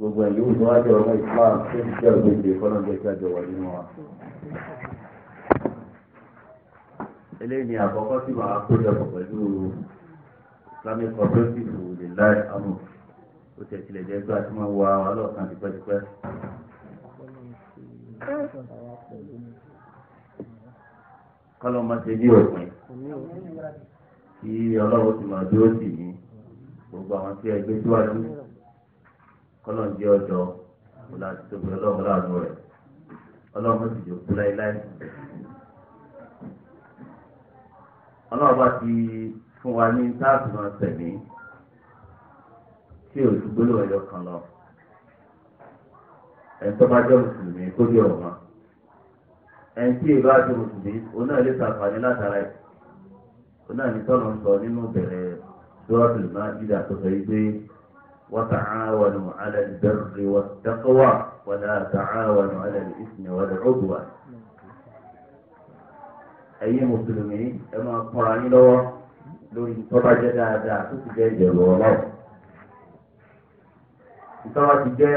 gbogbo ẹ̀yìn òun tó wá jẹ́ ọmọ islam tó ti jẹ́ ògbéǹde kọ́lọ́dé kí àjọ wà nínú wa. eléyìí ni àkọ́kọ́ tí màá kójọpọ̀ pẹ̀lú islamic cooperative lè láì amọ̀ ó tẹ̀ tilẹ̀ jẹ́ pé a ti máa ń wa ọlọ́ọ̀kan tipẹ́tipẹ́. kọ́lọ́ máa ṣe ní òpin kí ọlọ́run ti máa dúró sí ní gbogbo àwọn tí ẹgbẹ́ síwájú ọlọ́run jẹ́ ọjọ́ ọ̀la àti tóbi ọlọ́run láàánú rẹ̀ ọlọ́run sì jòkó láéláé. ọlọ́run bá ti fún wa ní táàbù náà tẹ̀mí tí òṣù gbólóhùn ẹ̀yọ kan lọ ẹni tó bá jẹ́ mùsùlùmí kó jẹ́ ọ̀ma ẹni tí ìlú àti mùsùlùmí òun náà lè ṣàǹfààní látara ẹ̀ òun ní tọ́lọ̀ ń sọ nínú bẹ̀rẹ̀ sọ́ọ́tù náà dídà tó sọ yí وتعاونوا على البر والتقوى ولا تعاونوا على الإثم والعدوان ẹ̀yin mùsùlùmí ẹ máa kọ́ra yín lọ́wọ́ lórí ìtọ́ba jẹ́ dáadáa tó ti jẹ́ ìjẹ̀rù ọlọ́run ìtọ́ba ti jẹ́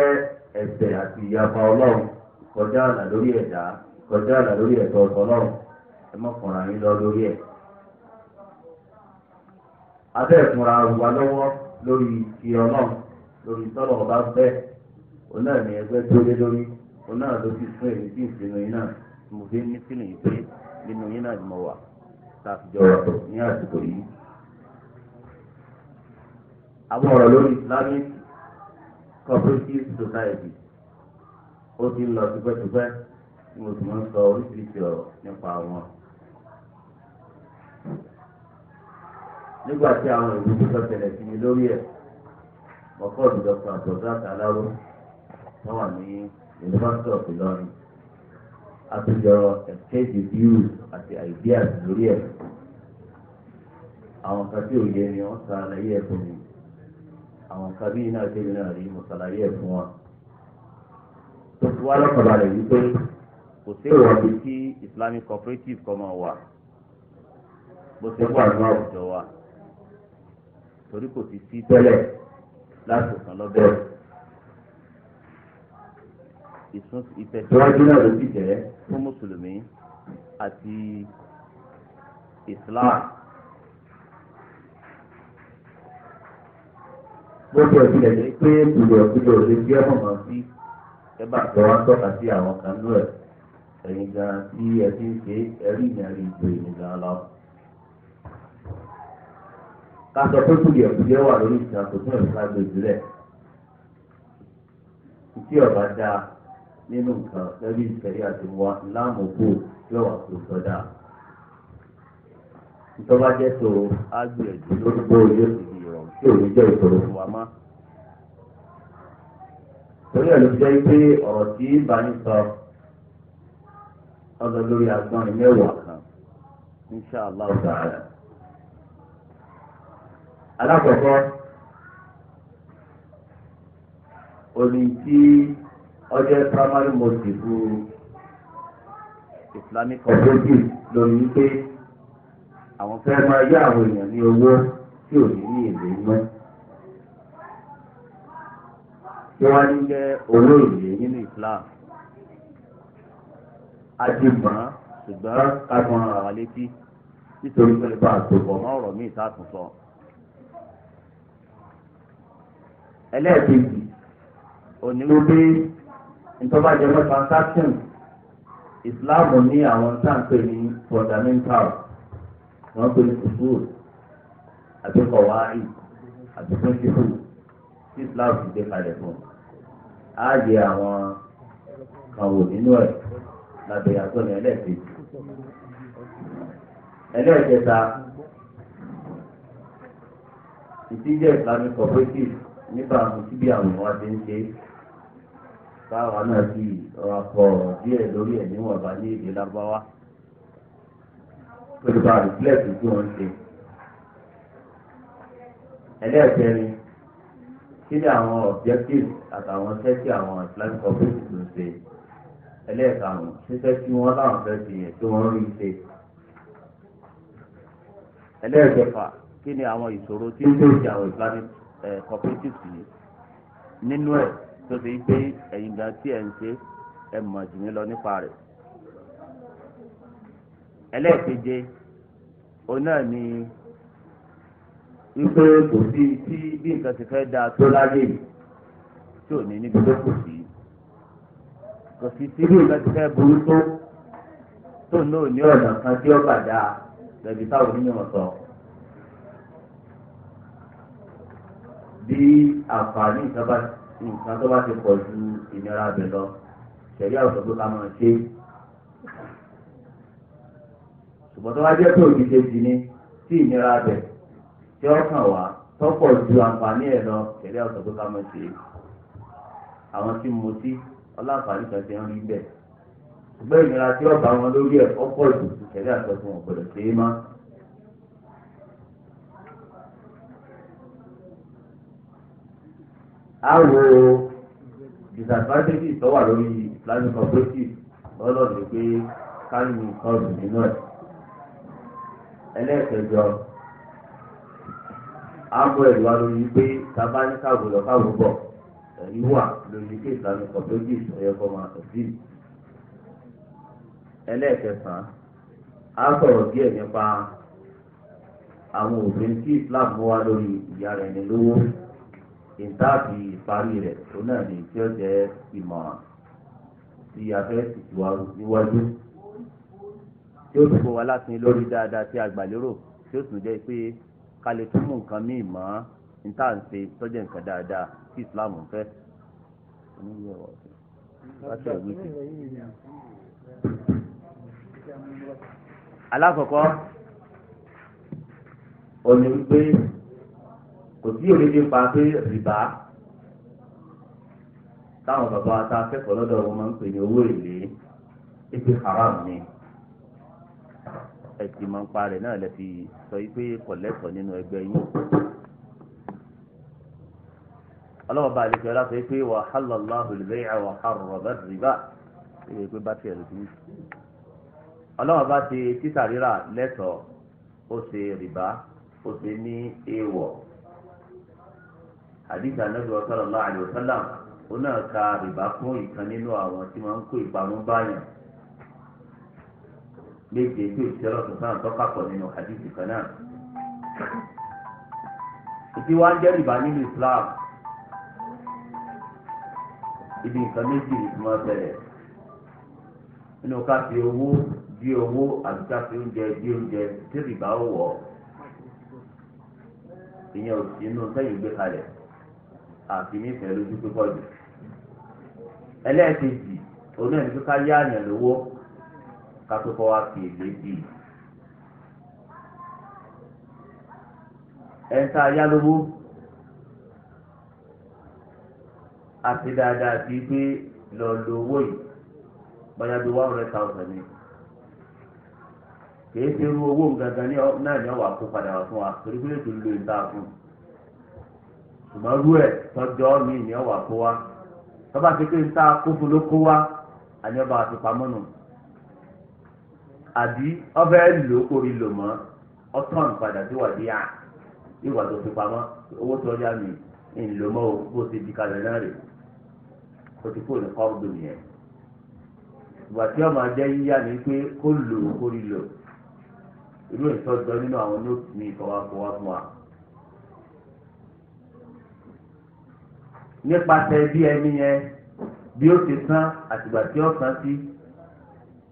ẹ̀ṣẹ̀ àti ìyapa ọlọ́run kọjá àlà lórí ẹ̀dá kọjá àlà lórí ẹ̀tọ́ ọlọ́run ẹ máa kọ́ra yín lọ lórí ẹ̀. abẹ́ ìfúnra wa lọ́wọ́ lórí ti ọlọ́run lórí tọ́lọ̀ ọba fẹ́ òun náà ní ẹgbẹ́ tó lé lórí òun náà ló fi fún èmi tí ìsinmi yín náà mo fi ní sínú yìí pé nínú yín náà ni mo wà láfijọ́ ní àsìkò yìí. àwọn ọ̀rọ̀ lórí Islamic Cooperative Society ó ti ń lọ tipẹ́tipẹ́ tí mo sì máa ń sọ oríṣiríṣi ọ̀rọ̀ nípa wọn. nígbà tí àwọn ìwé tó tẹ̀lé sí mi lórí ẹ̀ ọkọ̀ ìjọba àjọ̀dá àtàláró wọ́n wà ní yunifásitì ọ̀f Ìlọrin àtúnjọ exchange views àti ideas lórí ẹ̀ àwọn kan tí ò yẹ ni wọ́n ṣàlàyé ẹ̀ fún mi àwọn kan bí iná ìdíje náà rí mo ṣàlàyé ẹ̀ fún wọn tó fi wá lọ́kọ̀ọ́balẹ̀ wípé kò sí ìwọ́bi tí Islamic cooperative kan máa wà bó ṣe wà ní àwùjọ wa torí kò ti sí tẹ́lẹ̀ láti kan lọ́bẹ̀. ìtẹ̀síwájú náà ló sì jẹ́ fún mùsùlùmí àti islam. Ah. bó ti ọ̀sìn lẹ́yìn pé gbogbo ọ̀gbìnrin òde bí ọmọ máa fi ẹ bá tọ́ wá tọ́ka sí àwọn kan lóẹ̀ ẹ̀yìn gan-an tí ẹ ti ń ṣe ẹ̀rí ìyàrí ìgbò ìyìn gan-an lọ kásọ pé kùdìẹ̀ kùdìẹ̀ wà lórí ìsìn àtòkù ẹ̀ka gbèsè ìtí ọ̀bá dá nínú nǹkan lórí ìsẹ̀rí àti wa láàmúkú yóò wà kó sọ́dà. ìtọ́ba jẹ́ tó agbègbè lórúkọ yóò sì di ìrọ̀rùn tí òun jẹ́ ìṣòro fún wa mọ́. torí ẹ̀ ló jẹ́ pé ọ̀rọ̀ tí bani sọ ọ̀dọ̀ lórí agbọ́n mẹ́wàá kan inṣàlá ọ̀gá rẹ̀ alákọ̀ọ́kọ́ omi tí ọjọ́ primary motive islamic cooperative lórí wípé àwọn fẹ́ máa yá àwọn èèyàn ní owó tí ò ní ní èlé mọ́ tí wọ́n ní jẹ́ owó nínú islam adìmọ́ ṣùgbọ́n ká ara wa létí nítorí pé bá a tó pọ̀ mọ́ ọ̀rọ̀ míì tá a sọ. ẹlẹ́ẹ̀kejì òní wípé ntọ́bàjẹ́ mọ́ transaction Islam ní àwọn táǹpẹ̀ ní fundamental wọ́n pè ní usul àti kọ̀wáì àti principle tí Islam ti gbé kalẹ̀ fún á yẹ àwọn kan wò nínú ẹ̀ lábẹ́ àtọ́ni ẹlẹ́ẹ̀kejì ẹlẹ́ẹ̀kẹta ìdíjẹ́ Islamic cooperative nígbà tí bí àwọn wa ti ń ṣe báwa náà sì rọra kọ ọ̀rọ̀ díẹ̀ lórí ẹ̀ níwọ̀nba ní èdè lágbáwá pẹ̀lú bá rìflẹ́ẹ̀tì tí wọ́n ń ṣe. ẹlẹ́ẹ̀kẹrin kí ni àwọn objectives àtàwọn sẹ́ẹ̀tì àwọn islamic offices ń ṣe ẹlẹ́ẹ̀karùn-ún ṣíṣẹ́ tí wọ́n láwọn fẹ́ ṣe yẹn tí wọ́n rí ṣe. ẹlẹ́ẹ̀kẹfà kí ni àwọn ìṣòro tí ń lòdì àwọn islamic cooperative yìí nínú ẹ̀ tó fi gbé ẹ̀yìn gan tí ẹ̀ ń ṣe ẹ̀ mọ̀ jù mí lọ nípa rẹ̀. ẹlẹ́ẹ̀keje òun náà ni wípé kò sí tí bí nǹkan ti fẹ́ dáa tó láyé tí ò ní níbi tó kù sí kò sí tí bí nǹkan ti fẹ́ burú tó tó náà ní ọ̀nà kan tí ó bàdá lẹ́bi táwọn onímọ̀ sọ. bí àǹfààní nǹkan tó bá ti pọ̀ ju ìnira bẹ̀ lọ ṣẹ̀rí àwùjọ tó ká máa ṣe. ṣùgbọ́n tó bá jẹ́ pé òjijì ti ní tí ìnira bẹ̀ tí ó kàn wá tó pọ̀ ju àǹfààní ẹ̀ lọ ṣẹ̀rí àwùjọ tó ká máa ṣe. àwọn tí mo ti ọláǹfààní kan ti ń rí bẹ̀ ṣùgbọ́n ìnira tí ó wọn lórí ẹ̀ ó pọ̀ ju ṣẹ̀rí àwùjọ tó wọn gbọ́dọ̀ ṣe é máa. awo wo disadvantages tó wà lórí islamic cooperative lọ́nà ní pé kánú nǹkan nínú ẹ̀. ẹlẹ́ẹ̀kẹjọ á ẹ̀rù wa lórí pé sábà ní káàbò lọ ẹ̀rí wà lórí pé islamic cooperative ọ̀yẹ́ kọ́ máa tọ̀ sí. ẹlẹ́ẹ̀kẹsàn á sọ̀rọ̀ díẹ̀ nípa àwọn òfin tí islam mú lórí ìyá rẹ̀ ní lówó. ìtaàbí ìparí rẹ̀ tó náà ní tí ó jẹ́ ìmọ̀ràn tí a fẹ́ tìtìwá níwájú tí ó dìbò wa láti lórí dáadáa tí a gbà lérò tí ó tún jẹ́ pé ká lè tún mú nǹkan míì mọ́ níta ń ṣe tọ́jẹ́ nǹkan dáadáa tí Islam ń fẹ́. alákọ̀ọ́kọ́ òní wípé kò sí òrèlè pa pé rìbá táwọn bàbá wa ta akẹ́kọ̀ọ́ lọ́dọ̀ wọn máa ń pè ní owó èlé ètò haram ni ẹtì máa ń parẹ náà lè fi sọ yìí pé kọ̀lẹ́kọ̀ nínú ẹgbẹ́ yìí ọlọ́wọ́ bá àlejò aláṣọ yìí pé wà á lọ́lá olùbẹ́yà wà á rọ̀bà rìbá ìwé pé bá tiẹ̀ lùdú ọlọ́wọ́ bá ti títà rírà lẹ́tọ̀ọ́ ó ṣe rìbá ó ṣe ní èèwọ̀ hadith anabi wa sallallahu alayhi wa sallam ó náà ka rìbá fún ìkan nínú àwọn tí wọ́n ń kó ìpamọ́ báyàn méje tí òṣìṣẹ́ lọ́sùn sáà tọ́ka pọ̀ nínú hadith kan náà. ìdí wa ń jẹ́ rìbá nínú Islam ibi nǹkan méjì ni wọ́n tẹ̀lẹ̀ nínú ká fi owó bí owó àti ká fi oúnjẹ bí oúnjẹ tí rìbá ó ìyẹn ò inú sẹ́yìn gbé kalẹ̀ àfi nífẹ̀ẹ́ lójú pípọ̀ jù ẹlẹ́ẹ̀kejì oní ẹni tó ká yá àyàn lówó ká tó kọ́ wa fi èlé bì í ẹni tá a yá lówó a ti dáadáa sí pé lọ lo owó yìí bóyá bí one hundred thousand ni kì í ṣe irú owó gangan náà ni ọ̀wà kó padà wá fún wa torí pé lè tó ìta fún un ṣùgbọ́n rú ẹ̀ tọ́jọ́ mi ìyẹn wà kó wa tọ́ba ti pé níta kófin ló kó wa àyẹ̀bá àti pamọ́ nù àbí ọbẹ̀ lò orí lò mọ́ ọtọ́n padà sí wàdí à ìwà tó fi pamọ́ owó tó yá mi ìlò mọ́ o bó ti di kalẹ̀ náà rè o ti kó ní kọ́ọ̀dù nìyẹn ìgbà tí ọmọ ajẹ́ yíyá ni pé kó lò orí lò irú ìtọ́jọ́ nínú àwọn nóòtù mi ìfọwọ́fọwọ́ fún wa. nípasẹ̀ bí ẹni yẹn bí ó ti san àtìgbà tí ó san sí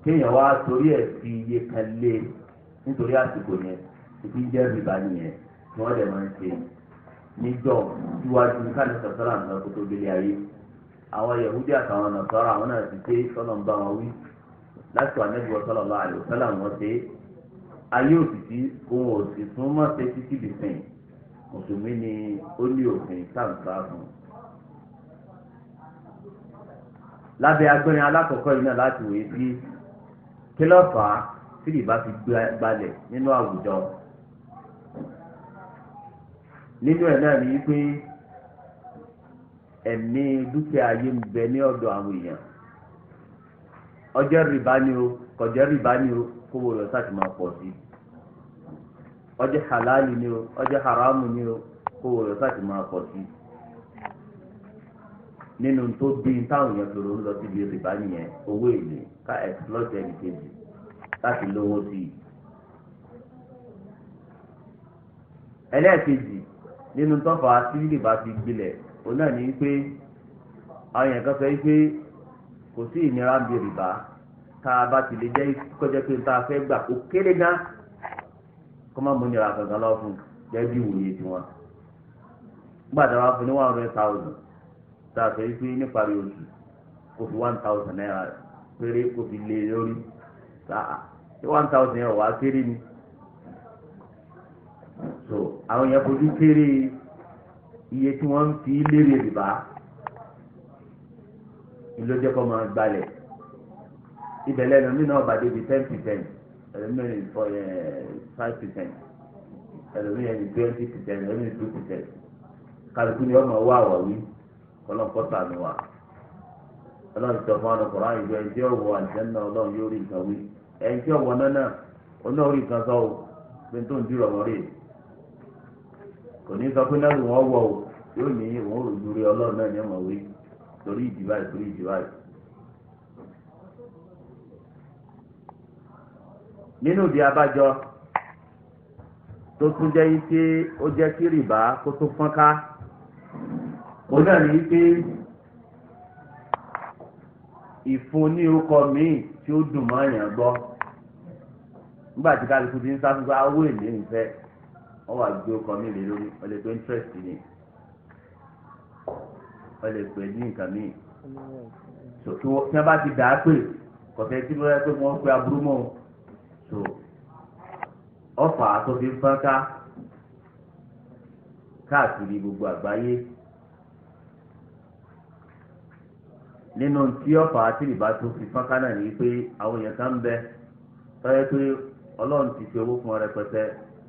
kéèyàn wá torí ẹ̀ fi iye kan lé e nítorí àsìkò yẹn ìdí jẹ́ rìbá nìyẹn tí wọ́n dẹ̀ máa ń ṣe níjọ́ síwájú káàdì sọ̀tọ́rà nǹkan kó tó délé ayé àwọn yahudi àtàwọn nasara àwọn náà ti dé sọlọ ń bá wọn wí láti wà nẹbi wọn sọlọ láàyè sọlọ wọn dé ayé òsìsí ohun òsì tún mọ ṣe títí bìsìn mùsùlùmí ni ó ní òfin sáǹsà lábẹ́ agbẹ́rin alákọ̀ọ́kọ́ yìí náà láti wòye sí kílọ̀fà tí ìbá fi gbalẹ̀ nínú àwùjọ. nínú ẹ̀ náà ni wípé ẹ̀mí dúkìá ayé ń bẹ ní ọ̀dọ̀ àwọn èèyàn ọjọ́ rìbá ni o kọjọ́ rìbá ni o kówó lọ sáti máa pọ̀ sí ọjọ́ halali ni o ọjọ́ haramu ni o kówó lọ sáti máa pọ̀ sí nínú tó bí táwọn èèyàn tòrò ń lọ síbi rìbá nìyẹn owó èlé ká ẹ̀sìlọ́ọ̀tì ẹnì kejì láti lówó sí i. ẹlẹ́ẹ̀kejì nínú tọ́fà tí rìbá ti gbilẹ̀ òun náà ní pé àwọn èèyàn kan sọ pé kò sí ìnira ń rìbá tá a bá ti lè jẹ́ kọjá pé tá a fẹ́ gbà ó kéré gan kọ́ má mú nira kankan lọ́wọ́ fún gẹ́gẹ́ bí ìwòye tiwọn. nígbà tí wọ́n ní one hundred thousand tá a fẹ́ pé níparí oṣù kò fi one thousand naira péré kò fi lé lórí sáà one thousand naira wàá kéré ni so àwọn yẹn fojú kéré iye tí wọ́n ń fi lérè rìbá ìlójẹ́ kọ́ máa gbalẹ̀ ibẹ̀ lẹ́nu mí náà bàdé bíi ten percent ẹlòmíràn fọ ẹ eh, five percent ẹlòmíràn twenty percent ẹlòmíràn two percent kálukú ni ọmọ wá àwàwí kọlọ́kọ́ sànù wa ọlọ́run sọ fún ọlọ́kọ̀ ráyè ju ẹjẹ́ òwò àjẹ́nà ọlọ́run yóò rí nǹkan wí ẹjẹ́ òwò náà onáwó rí nǹkan sọ o pé tó ń dìrọ̀ wọ́n rè kò ní sọ pé náà wọ́n wọ̀ o yóò ní òun ò rojú rí ọlọ́run náà ní ọmọ wí torí ìdìbà ìtorí ìdìbà yìí. nínú ìdí abájọ tó tún jẹ́ yí pé ó jẹ́ kí rìbá kó tó fọ́n ká òun náà ní pé ìfún ní orúkọ míì tí ó dùn mọ́ àyàn gbọ́ nígbà tí kálukú ti ń sáfúnfún awó ah, èlé ìfẹ́ wọ́n wà gbé orúkọ míì lé lórí wọ́n lè pe interest ni wọ́n lè pè ní nǹkan míì so tí wọ́n bá ti dà á kọ̀tẹ́ tí wọ́n pé wọ́n pe aburú mọ́ o so ọ̀fà tó fi ń fọ́n ká káàkiri gbogbo àgbáyé. nínú tí ọ̀fà àtìrìbá tó fi fọ́nká ní pé àwọn èèyàn kan ń bẹ tọ́yẹ pé ọlọ́run ti fi owó fún ọ rẹpẹtẹ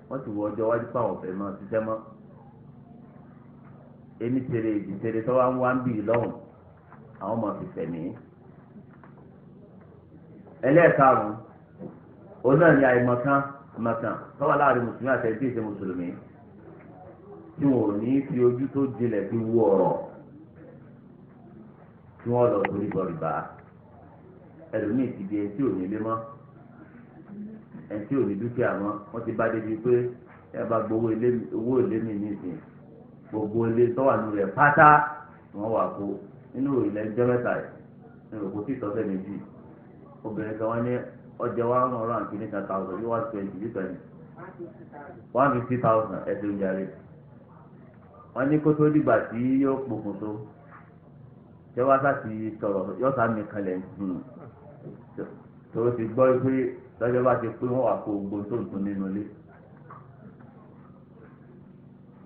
wọ́n ti wọ ọjọ́ wájú pàwọn ọ̀fẹ́ mọ́ ṣiṣẹ́ mọ́ èmi tèrè ìdìtèrè tó wá ń wá ń bì lọ́hùn àwọn ọmọ fi fẹ̀mí. ẹlẹ́ẹ̀karùn-ún òun náà ni àìmọ̀kan mọ̀kan tó wà láàrin mùsùlùmí àti ẹbí ìṣe mùsùlùmí tí wọn ò ní fi ojú tó jinlẹ̀ fi wú ọ̀rọ̀. tí wọ́n lọ sórí bọ̀rìbà ẹlòmíì ti di ẹtí òní lé mọ́ ẹtí òní dúkìá mọ́ wọ́n ti bá débi pé ẹ bá gbowó owó ilé mi gbogbo ilé tọ́wà nù rẹ̀ pátá wọ́n wà kó nínú ilẹ̀ ẹjọ́ mẹ́ta yìí nínú òkú tí ìtọ́sẹ̀ méjì obìnrin kan wọ́n ní wa ń àti yóò wá bí one fifty thousand jọba sáti sọ̀rọ̀ yọ̀sà mi kalẹ̀ hùn hmm. tó ti gbọ́ pé lọ́jọ́ bá ti pé wọ́n wà kó gbogbo tó nǹkan nínú ilé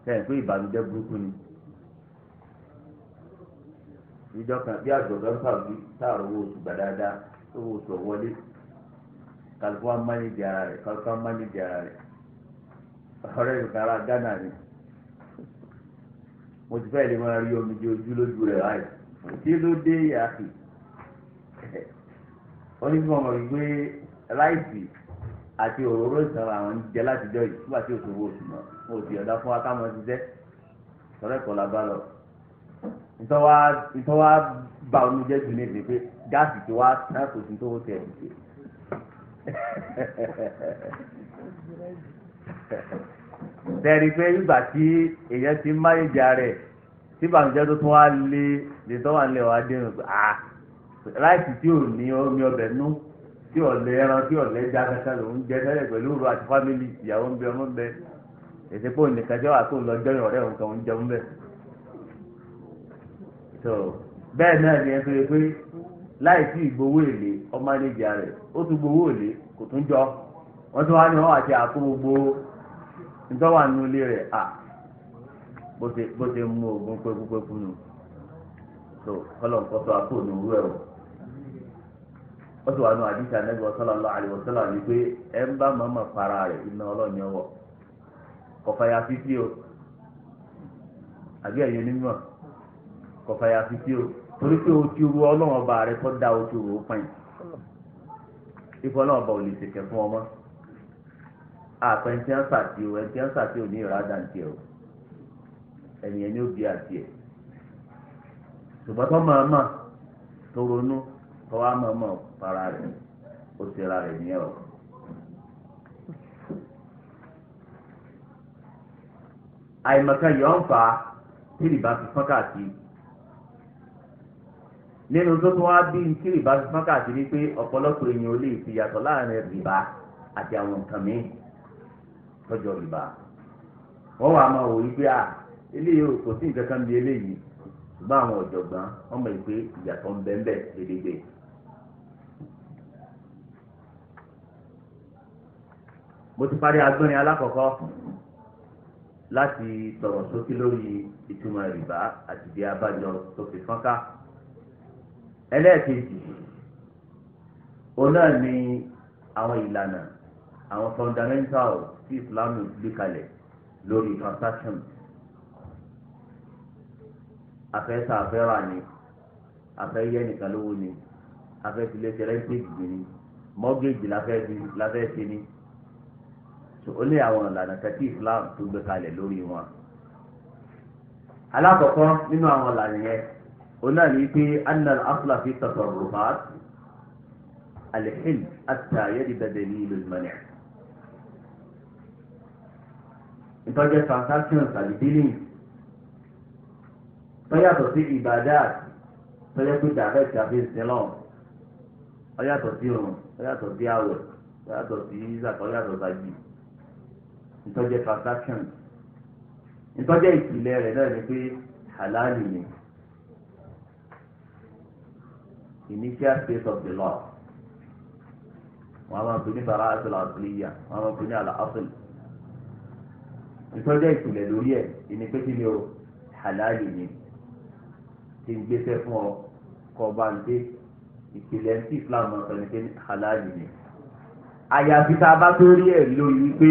sẹ́yìn pé ìbànújẹ́ burúkú ni ìjọ kan bí àgbọ̀dọ̀ ń fàbí sáàrọ̀ owó oṣù gbàdáadáa owó oṣù ọ̀wọ́lé kálukú mánéjì ara rẹ̀ mánéjì ara rẹ̀ ọ̀rẹ́ Ghana ni mo ti fẹ́ lè máa rí omi di ojú lójú rẹ̀ kí ló dé yàtì onífọ̀mọ̀ ìgbé láìsí àti òróró ìsanra àwọn ń jẹ látijọ́ yìí nígbà tí òṣòwò oṣù mọ́ mo ti ọ̀dà fún wa káwọn ṣiṣẹ́ sọ̀rọ̀ ẹ̀kọ́ la bá lọ nítorí wá bá omi jẹ́ jù níbi pé gáàsì tí wá tán kò sí tó wọ́n ti ẹ̀ ṣe tẹ̀rí pé ìgbà tí èèyàn ti máyé jà rẹ̀. tí bàǹjẹ́ tó tún wá lé lè tọ́ wà ń lẹ̀ wá pé à tí ò ní omi ọbẹ̀ nú tí ọ̀lẹ́ ẹran tí ọ̀lẹ́ já kankan lòún jẹ tẹ́lẹ̀ pẹ̀lú òru àti fámìlì ìyàwó ń bẹ ọmọ bẹ pé jẹ́ wà kó lọ ọ̀rẹ́ òun kan ń jẹun tó bẹ́ẹ̀ náà ni ẹ pé ìgbowó èlé ọmọ rẹ̀ gbogbo nítorí wà nínú ilé rẹ̀ bó ṣe mú ogun pẹ́kúpẹ́kú nù tó kọ́lọ́ǹkọ́ tó àpò ní òwúrọ̀ o ó sì wà nù àdìsá nẹ́gbẹ́ sallallahu alaihi wasallam ni pé ẹ ń bá màmá para rẹ̀ iná ọlọ́ọ̀ni ọwọ́ kọfàyà fífi o àbí ẹ̀yẹ onímọ̀ kọfàyà o torí pé ru ọba kọ́ da ojú ru pẹ́yìn ìfọlọ́run ọba ò lè ṣèkẹ́ fún ọmọ àpẹ̀ntì ẹ̀ńsà o ẹ̀ńtì ẹ̀ńsà o ní ìrádà tiẹ̀ o. ẹnìyẹn ni ó bí adìẹ ṣùgbọ́n tó máa mà tó ronú tó wá máa mọ̀ para rẹ̀ ó ti ra rẹ̀ ní ẹ̀rọ. àìmọ̀kan yọ̀ ń fà á tí ìbá fi fọ́n káàkiri nínú tó tún wá bí tí ìbá fi fọ́n káàkiri pé ọ̀pọ̀lọpọ̀ èèyàn ò lè fi yàtọ̀ láàrin rìbá àti àwọn nǹkan míì tọ́jọ́ rìbá wọ́n wàá máa wò wípé à eléyìí ò kò sí nǹkan kan bí eléyìí ṣùgbọ́n àwọn ọ̀jọ̀gbọ́n ọmọ ìpè ìyàtọ̀ ń bẹ́ẹ̀ gbèdégbè. mo ti parí agbọ́nrin alákọ̀ọ́kọ́ láti sọ̀rọ̀ sókè lórí ìtumọ̀ rìbá àti bí abájọ tó fi fọ́nká. ẹlẹ́ẹ̀kejì òun náà ni àwọn ìlànà àwọn fundamental tí Islam gbé kalẹ̀ lórí transaction afẹ́sà afẹ́ra ni afẹ́yẹ nìkan lówó ni afẹ́filé tẹrẹ́ntẹ́gì gbé ni mọ́gẹ́jì láfẹ́ ṣe ni ó lé àwọn ìlànà kẹtí Islam tó gbé kalẹ̀ lórí wọn. alákọ̀ọ́kọ́ nínú àwọn ìlànà yẹn oná ní pé annal asla fi tasarrufat alhil hatta yajida dalilul mani'. ìtọ́jú transactions àti dealings tó yàtọ̀ sí ìbàdàd tó yẹ pé dàrẹ́ tàbí ìsinlọ̀ ó yàtọ̀ sí òun ó yàtọ̀ sí àwẹ̀ ó yàtọ̀ sí ìzàkọ̀ ó yàtọ̀ sàjì ìtọ́jẹ́ transaction ìtọ́jẹ́ ìpìlẹ̀ rẹ̀ náà ni pé halali ni initial state of the law wọn a máa pè ní bara asọlá àtúlẹyà wọn a máa pè ní àlà ìtọ́jẹ́ ìpìlẹ̀ lórí ẹ̀ ìní pé kí ni o halali ni. tí ń fún ọ kọ́ bá ń dé ìpìlẹ̀ tí Islam máa ní pé halali ni àyàfi tá a bá tó rí ẹ̀rí lórí wípé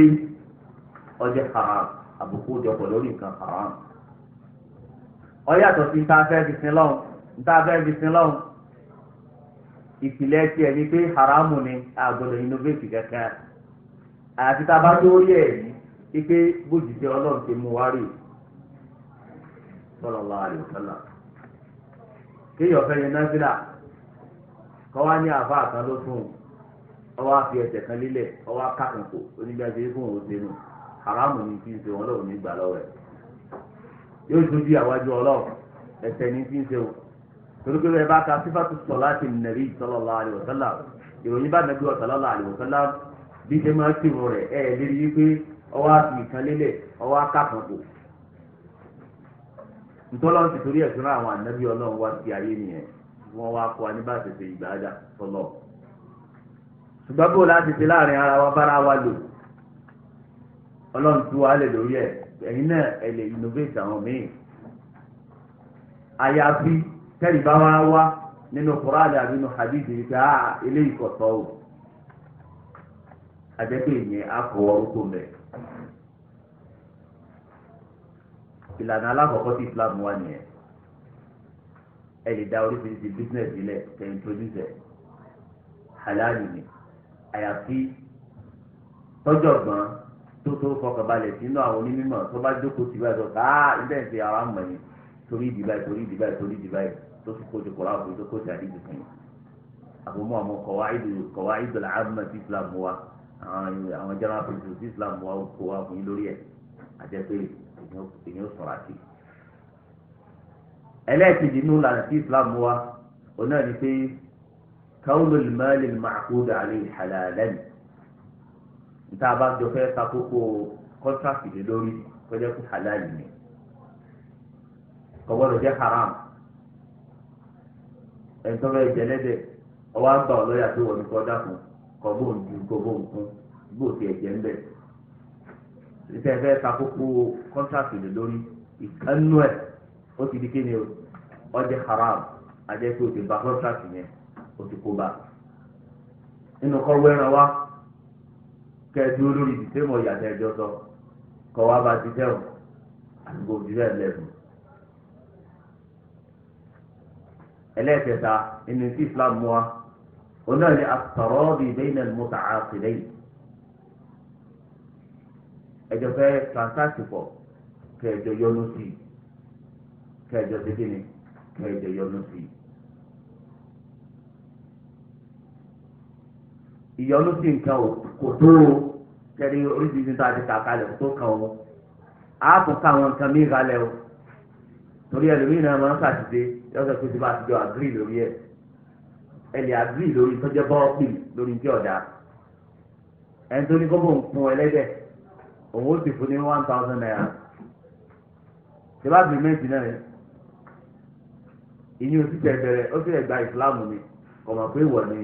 haram àbùkù lórí nǹkan haram ọyàtọ̀ sí fẹ́ fi sin lọ́hùn fẹ́ fi sin lọ́hùn ìpìlẹ̀ tiẹ̀ ni pé haramu ni innovate àyàfi tá a kéèyàn fẹ́ yẹn náfìlà kọ́ wá ní àfa àtàn ló fún un ọwọ́ àfi ẹsẹ̀ kan lílẹ̀ ọwọ́ akákòókò onígbàgbé fún òun ṣe nù haramu ní fi ń ṣe wọn lọ́wọ́ nígbà lọ́wọ́ ẹ̀ yóò dojú àwájú ọlọ́ọ̀ ẹsẹ̀ ní fi ń ṣe wọn torí pé bẹ́ẹ̀ bá ka sífàtú sọ̀láàtì nàbí sallallahu alaihi ìròyìn bá nàbí sallallahu alaihi bí ṣe máa ń tìrù rẹ̀ ẹ̀ wípé ọwọ́ àfi ìkan lílẹ̀ ọwọ́ akákòókò ntọ́lọ́n ti torí ẹ̀sìn náà àwọn ànábì ọlọ́run wá sí ayé nìyẹn wọ́n wá kó aníbàṣẹ̀ṣe ìgbàdà tọ́lọ̀ ṣùgbọ́n bó láti ṣe láàrin ara wa bára wa lò ọlọ́run tú wa lè lórí ẹ̀ ẹ̀yin náà ẹ̀ lè innovate àwọn míì àyàfi tẹ́lẹ̀ bá wá wá nínú kúránì àbí nínú hadith yìí ká ah, eléyìí kọ̀tọ́ o àjẹpẹ́ ìyẹn á kọ̀ ọ́ kó mẹ́ẹ̀. ìlànà alákọ̀ọ́kọ́ tí Islam wà nìyẹn ẹ lè da oríṣiríṣi business sílẹ̀ tẹ̀ introduce ẹ̀ halali ni àyàfi tọ́jọ̀gbọ́n tó tó fọkànbalẹ̀ sínú àwọn onímọ̀ tó bá jókòó sí báyìí tó ká ibẹ̀ ń ṣe àwọn àmọ̀ yìí torí ìdìbà yìí torí ìdìbà yìí torí ìdìbà yìí tó fi kó jòkó láàbò tó kó sàdí jù fún yìí àbòmọ àwọn kọwáìdù kọwáìdù làámà tí Islam wa àwọn jẹ́rán àpèjì tí Islam wa kó fún yín lórí ẹ̀ àjẹpẹ́rẹ́ èyàn sọ̀rọ̀ àti. ẹlẹ́ẹ̀kejì inú lànà tí islam wá òun náà ni pé káwùlù lìmọ́lì màkúdà àlè ìhàlàlẹ́nu níta bá jọ fẹ́ sakókò kọ́ńtrákì lé lórí kọjá kó halal ni kọ́gbọ́dọ̀ jẹ́ haram ẹ̀ńtọ́ bẹ́ẹ̀ jẹ́lẹ́dẹ̀ ọwọ́ àgbà ọlọ́yà tó wọ̀ ní kọjá fún kọ́bọ̀n ju kọ́bọ̀n fún gbòòtì ẹ̀jẹ̀ ń bẹ̀rẹ̀ ìfẹ́ ẹ̀fẹ́ kakókó kọ́ńtàkì lè lórí ìkànnú ẹ̀ ó ti di kéde ọjẹ́ haram ajẹ́ pé o ti ba kọ́ńtàkì yẹn o ti kó ba nínú kọ́ wẹ́ran wa kẹ́ ẹ dúró lórí ìdílé mọ̀ ìyàtọ̀ ẹjọ́ sọ kọ́ wa bá ti dẹ́wọ̀n àdúgbò òjúlẹ̀ lẹ́bùn. ẹlẹ́ẹ̀kẹta ẹni tí Islam mú wa onáà ní asọ̀rọ̀ bíi bẹ́ẹ̀ náà mú tàá sílẹ̀ yìí ẹjọ fẹ́ transact pọ̀ kẹjọ yọnu sí i kẹjọ dídí ni kẹjọ yọnu sí i ìyọnu sí nǹkan o kò tó o kẹrin oríṣiríṣi tó a ti kà kalẹ̀ tó kàn o a kò ká àwọn nǹkan mí kalẹ̀ o torí ẹlòmíì náà máa ń ṣàtìdé lọ́sọ̀ tó ti bá àtijọ́ àgírí lórí ẹ̀ ẹ lè àgírí lórí tọ́jọ́ bọ́ọ̀pì lórí tí ọ̀dà ẹni tó ní kó bò ń fún ẹlẹ́dẹ̀ẹ́ òun ó sì fún ní one thousand naira ṣe bá bí méjì náà ìyẹn ó sì tẹ̀ bẹ̀rẹ̀ ó sì tẹ̀ gba ìsìláàmù ni kọ̀mọ̀ pé ìwọ̀ ni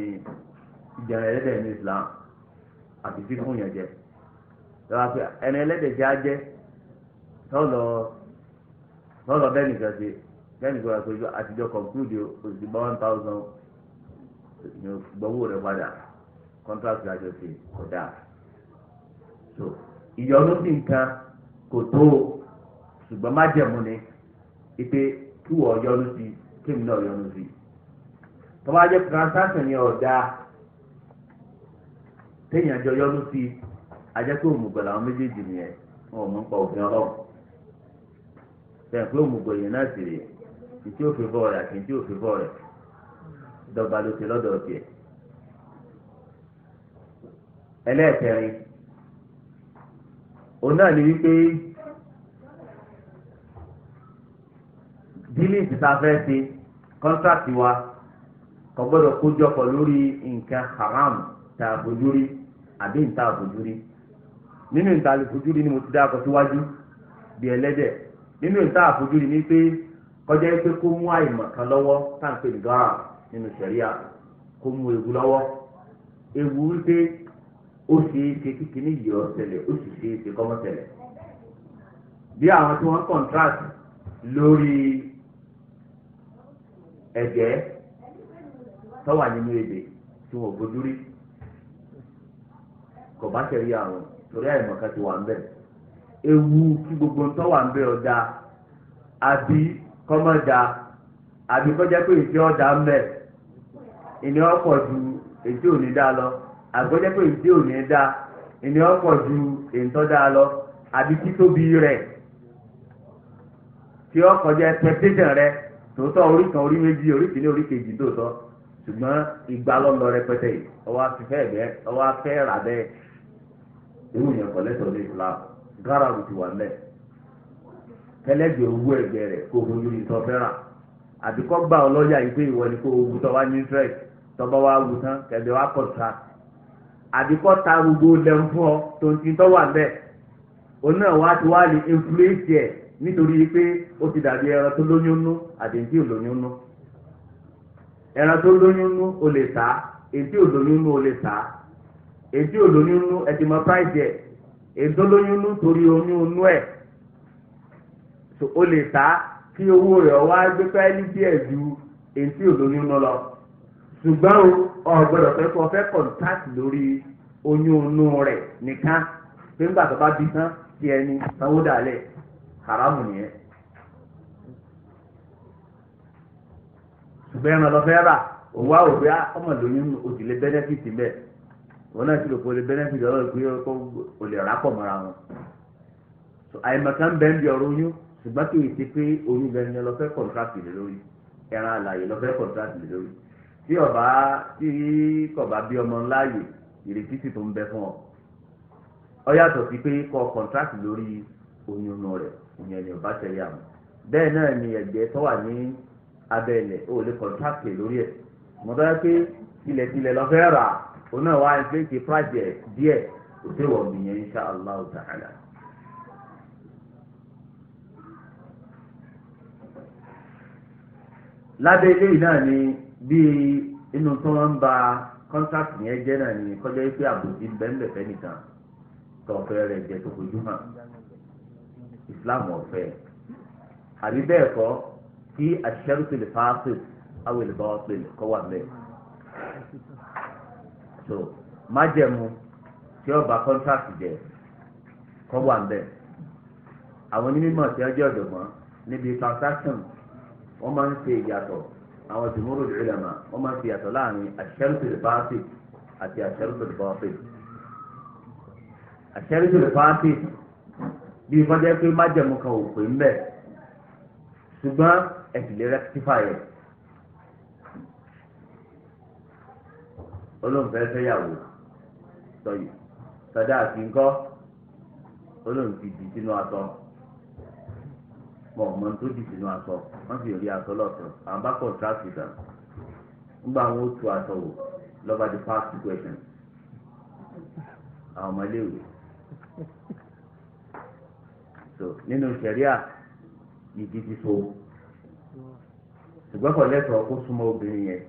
ìjẹun ẹlẹ́dẹ̀ ní ìsìláàmù àti fífún yẹn jẹ lọ́wọ́ pé ẹni ẹlẹ́dẹ̀ jẹ́ ajẹ́ tọ́lọ̀ tọ́lọ̀ bẹ́ẹ̀ni kan ṣe bẹ́ẹ̀ni kan ṣe ojú àtijọ́ conclude oṣù bá one thousand ìyẹn gbọ́wọ́ rẹ̀ padà contract àjọṣe kò so ìyọnu sí nǹkan kò tó o ṣùgbọ́n má jẹ̀mú ni ipe kí wọ́n yọnu sí kémi náà yọnu sí. tọ́wọ́ ajẹ́ transaction yẹn ọ̀dà téèyàn jọ yọnu sí ajẹ́ pé òmùgọ̀ làwọn méjèèjì nìyẹn wọn ò mú pa òfin ọlọ́run bẹ́ẹ̀ pé yẹn náà sì rè kì í tí ò fi bọ́ àti kì í tí ò fi bọ́ rẹ̀ dọ́gba ló ẹlẹ́ẹ̀kẹrin òun náà ni wípé dílìsì tá a fẹ́ ṣe kọ́ńtàkì wa kò gbọ́dọ̀ kójọpọ̀ lórí nǹkan haram tá a fojú rí àbí nǹta a nínú nǹta a ni mo ti dá akọ síwájú bí ẹlẹ́dẹ̀ nínú nǹta a ni pé kọjá pé kó mú àìmọ̀ kan lọ́wọ́ tá à ń pè ní gara nínú sẹ̀ríà kó mú ewu lọ́wọ́ ewu wípé ó ṣeé ṣe kí yìí ó ó sì ṣeé ṣe kọ́mọ́ bí àwọn tí wọ́n contract lórí ẹ̀jẹ̀ tọ́wà nínú èdè tí wọ́n bójú rí kò bá àwọn ewu kí gbogbo ń tọ́wà ń bẹ̀ ọ̀dà àbí kọ́mọ̀dà àbí kọjá pé èsì ọ̀dà ń bẹ̀ ìní ọ̀pọ̀ ju èsì òní lọ. àgbẹ̀jẹ́ pé ìdí òní ẹ̀ dá ìní ọ̀pọ̀ ju èntọ́ dá lọ àbí títóbi rẹ̀ tí ó kọjá expectation rẹ̀ tòótọ́ orí kan orí méjì orí kìíní orí kejì tòótọ́ ṣùgbọ́n ìgbà lọ́lọ́ rẹpẹtẹ yìí ọwọ́ afẹ́fẹ́ bẹ́ẹ̀ ọwọ́ afẹ́ rà bẹ́ẹ̀ ewu yẹn kọ́ lẹ́tọ̀ọ́ ní Islam gara ló wà mẹ́ kẹlẹ́gbẹ̀ẹ́ owó ẹ̀gbẹ́ rẹ̀ kó o lórí tọ́ fẹ́ràn àbíkọ́ gba ọlọ́yà yìí pé ìwọ ni kó o wù tọ́ wá ní interest tọ́ bá wá wù tán kẹ̀dẹ̀ wá contract àbíkọ́ ta gbogbo lẹ́nu fún ọ tó ń ti tọ́ wà bẹ́ẹ̀ òun náà ti wá lè influence ẹ̀ nítorí pé ó ti dàbí ẹran tó lóyún nú àdéhùn ò lóyún nú ẹran tó lóyún nú o lè tà èyí ò lóyún nú o lè tà èyí ò lóyún nú ẹ ti mọ price ẹ èyí tó lóyún nú torí oyún nú ẹ o lè tà kí owó rẹ̀ wá gbé pẹ́ẹ́lí díẹ̀ ju èyí ò lóyún nú lọ. ṣùgbọ́n ọ̀gbọ́dọ̀ pé kó o fẹ́ kọ̀ǹtáàtì lórí oyún inú rẹ̀ nìkan pé ńgbà tó bá bí tán tí ẹni sanwó dàlẹ̀ haramu nìyẹn. ṣùgbọ́n ẹran lọ́fẹ́ rà àwọn òbí ah, ọmọ lóyún òjìlé bẹ́nẹ́fìtì bẹ́ẹ̀ wọn náà ti lò bẹ́nẹ́fìtì ọlọ́run pé o lè rà pọ̀ mọ́ra wọn. bẹ́ẹ̀ ń bí ọ̀rọ̀ oyún ṣùgbọ́n kì í pé oyún tí ọba tí kọba bí ọmọ ńlá yè ìrètí sì tó ń bẹ fún ọ ọ yàtọ̀ sí pé kọ kọ̀ǹtrákì lórí oyún ọ̀nà rẹ̀ òyìn ẹ̀yìn ọba tẹ̀lé àmọ́ bẹ́ẹ̀ náà ni ẹ̀jẹ̀ tó wà ní abẹ́lẹ̀ ó lè kọ̀ǹtrákì lórí ẹ̀ mọ́tò yẹ pé tilẹ̀tilẹ̀ lọ́fẹ́ rà òun náà wá inflate price ẹ̀ díẹ̀ òde wọ̀ nìyẹn insha Allah ta'ala. lábẹ́ ilé yìí náà ni bíi inú tí wọ́n ń ba kọ́ńtàkì yẹn jẹ́ náà ni kọjá pé àbòsí bẹ́ẹ̀nbẹ̀fẹ́ nìkan tọ̀fẹ́ rẹ̀ jẹ́ tó fojú hàn islam ọ̀fẹ́ àbí bẹ́ẹ̀ kọ́ kí àṣẹ́rùsílẹ̀ fásit awèlébá ọ̀pẹ̀lẹ̀ kọ́ wà bẹ́ẹ̀ so májẹ̀mú tí ó ba kọ́ńtàkì jẹ kọ́ wà bẹ́ẹ̀ àwọn onímọ̀ tí wọ́n jẹ́ ọ̀jọ̀gbọ́n níbi transaction wọ́n máa ń ṣe ìyàtọ̀ àwọn jùmúrù ulama wọ́n máa ń fi yàtọ̀ láàrin àṣẹ́rùtìlì báàtì àti àṣẹ́rùtìlì báàtì. àṣẹ́rùtìlì báàtì bí wọ́n jẹ́ pé májẹ̀mú kan ò pè ń bẹ̀ ṣùgbọ́n ẹ̀sìn lè rectify ẹ̀. olóńfẹ́ fẹ́yàwó sọ̀yì sọ̀dá àti ńkọ́ olóńfìdí sínú atọ́ pọ̀ ọmọ tó dì sínú aṣọ wọ́n sì rí aṣọ lọ́tọ̀ àwọn bá kọ̀ǹtráàtì dà nígbà wọn ó tu aṣọ wò lọ́ba di past question àwọn ọmọléèwé so nínú sẹ̀ríà ìdí ti so ṣùgbọ́n kò lẹ́tọ̀ọ́ kó súnmọ́ obìnrin yẹn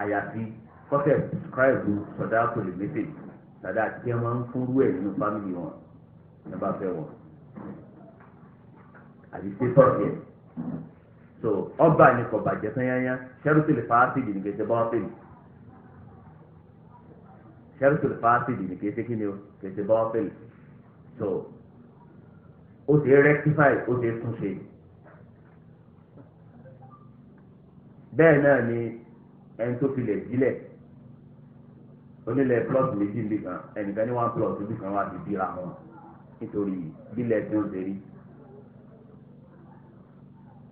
àyàfi kọ́tẹ̀ scribe sọ̀dá kò lè méjèèjì sàdá àti kí wọ́n máa ń fúnrú ẹ̀ nínú fámìlì wọn ẹ bá fẹ́ wọn àbí sétọ́ọ̀sì ẹ̀ so ọba ni kò bàjẹ́ sanyanya sẹ́rùsìlì fàásìdì ní kẹsẹ̀ bọ́ọ̀sìlì sẹ́rùsìlì fàásìdì ní kẹsẹ̀ kí ni o kẹsẹ̀ bọ́ọ̀sìlì so ó ti rectify ó ti túnṣe bẹ́ẹ̀ náà ni ẹni tó filẹ̀ sílẹ̀ onílẹ̀ plot méjì nbí kan ẹnìkan ní one plot nbí kan wà ti bíra wọn nítorí bílẹ̀ tó ń ṣe rí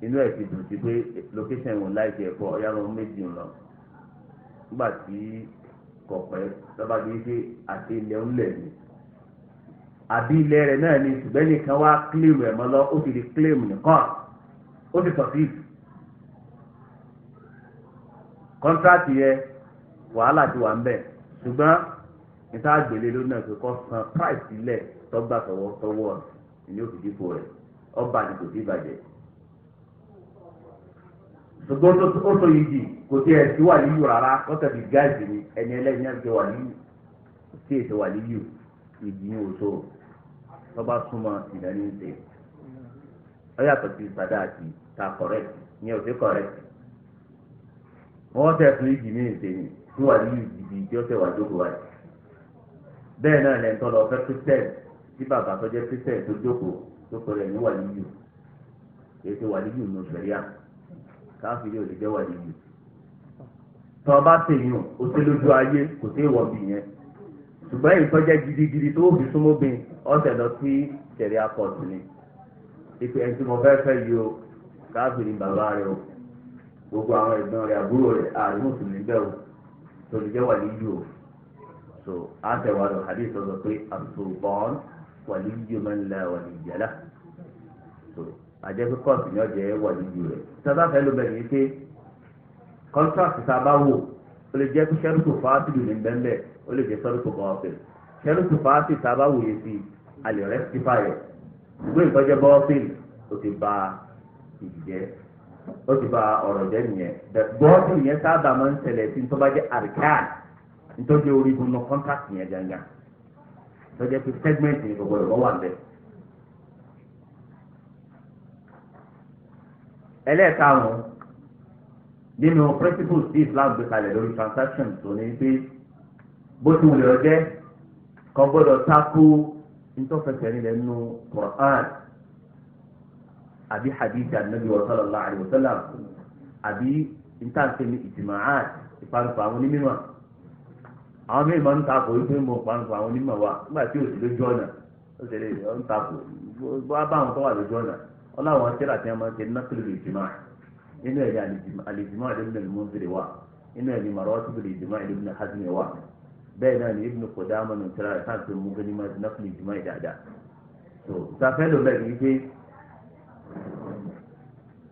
inú ẹ̀ ti dùn sí pé location ìwọ̀n láì jẹ́ ẹ̀kọ́ ọ̀yá lọ méjì lọ nígbà tí kọ̀pẹ́ lọ́ba bíi pé àti ilẹ̀ ń lẹ̀ ni àbí ilẹ̀ rẹ̀ náà ni ṣùgbọ́n nìkan wá claim ẹ̀ mọ́ lọ ó ti di claim nìkan ó ti sọ̀ sí contract yẹ wàhálà ti wà ń bẹ̀ ṣùgbọ́n níta àgbèlè ló náà fi kọ́ san price sílẹ̀ tọ́gbà tọwọ́ tọwọ́ ni yóò fi dípò rẹ̀ ọba àdìgbò sí ìbàjẹ́ ṣùgbọ́n ó sọ yìí dì kò tí ẹ̀ sí wàlíyù rárá wọ́n tẹ̀lé gáàsì ni ẹni ẹlẹ́yìn náà ti wàlíyù tí èsì wàlíyù ìdí ní òṣò lọ́ba súnmọ́ ìdání ṣe ọ yàtọ̀ sí sàdáàtì ta kọ̀rẹ́tì ní òṣè kọ̀rẹ́tì wọ́n tẹ̀ fún ìdí ní ìṣe ni fún wàlíyù ìdí tí ó tẹ̀ wá jókòó wáyé bẹ́ẹ̀ náà lẹ́ńtọ́ lọ fẹ́ christian tí bàbá tó jẹ́ christian tó jókòó tó sọ rẹ̀ ní wàlíyù káfíìrì ò lè jẹ́ wàlí yìí tọ́ bá tèèyàn ó ṣe lójú ayé kò sí ìwọ bì yẹn ṣùgbọ́n ìtọ́jẹ́ gidigidi tó fi súnmọ́bìn ọ̀sẹ̀ lọ sí tẹ̀lé akọ̀tù ni ìpè ẹni tí mo fẹ́ fẹ́ yìí o káfíìrì bàbá rẹ o gbogbo àwọn ẹ̀gbọ́n rẹ àbúrò rẹ ààrẹ mùsùlùmí bẹ́ẹ̀ o tó lè jẹ́ wàlí yìí o so àtẹ̀wá lọ hadith sọ pé àtúbọ̀n wàlí yìí àjẹpẹ́ kóòtù ní ọjà ẹ̀ wà níbi rẹ̀ sábà fẹ́ ló bẹ̀rẹ̀ wípé contract tá a bá wò ó lè jẹ́ pé sẹ́rùkù fáátìlù ní bẹ́ńbẹ́ ó lè jẹ́ sẹ́rùkù bọ́ọ̀fẹ́ sẹ́rùkù fáátìlù tá a bá sí a lè rectify ẹ̀ ṣùgbọ́n ìtọ́jẹ́ bọ́ọ̀fẹ́ ó ti ba ìjẹ́ ó ti ba ọ̀rọ̀ jẹ́ nìyẹn bọ́ọ̀fẹ́ yẹn sábà máa ń tẹ̀lẹ̀ sí tó bá jẹ́ àríkáà nítorí orígun náà contract yẹn gangan tó jẹ́ pé segment yẹn ẹlẹ́ẹ̀karùn-ún nínú principles tí Islam gbé kalẹ̀ lórí transaction tó ní pé bó ti wùlẹ̀ ọjẹ́ kan gbọ́dọ̀ tako ntọ́fẹsẹ̀ nílẹ̀ nínú Quran àbí hadith anabi wa sallallahu alayhi wa sallam àbí ní ìtìmáàt ìparapọ̀ àwọn onímọ̀ àwọn ń wípé mo parapọ̀ àwọn onímọ̀ wa nígbà tí lójú ọ̀nà lè ń bó bá àwọn tó wà lójú ọ̀nà. wọn láwọn tíra tí wọn máa ń ṣe nọ́tìlì ìjìmá inú ẹ̀ ní alìjìmá ibn al-Munziri wà inú ẹ̀ ní maratibul ìjìmá ibn Hazmi wà bẹ́ẹ̀ náà ní ibn Qudama nù tíra rẹ̀ káàkiri mú fẹ́ ní máa nọ́tìlì ìjìmá ìdáadáa tó ìtafẹ́ ló bẹ̀rẹ̀ wípé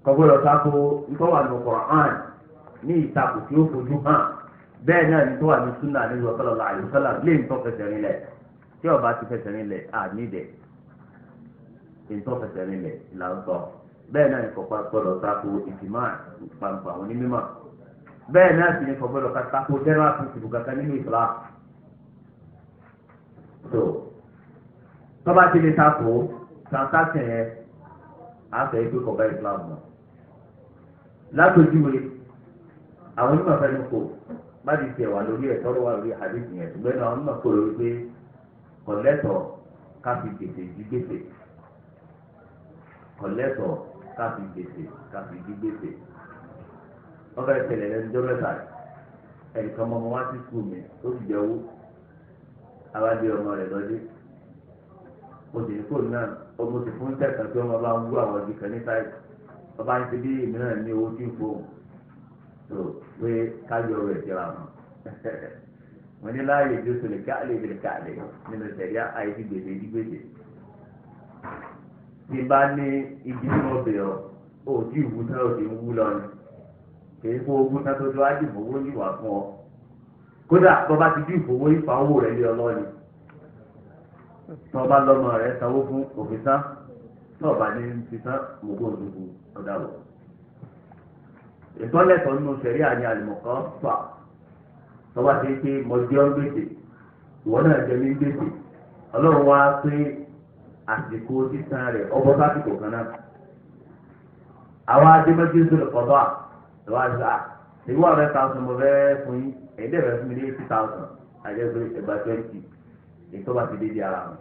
kọ́gbọ́dọ̀ sáko nítorí wà ní Qur'an ní ìtakò tí ó fojú hàn bẹ́ẹ̀ náà ní tó wà ní súnà ní ìwọ̀sọ̀lọ̀ ìtọ́fẹsẹ̀ rinlẹ̀ là ń sọ bẹ́ẹ̀ náà ìkọ̀pá gbọ́dọ̀ tako ìtìmọ́ ìpàǹpà àwọn onímọ̀ bẹ́ẹ̀ náà sì ní kọ̀ gbọ́dọ̀ tako general principle kankan nínú ìfúlá. so tọ́ba ti lè tako transaction yẹn á sọ pé kọ̀ bá ìfúlá mọ̀ látòjúwe àwọn onímọ̀ fẹ́ẹ́ ló kó bá ti tẹ̀ wá lórí ẹ̀ tọ́rọ wá lórí àdéhùn yẹn ṣùgbọ́n àwọn onímọ̀ kó lórí pé kọ̀lẹ́tọ̀ ká gbèsè jí gbèsè kọ̀lẹ́tọ̀ káfí gbèsè káfí gbí gbèsè ọba ìṣẹ̀lẹ̀ rẹ̀ ńjọ́ mẹ́ta ẹnìkan ọmọ wa ti sùn mi tó ti jẹ́wọ́ abájẹ ọmọ rẹ̀ lọ́dẹ mo sì ní kó náà ọmọ sì fún tẹ̀sán tí ọmọ bá ń wú àwọn ibi kan ní táyì ọba ń ṣe bí èmi náà ní owó tí ń fò tó pé káyọ̀ rẹ̀ jẹrà mọ́ mo ní láàyè ju sọlẹ̀ káàlẹ̀ ìbẹ̀rẹ̀ káàlẹ̀ nínú ìṣẹ̀lẹ̀ àìsí gbèsè ìdí gbèsè tí bá ní ibi tí mo bè ọ ò tí ì wú tán tí ń wú lọ ni kì í kó ogún tán tó tó á dìbò yìí wà fún ọ kódà tó bá ti dìbò owó yìí fa owó rẹ lé ọlọ́ọ̀ni tó bá lọ́mọ rẹ sanwó fún òfin tó bá ní ti tán mo ọ̀dà wọ̀ ìtọ́lẹ̀tọ̀ nínú sẹ̀rí àní àlùmọ̀kọ́ fà tó bá ti pé mo jẹ́ gbèsè ìwọ náà jẹ́ mi gbèsè ọlọ́run wá pé àsìkò sísan rẹ̀ ọbọ̀ sásìkò kan náà. àwa adébájú ìṣòro kọ̀dọ̀ à lọ́wọ́ àṣà ìwọ ọ̀rẹ́ thousand mo fẹ́ fún yín ẹ̀yin dẹ̀ fẹ́ fún mi ní eighty thousand àjẹsọ ẹgbà twenty ìtọ́ba ti dédé ara wọn.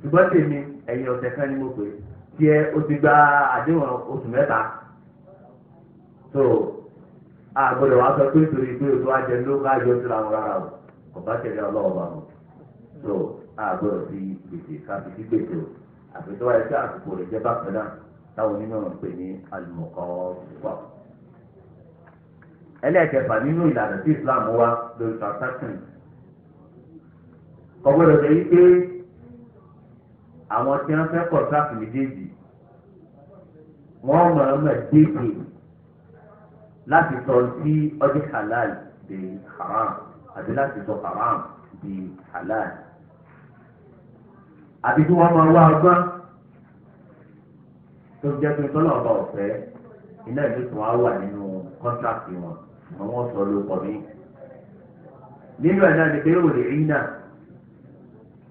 ṣùgbọ́n tèmi ẹ̀yin ọ̀sẹ̀ kan ni mo pè é tiẹ̀ o ti gba àdéhùn oṣù mẹ́ta. so àgbọ̀dọ̀ wa sọ pé torí pé oṣù ajẹ ló ká yọ sí làwọn rárá o ọba tẹ̀lé ọlọ́wọ́ bá wọn. so àgbọ̀dọ̀ fi gbèsè ká fi sí gbèsè o àfi tó wáyé sí àsìkò rẹ̀ jẹ́ bákan náà táwọn onímọ̀ ń pè ní al-muqafa. ẹlẹ́ẹ̀kẹfà nínú ìlànà tí Islam wá lórí transaction kò gbọ́dọ̀ ṣe yí pé àwọn tí wọ́n fẹ́ kọ̀ọ̀tàkì méjèèjì wọ́n mọ̀ọ́mọ̀ déèkì láti sọ sí ọdún halal di haram àti láti sọ haram di halal. àti kí wọ́n máa wá ọgbọ́n tó jẹ́ pé tọ́lọ̀ ọba ọ̀fẹ́ iná ìlú tó wá wà nínú kọ́ńtàkì wọn àwọn sọ ló pọ̀ mí. nínú ẹ̀ náà ni pé òòlì rí náà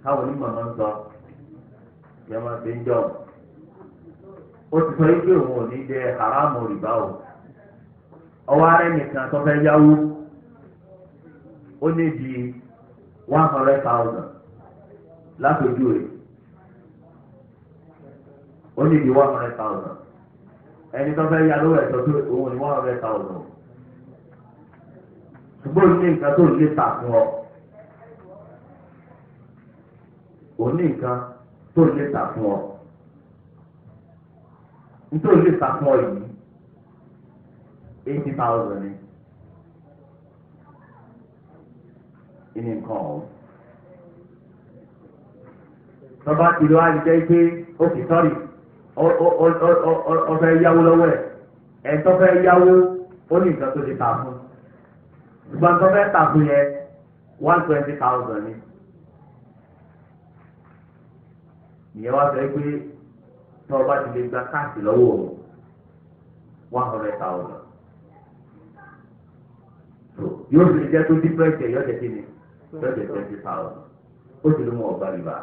káwọn onímọ̀ máa ń sọ O wọ́n máa ń jọ̀ ó ti sọ yìí pé òun ò ní o ọwọ́ ara ẹnìkan tó fẹ́ ó ní one hundred thousand ẹni tó fẹ́ yá lówó ẹ̀ sọ pé òun ní one hundred thousand ṣùgbọ́n ní nǹkan tó lè tà fún ọ ó ní nǹkan tó lè tà fún ọ nítorí lè tà fún ọ yìí eighty thousand ni ìní nǹkan ọ̀hún tọ́ba tìlú àyíjẹ́ pé ó kì í ọfẹ́ yáwó lọ́wọ́ ẹ̀ ẹ̀tọ́ fẹ́ yáwó ó ní nǹkan tó ti ta fún ṣùgbọ́n tó fẹ́ ta fún yẹn one twenty thousand ni ìyẹn wá sọ pé tó o bá ti lè gba káàsì lọ́wọ́ o one hundred thousand yóò fi jẹ́ tó dípẹ́ẹ̀tì ẹ̀ yọ̀ọ́dẹ̀ kí ni yọ̀ọ́dẹ̀ twenty thousand ó sì ló mú ọ̀gbá rìbá.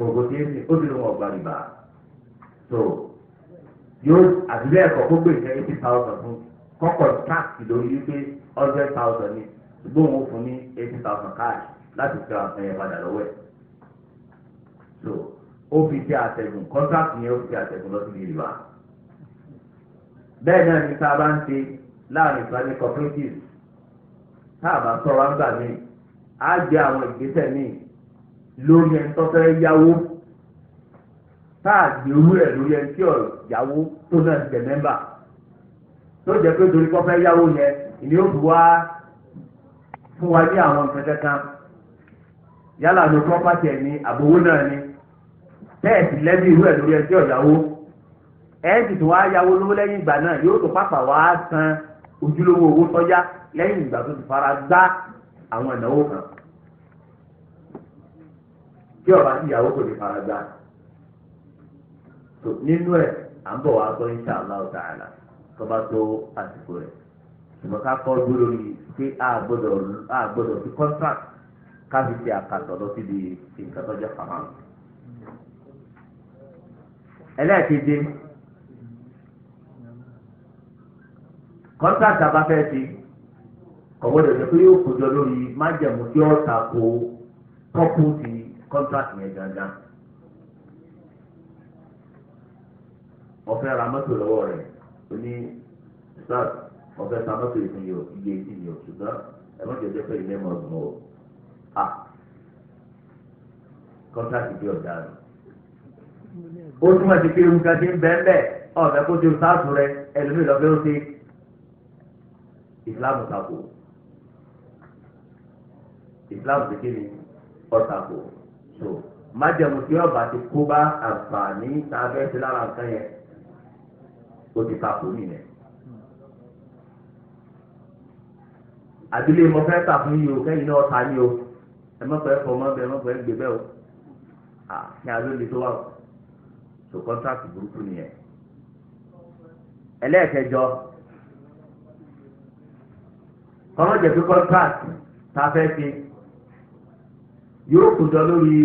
gbogbo tí obìnrin wọn gba so yóò àdúrà ẹ̀kọ́ gbogbo ìṣe eighty thousand fún kọ́kọ́ tax lórí wípé hundred thousand ni ṣùgbọ́n òun fún ní eighty thousand cash láti fi àwọn ẹ̀yẹ so ó fi ṣe àtẹ̀gùn contract yẹn ó fi àtẹ̀gùn lọ sí bẹ́ẹ̀ náà tá a bá ń ṣe láàrin ìfúnni cooperatives tá a bá sọ wá ń gbà lórí ẹni tó fẹ́ yáwó táàgbé owó rẹ̀ lórí ẹni tí ò yáwó tó náà jẹ mẹ́mbà tó jẹ́ pé torí kọ́ fẹ́ yáwó yẹn ìní ó bu wá fún wa ní àwọn nǹkan kankan yálà ló kọ́ pàṣẹ ẹ̀ ní àbówó náà ni tẹ́ẹ̀sì lẹ́bí irú ẹ̀ lórí ẹni tí ò yáwó ẹ̀ẹ́dì tó wá yáwó lówó lẹ́yìn ìgbà náà yóò tó pàpà wá san ojúlówó owó tọ́já lẹ́yìn ìgbà tó ti fara gbá àwọn ìnáwó kan tí ọ̀rọ̀ àti ìyàwó kò lè fara gbá tó nínú ẹ̀ à ń bọ̀ wá gbọ́ insha Allah ta'ala tó bá tó àsìkò rẹ̀ ṣùgbọ́n ká kọ́ dúró lórí pé a gbọ́dọ̀ a gbọ́dọ̀ fi contract ká fi ṣe àkàtọ̀ lọ síbi nǹkan tó jẹ́ fàmà. ẹlẹ́ẹ̀kejì contract abáfẹ́ ti kọ̀wé dọ̀dọ̀ pé yóò kó jọ lórí májẹ̀mú tí ó ta ko kọ́pù ti contract yẹn gangan ọ̀fẹ́ ra mọ́tò lọ́wọ́ rẹ̀ ó ní start ọ̀fẹ́ ta mọ́tò ìpín yọ iye ìdí yọ ṣùgbọ́n ẹ má jẹ́ pé ilé mọ̀ ọ̀gbọ̀n o à contract bí ọ̀dà rẹ̀ ó túmọ̀ sí pé ewu kan ti ń bẹ́ẹ̀ bẹ́ẹ̀ ọ̀fẹ́ kó ti o sáàtù rẹ ẹlòmíì lọ́fẹ́ ó ti ìsìláàmù tako ìsìláàmù ti kí ni ọ̀tako so májẹ̀mú tí ọba ti kó bá àǹfààní tá a fẹ́ ṣe lára nǹkan yẹn ó ti kà fún nìyẹn. àdílé mo fẹ́ kà fún yìí o kẹ́yìn náà ta ni o ẹ má fẹ́ fọmọ bẹ́ẹ̀ má fẹ́ gbé bẹ́ẹ̀ o ní alóòlì tó wà o so contract burúkú nìyẹn. ẹlẹ́ẹ̀kẹjọ kọ́mọ̀jẹ̀ pé contract tá a fẹ́ ṣe yóò kó jọ lórí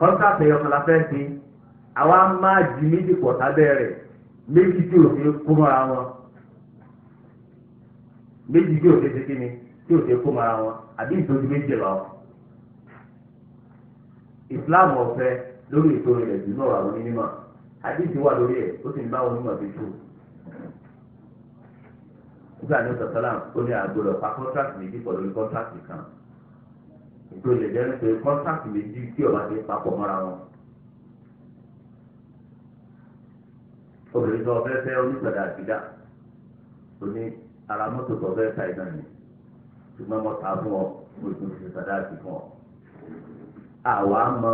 kọ́ńtàtì ẹ̀yọkànlá fẹ́ẹ́ sí àwa máa jì méjì pọ̀ sábẹ́ rẹ̀ méjì tí òfin kó mọ́ra wọn méjì tí òfin ṣe kíni tí òfin kó mọ́ra wọn àbí ìtòjú méjì lọ. ìsìláàmù ọ̀fẹ́ lórí ètò ilẹ̀ jù náà àwọn onímọ̀ àdìsí wà lórí ẹ̀ ó sì ń bá àwọn onímọ̀ fi tù. nígbà ní sọ̀tọ́lá ó ní àgbọ̀dọ̀ pa kọ́ńtàkì méjì pọ̀ lórí kọ́ńtàkì tó lè jẹ́ pé kọ́ńtàkì méjì tí ọba ti papọ̀ mọ́ra wọn. obìnrin tó ọbẹ̀ fẹ́ onísọ̀dà àbídà tó ní ara mọ́tò tó ọbẹ̀ ta iná ni ṣùgbọ́n mo ta fún ọ mo tún fi sọ̀dà àti fún ọ. àwa mọ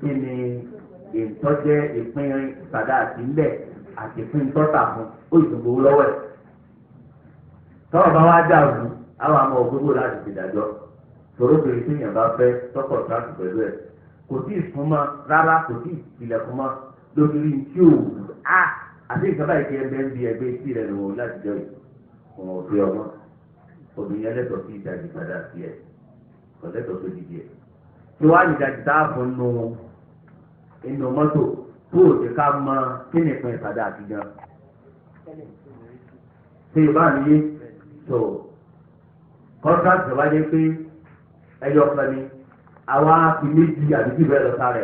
kí ni ìtọ́jẹ́ ìpín sọ̀dà àti ńlẹ̀ àti ìpín tọ́ta fún ó ìdìbò lọ́wọ́ ẹ̀. tọ́wọ́ bá wá dàrú àwọn àmọ́ ògbógbò láti ṣèdájọ́ tòróbìnrin tí èèyàn bá fẹ́ tọkọ̀ láti pẹ̀lú ẹ̀ kò tí ì súnmọ́ rárá kò tí ì tilẹ̀kùn mọ́ lórí tí ò wù á àti ìjọba ìkẹ́ ẹgbẹ́ ń bi ẹgbẹ́ tí rẹ̀ lòun láti jẹ́ òun òfin ọmọ obìnrin ẹlẹ́tọ̀ọ́ sí ìdajì padà sí ẹ̀ ọ̀lẹ́tọ̀ọ́ tó dìde ẹ̀ tí wàá ní ìdajì táàbù nù inú mọ́tò tó ò ti ká mọ kí ni ìpín ìpadà àti gan. ṣé ìbáà níyé tó kọ́ńtà tó wáyé pé. ẹyọ kan ni àwọn afi méjì àdìjú bẹ́ẹ̀ lọ sáré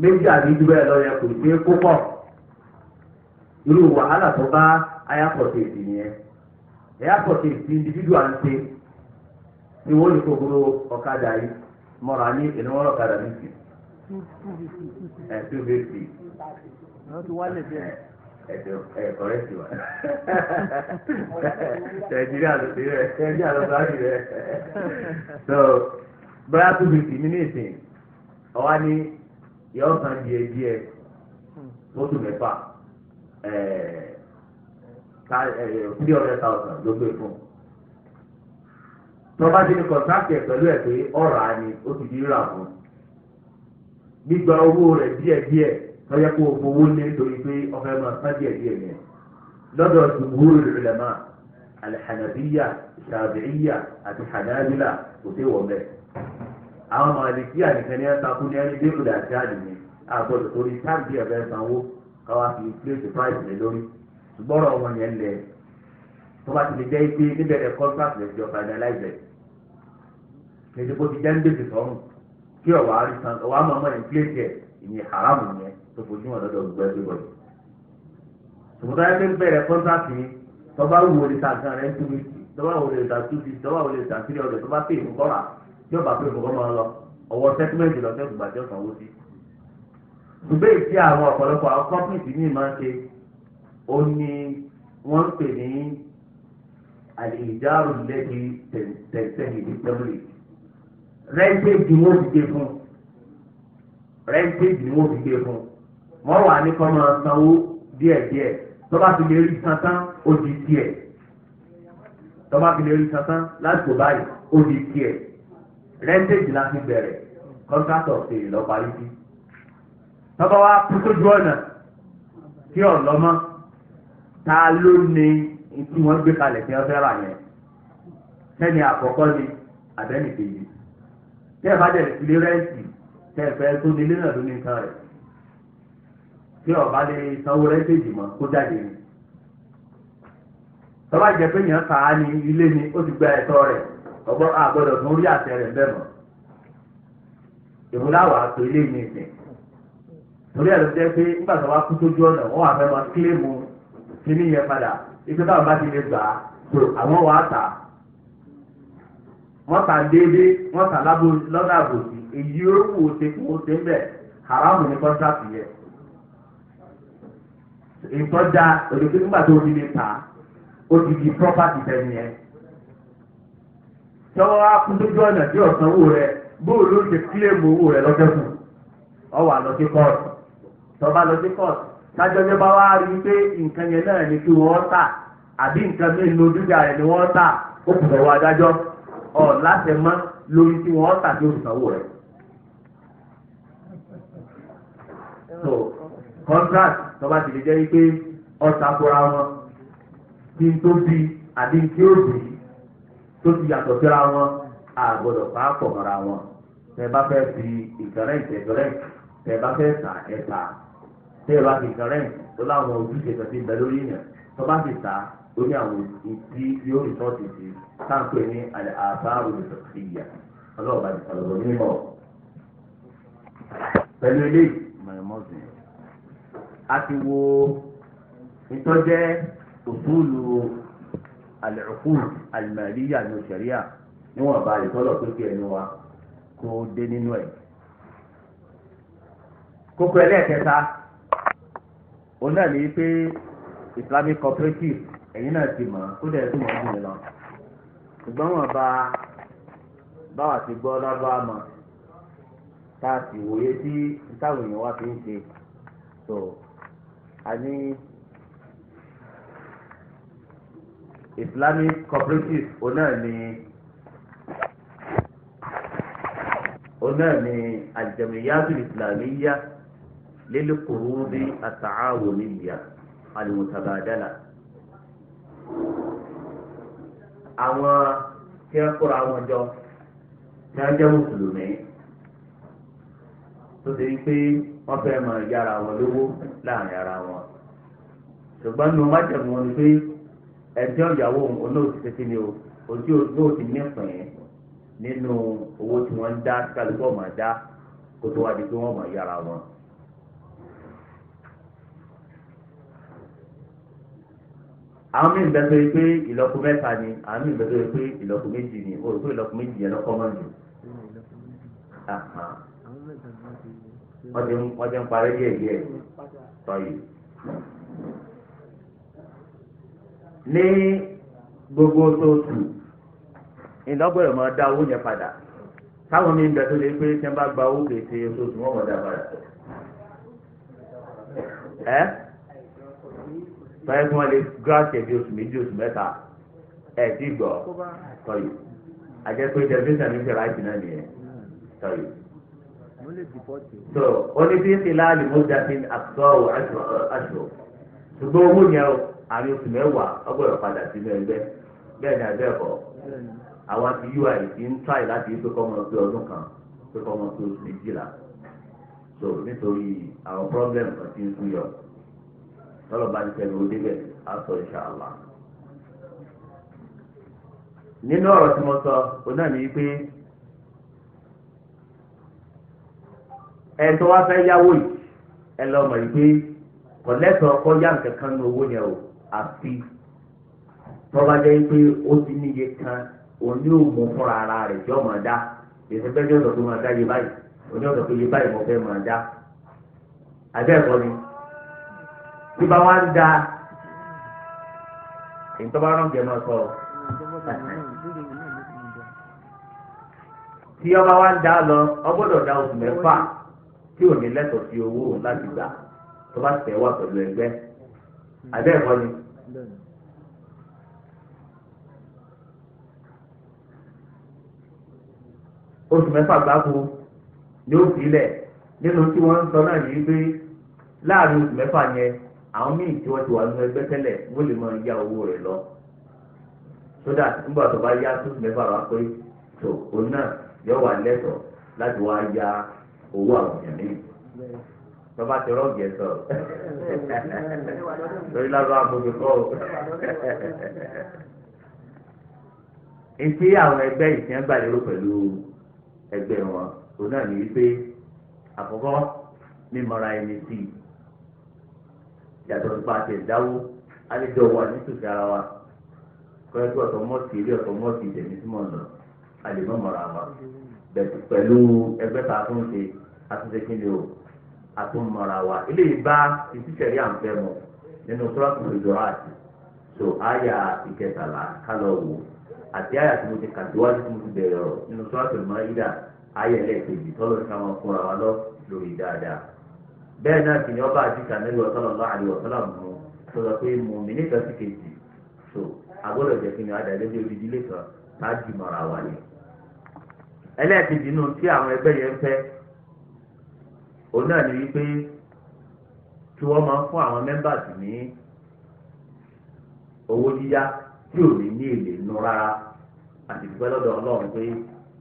méjì àdìjú bẹ́ẹ̀ lọ yẹ kò sí kó pọ̀ irú wàhálà tó bá ayapọ̀tì èsì nìyẹn ayapọ̀tì èsì individual ń ni wọ́n lè kókóró ọ̀kadà yìí mọ̀ra ní ìnáwó ọ̀kadà ní ẹ̀kọ́rẹ́tì wa nàìjíríà ló ti rẹ̀ nàìjíríà ló bá rí so bóyá tó fi tì mí ní ìsìn ọ̀wá ní yọ san díẹ̀ díẹ̀ mọ́tò mẹ́fà three hundred thousand ló gbé fún tọ́ba ti ní kọ̀ǹtàkì ẹ̀ pẹ̀lú ẹ̀ pé ọ̀rà ni ó ti di rírà fún gbígba owó rẹ̀ díẹ̀ díẹ̀ tọ́yẹ kó o fowó lé nítorí pé ọ̀fẹ́ máa sá díẹ̀ díẹ̀ yẹn lọ́dọ̀ jumhurul ulama alhanabiya shafi'iya àti hanabila kò sí wọ̀ bẹ́ẹ̀ àwọn màlìkíyà nìkan ní ẹ̀ta kú ní ẹni dé kúlẹ̀ àti àdìmí àgbọ̀dọ̀ torí táàbì ẹ̀fẹ́ sanwó káwá fi pléètì price lé lórí ṣùgbọ́n ọ̀wọ́n yẹn lẹ̀ tó bá ti lè jẹ́ pé níbẹ̀rẹ̀ contract lè jọ finalize ẹ̀ kejì tó fojú wọn lọ́dọ̀ gbogbo ẹgbẹ́ bọ̀dọ̀. tòmọ́tà ẹgbẹ́ bẹ̀rẹ̀ kọ́ńtàkì tọ́ba wù ó lè ta nǹkan rẹ̀ tó méjì tọ́ba wù ó lè ta two feet tọ́ba wù ó lè ta three hundred tọ́ba pè fún kọ́ra tí ọba pè fún kọ́ máa lọ ọwọ́ sẹ́tímẹ́ǹtì lọ fẹ́ gbàjẹ́ ọ̀sán owó sí. ṣùgbọ́n èsì àwọn ọ̀pọ̀lọpọ̀ àwọn kọ́pìtì ní ìmọ̀ ṣe ó ní wọ́n ń pè ní àlìjáàrú lẹ́bi tẹ̀sẹ̀lì ní tẹ́wìlì rẹ́ńtéèjì ni wọ́n fi gbé fún rẹ́ńtéèjì ni wọ́n fi gbé fún wọ́n wà ní kọ́ máa sanwó díẹ̀díẹ̀ tó bá fi lè rí santán ó di tiẹ̀ tó bá fi lè rí santán láti kò báyìí ó di tiẹ̀ rẹ́ńtéèjì la fi bẹ̀rẹ̀ kọ́ńtàtọ̀ fèrè lọ parí bí tó bá wá kú sójú ọ̀nà tí ọ̀lọ́mọ́ ta ló ní tí wọ́n gbé kalẹ̀ tí wọ́n fẹ́ rà yẹn sẹ́ni àkọ́kọ́ ni àbẹ́nìkejì tẹ́ bá jẹ̀rẹ̀ sílé rẹ́ǹtì tẹ́ fẹ́ tó nílé náà ló ní nǹkan rẹ̀ bí ọba lè sanwó rẹ́sẹ̀jì mọ́ kó jáde ni. tọ́wá jẹ́ pé yẹn kà á ní ilé ni ó ti gba ẹ̀tọ́ rẹ̀ ọgbọ́n àgbọ̀dọ̀ tó ń rí àtẹ rẹ̀ bẹ́ẹ̀ mọ́. ìmúláwà ilé ní ìsìn. torí ẹ̀ ló jẹ́ pé nígbà tó wá kú sójú ọ̀nà wọ́n wà fẹ́ kílèmù kíní yẹn padà bá ti lè gbà á tó àwọn wà á tà. wọ́n tà déédéé wọ́n ìtọ́jà òdòdó nígbà tó di lè ta ó property bẹ́ẹ̀ yẹn. tọ́wọ́ á kú lójú ọ̀nà tí ọ̀sán owó rẹ bóòlù ló ṣe rẹ ọwà sí tọ́ba lọ sí bá wá rí pé nǹkan yẹn náà ni kí wọ́n tà àbí nǹkan rẹ̀ ni wọ́n tà ó kù contract tó bá ti lè jẹ́ wípé ọ̀sà kóra wọn kí n tó bí àbí kí ó bì í tó ti yàtọ̀ síra wọn àgbọ̀dọ̀ bá pọ̀ mọ́ra wọn tẹ bá fẹ́ fi ìkẹrẹ́ǹt ẹ̀kẹrẹ́ǹt tẹ bá fẹ́ tà ẹ̀tà tẹ bá fi ìkẹrẹ́ǹt tó láwọn ojúṣe tó ti bẹ lórí yẹn tó ti tà ó ní àwọn ìdí yóò rí sọ́ọ̀tì sí táǹpé ní àlẹ́ àbáwò ìsọ̀tìyà ọlọ́ọ̀bá ìsọ̀lọ́gbọ̀n mímọ́ pẹ̀lú ilé ìmọ̀ ẹ̀mọ́sìn a ti wo ìtọ́jẹ́ òṣùlù àlẹ́kù àlùmọ̀ríyà ní òṣèríà níwọ̀n bá ìtọ́lọ̀ tó kí ẹnu wa kó dé nínú ẹ̀. kókó ẹlẹ́ẹ̀kẹta òun náà ní pé Islamic cooperative ẹ̀yin náà ti mọ̀ kó dẹ̀ tó mọ̀ ọ́ nìyẹn ṣùgbọ́n wọn bá báwa ti gbọ́ lábá mọ̀ tá a sì wòye sí táwọn èèyàn wá fi ń ṣe tó. So, àní islamic cooperative onáà ni onáà ni aljamiyatul islamiyya lil qurubi at-ta'awuniyya al-mutabadala àwọn tí wọn kóra wọn jọ tí wọn jẹ mùsùlùmí tó ti rí pé wọn fẹẹ máa yára wọn lówó láàrin ara wọn ṣùgbọ́n nínú májèmú wọn ni pé ẹjọ́ ìyàwó onóòtú títí ni o ojú òṣùwò ti nípìn nínú owó tí wọ́n ń dá kálukú ọ̀mà dá kó tó wá di pé wọ́n mọ̀ yára wọn. àwọn míì bẹ sọ pé ìlọ́kù mẹ́ta ni àwọn míì bẹ sọ pé ìlọ́kù méjì ni o rò pé ìlọ́kù méjì yẹn lọ́kọ́ mọ́ ni. wọ́n ti ń díẹ̀ díẹ̀ tọ́yì. ní gbogbo máa dá owó yẹn padà táwọn mi ń bẹ tó pé tí wọ́n bá gba owó wọ́n mọ̀ dá padà. ẹ lè gíráàsì ẹ̀bí oṣù méjì oṣù mẹ́ta ẹ̀ tọ́yì àjẹpẹ́ tẹlifíṣàn ní ìṣẹ̀lá ìṣìnà nìyẹn tọ́yì. tó oní bí ń ti láàlì mọ́jà ti àtọ́wò aṣọ ṣùgbọ́n owó yẹn o àárín oṣù mẹ́wàá ọgbọ́dọ̀ padà sínú ẹgbẹ́ bẹ́ẹ̀ ni àbẹ́ẹ̀kọ́ àwọn ti ui ti ń try láti pé kọ́ ọmọ pé ọdún kan pé kọ́ ọmọ pé oṣù méjìlá so nítorí àwọn problem kan ti ń tún yọ tọ́lọ̀ bá ti tẹ̀lé o débẹ̀ á sọ ìṣàlá nínú ọ̀rọ̀ tí mo sọ ọ náà ẹ tó wá fẹ́ yáwó yìí ẹ lọ mọ̀ ìgbé kọ̀lẹ́tọ̀ ọkọ yá nǹkan kan ní owó yẹn o àfi tọ́ba jẹ́ pé ó ti níye kan òní òmù fúnra ara rẹ̀ tí ọmọ dá èsì bẹ́ẹ̀ ní ọ̀dọ̀ tó máa dá yé báyìí òní ọ̀dọ̀ tó yé báyìí mo fẹ́ máa dá àbẹ́ẹ̀kọ́ ni bí bá wá ń da ìtọ́ba rántí ẹ̀ máa sọ tí ọba wa ń da lọ ọgbọ́dọ̀ da oṣù mẹ́fà. tí ò ní lẹ́tọ̀ọ́ owó láti gbà tó bá tẹ̀ wá pẹ̀lú ẹgbẹ́ àbẹ́ ni. oṣù mẹ́fà gbáko ni ó fi nínú tí wọ́n ń sọ náà yìí pé láàrin oṣù mẹ́fà yẹn àwọn míì tí wọ́n ti wà nínú ẹgbẹ́ tẹ́lẹ̀ wọ́n lè máa ya owó rẹ̀ lọ sódà nígbà tó bá yá oṣù mẹ́fà wá pé tó òun náà yọ wà láti wá ya owó àwọn èèyàn ní tọ́ba ti rọ́ọ̀gì ẹ̀ sọ lórí lábẹ́ àbójútó etí àwọn ẹgbẹ́ ìsìn gbàlérò pẹ̀lú ẹgbẹ́ wọn òun náà ní wípé àkọ́kọ́ mímọ́ra ẹni sí i yàtọ̀ nípa àti ẹ̀dáwó alẹ́jọ́ wa nítòsí ara wa kọ́ ẹgbẹ́ ọ̀tọ̀ mọ́ọ̀tì ilé ọ̀tọ̀ mọ́ọ̀tì ìdẹ̀mí tí mò alẹ́ mọ́mọ́ra wa pẹ̀lú ẹgbẹ́ ta tó ń ṣe àtúnṣe ni o àtúnmọ̀ra wa eléyìí bá ìṣiṣẹ́rí à ń fẹ́ mu nínú sọ́ọ́tù ìjọ́ráàtì so àyà ìkẹtàlá kálọ̀ wò àti àyà tí mo ti kà síwájú tí mo ti bẹ̀rẹ̀ ọ̀rọ̀ nínú sọ́ọ́tù ìmọ̀-ìdà àyà ẹlẹ́ẹ̀kejì tọ́lọ́ ní ká máa fúnra wa lọ lórí dáadáa bẹ́ẹ̀ náà sì ni ọba àdìkà nílùú ọ̀sánlọ́lá àdìwọ̀ so agbọ́dọ̀ jẹ́ kí ni adàlẹ́ bí orí ẹlẹ́ẹ̀kejì inú tí àwọn ẹgbẹ́ yẹn ń fẹ́ òun náà ni wípé tí wọ́n máa ń fún àwọn members ní owó yíyá tí ò ní ní èlé nù rárá àti ìdúpẹ́ lọ́dọ̀ ọlọ́run pé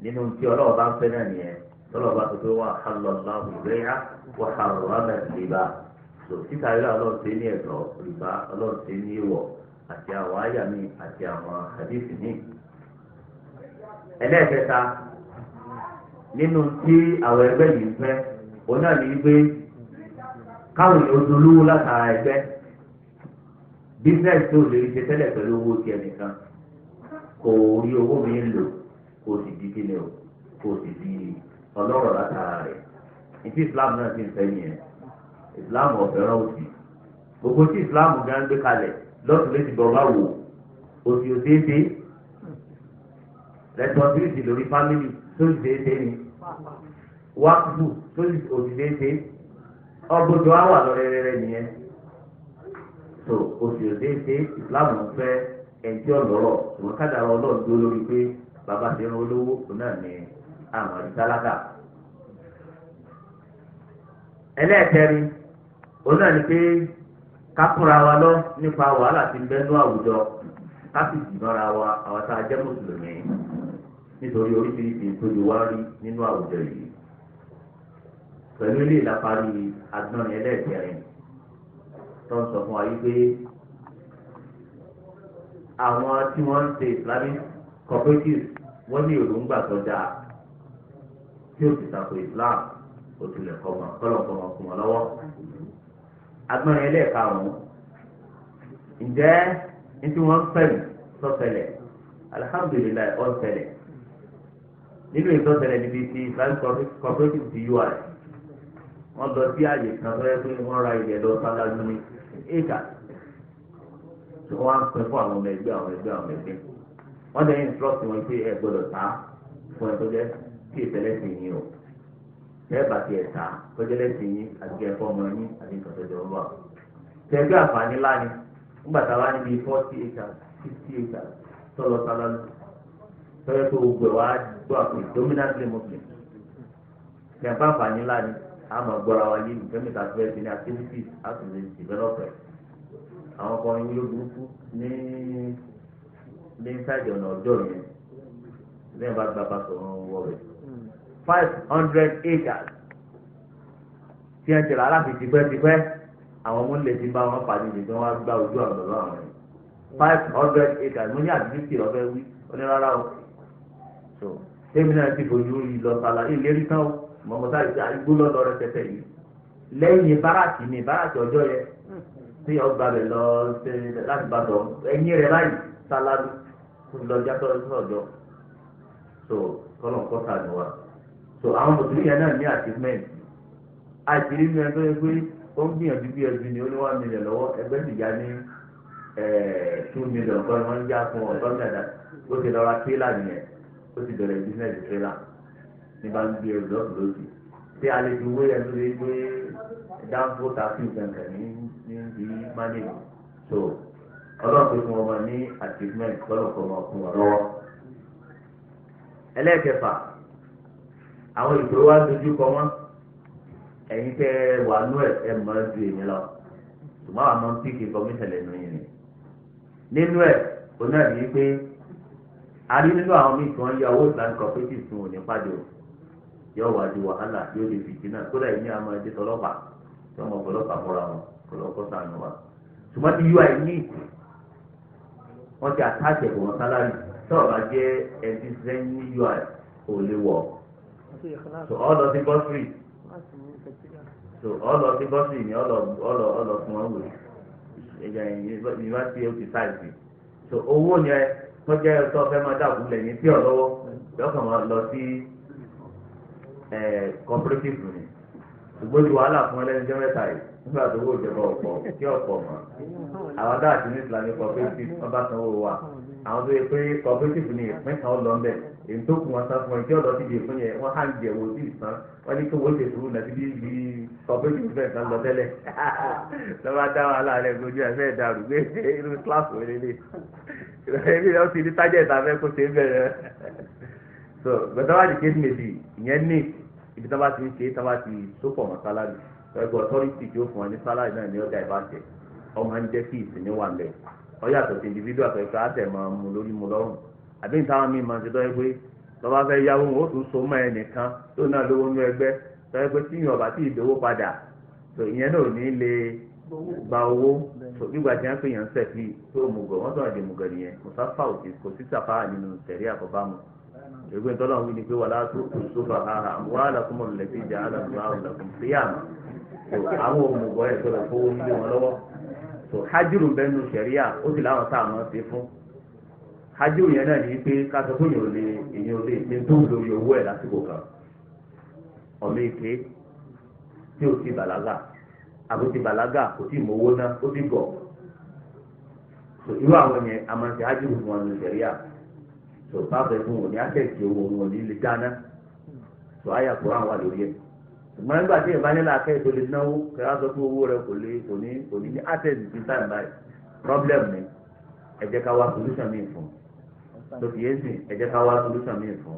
nínú tí ọlọ́run bá ń fẹ́ náà nìyẹn lọ́lọ́run bá sọ pé wọ́n àkàlọ́lá òrẹ́yà wọ́n àrùn àmẹ́ ìlébà tó títa ilé ọlọ́run ṣe ní ẹ̀tọ́ ìbá ọlọ́run ṣe ní ìwọ̀ àti àwọn àyà àti àwọn àdéhùn mi. ẹlẹ́ẹ̀kẹta nínú tí àwọn ẹgbẹ́ yìí ń fẹ́ òun náà ní pé káwọn èèyàn dolówó látara ẹgbẹ́ bísíǹsì tó lè ṣe tẹ́lẹ̀ pẹ̀lú owó tiẹ̀ nìkan kò rí owó mi ń lò kò sì di kíni o kò sì di ọlọ́rọ̀ látara rẹ̀ ìtí Islam náà ti ń fẹ́ yẹn Islam ọ̀fẹ́ràn òsì gbogbo tí Islam gan gbé kalẹ̀ lọ́sùn létí bọ́ọ̀bá wò òsì òsèèdè responsibility lórí family tó ń ṣe é ṣe ni wákùtù tó lè òdìdé dé ọgbọdọ àwà lọrẹrẹrẹ nìyẹn tó òdìdé dé ìsìlámù fẹ́ ẹjọ lọ́rọ̀ ìwọn kádàrá Ọlọ́run dúró lórí pé bàbá ti ń olówó kò náà ní àwọn ìsálákà ẹlẹ́ẹ̀kẹrin òun náà ni pé kákúra wa lọ nípa wàhálà tí ń bẹ́ẹ̀ ní àwùjọ ká sì jìnnà ra wa àwọn tá a jẹ́ mùsùlùmí nítorí oríṣiríṣi ìtòjú wá rí nínú àwùjọ yìí pẹ̀lú ilé ìlàparí agbọ́nrin ẹlẹ́ẹ̀kẹrin tó ń sọ fún wa yìí pé àwọn tí wọ́n ń ṣe Islamic cooperatives wọ́n ní èròǹgbà tó dáa tí ó ti tako Islam ó tilẹ̀ kọ́ mọ́ kọ́lọ́kọ́ mọ́ fún wọn lọ́wọ́ agbọ́nrin ẹlẹ́ẹ̀karùn-ún ǹjẹ́ ní tí wọ́n ń pẹ̀lú sọ́sẹ̀lẹ̀ alihamudulilayi ọ̀sẹ̀lẹ̀ nínú ìtọ́ tẹ̀lé níbi ti Islamic cooperative ti ui wọ́n lọ sí àyè kan tó yẹ pé wọ́n ra ilẹ̀ lọ sálájú ní éka tí wọ́n á ń pín fún àwọn ọmọ ẹgbẹ́ àwọn ẹgbẹ́ àwọn ẹgbẹ́ wọ́n dẹ̀ instruct wọn pé ẹ gbọ́dọ̀ ta fún ẹ tó jẹ́ kí ìtẹ̀lẹ́ sí yín o tẹ́ẹ̀bà ti ẹ̀ ta tó jẹ́ lẹ́sìn yín àti ẹ̀fọ́ ọmọ yín àti ìtọ́jọ́ ọlọ́wà tẹ̀gbẹ́ àǹfààní láàyè ńgbà tá a wá níbi forty acres fifty club is dominantly muslim kẹfà fani ńlá ni a máa gbọ́ra wa yé nìkẹ́mi ta fẹ́ ti ní activities as a developer àwọn kan ní olóògùnkú ní ní sáìdì ọ̀nà ọjọ́ yẹn lẹ́yìn bá gba pàṣẹ ọ̀run wọ rẹ̀ five hundred acres tí wọ́n ti rà láti tipẹ́tipẹ́ àwọn ọmọ nílẹ̀ tí ń bá wọn pàdé nìkan wọn gba ojú àwọn ọ̀dọ́ àwọn yẹn five hundred acres mo ní àdúgbò tí ọ̀fẹ́ wí onírárá o so tẹ́mi náà ti fojú ìlọ sàlà ìlérí tán mọ̀mọ́tà igbó lọ́dọ̀ rẹ tẹ́tẹ́ yìí lẹ́yìn báràkì mi báràkì ọjọ́ yẹ tí ọgbà rẹ lọ láti bá tọ̀ ẹ̀yìn rẹ láyìí sálábì kó lọ jásọ ọjọ́ so kọ́lọ̀ kọ́ sàmì wa so àwọn mùsùlùmí yẹn náà ní achievement àṣírí mi ẹgbẹ́ pé ó ń gbìyànjú bí ẹbí ni ó ní one million lọ́wọ́ ẹgbẹ́ sì já ní eh, two million kọ́ ni já fún ọ̀tọ́ mẹ́ta ó ti lọ́ra tírélà nìyẹn ó sì bẹ̀rẹ̀ bísíǹnẹ̀sì tẹ́lá ní bá ń gbé ẹrù lọ́ọ̀dù lóṣù tí a lè fi wé ẹni tó lè gbé dáńfó tààfin kankan ní ní bí mánìlì so ọlọ́run pé fún ọmọ ní achievement kọ́lọ̀ kọ́ ọmọ fún ọ lọ́wọ́. ẹlẹ́ẹ̀kẹfà àwọn ìṣòro wa dojú kọ wọ́n ẹ̀yin tẹ́ wà nú ẹ̀ ẹ̀ mọ́ ju èmi lọ ṣùgbọ́n àwọn ọmọ ń píkì kọ́míṣẹ̀lẹ̀ nù yìí nínú ẹ̀ onáà ní pé àrí nínú àwọn míì kan yọ owó ìsàn cooperative tún òní pàdé o yọ wà di wàhálà yóò di fìtínà kódà ìní àmọ́ ẹdí tọlọ́pàá tí ọmọ ọlọ́pàá mọ́ra wọn kọlọ́kọ́ sànù wa ṣùgbọ́n ti ui ní wọ́n ti àtàkì ẹ̀kọ́ wọn sálárì tọ́ọ̀ bá jẹ́ ẹtí sẹ́yìn ní ui ò lè wọ̀ so ọ lọ sí gọ́sìrì so ọ lọ sí gọ́sìrì ni ọ lọ ọ lọ fún ọ wò ẹ̀yà ìyẹn ìyẹn bá ti ẹ̀ ó ti sáìsì so owó yẹn tọ́jà ẹ̀rọ tó fẹ́ máa dàbò lẹ́yìn tí ọ̀rọ̀ wọ́ lọ́kàn máa lọ sí cooperative ni ṣùgbọ́n ti wàhálà fún ẹlẹ́ni jẹ́ mẹ́ta yìí nígbà tó wò ìjọba ọ̀pọ̀ kí ọ̀pọ̀ mọ̀ àwọn dáa ti ní islamic cooperative wọn bá sanwó wa àwọn tó yẹ pé cooperative ni ìpín kan lọ ńbẹ èyí tó kù wọn san fún ẹ tí ọ̀dọ́ ti di ìpín yẹn wọ́n hàn jẹ̀ wò sí ìsan wọ́n ní kí wọ́n ṣe sùúrù náà síbi ibi cooperative bẹ́ẹ̀ kan lọ tẹ́lẹ̀ lọ́ba dá wàhálà rẹ̀ gojú ẹ̀ fẹ́ẹ̀ dàrú gbé irú class wẹ́lẹ́lẹ́ ebi náà ó o ní tájẹ̀ ìtafẹ́ kó ṣe é so gbẹdọ wá di kéde méjì ìyẹn ní ibi tí wọn bá ti ń ṣe tí wọn bá ti sopọ̀ mọ́ sálárì ẹgbẹ́ ọ̀tọ́rìtì tí ó ọ ní sálárì náà ní ọjà ọ sí individual àtẹ̀kọ́ àtẹ̀ máa mú lórí mu lọ́rùn àbí nítawọn míì máa ń ṣe tọ́ ẹgbẹ́ lọ́ba fẹ́ yáwó wọn so mọ́ ẹnìkan tó náà lówó egbe ẹgbẹ́ tí ìdówó gba owó nígbà tí wọ́n pè yàn sẹ́fì tó mùgọ̀ wọ́n sọ̀rọ̀ di mùgọ̀ nìyẹn mùsáfà òsì kò sí sàfà nínú tẹ̀rí àkọ́bá mu ègbè tọ́lọ̀ ń wí ni pé wàlá tó kù sófà àhà wà lákùmọ̀ lẹ́sí ìjà àlàkùnrin àwọn làkùn síyàmù àwọn òmùgọ̀ ẹ̀ sọ̀rọ̀ fowó nílé wọn lọ́wọ́ tó hajjúrù ń bẹ́nu sẹ̀ríà ó sì láwọn tá àwọn ṣe fún hajjúrù yẹn náà ní pé ká sọ fún èèyàn lè èèyàn lè ṣe tó ń lórí owó ẹ̀ lásìkò kan ọ̀mọ èké tí ó ti bàlágà àbí ti bàlágà kò tí mọ ná ó ti gọ̀ so irú àwọn yẹn a máa ń ṣe ájúrù fún wọn ní ìṣẹ̀ríà so báfẹ́ fún wọn ní àtẹ̀jẹ́ owó wọn ní ilé dáná so àyà kúrò àwọn àlórí ẹ̀ ṣùgbọ́n nígbà tí ìbánilá akẹ́ tó lè náwó kẹ́rẹ́ sọ pé owó rẹ kò lè kò ní kò ní ní ti sáà báyìí problem ni ẹ jẹ́ ká wá solution míì fún so kìí ẹ̀sìn ẹ ká wá solution míì fún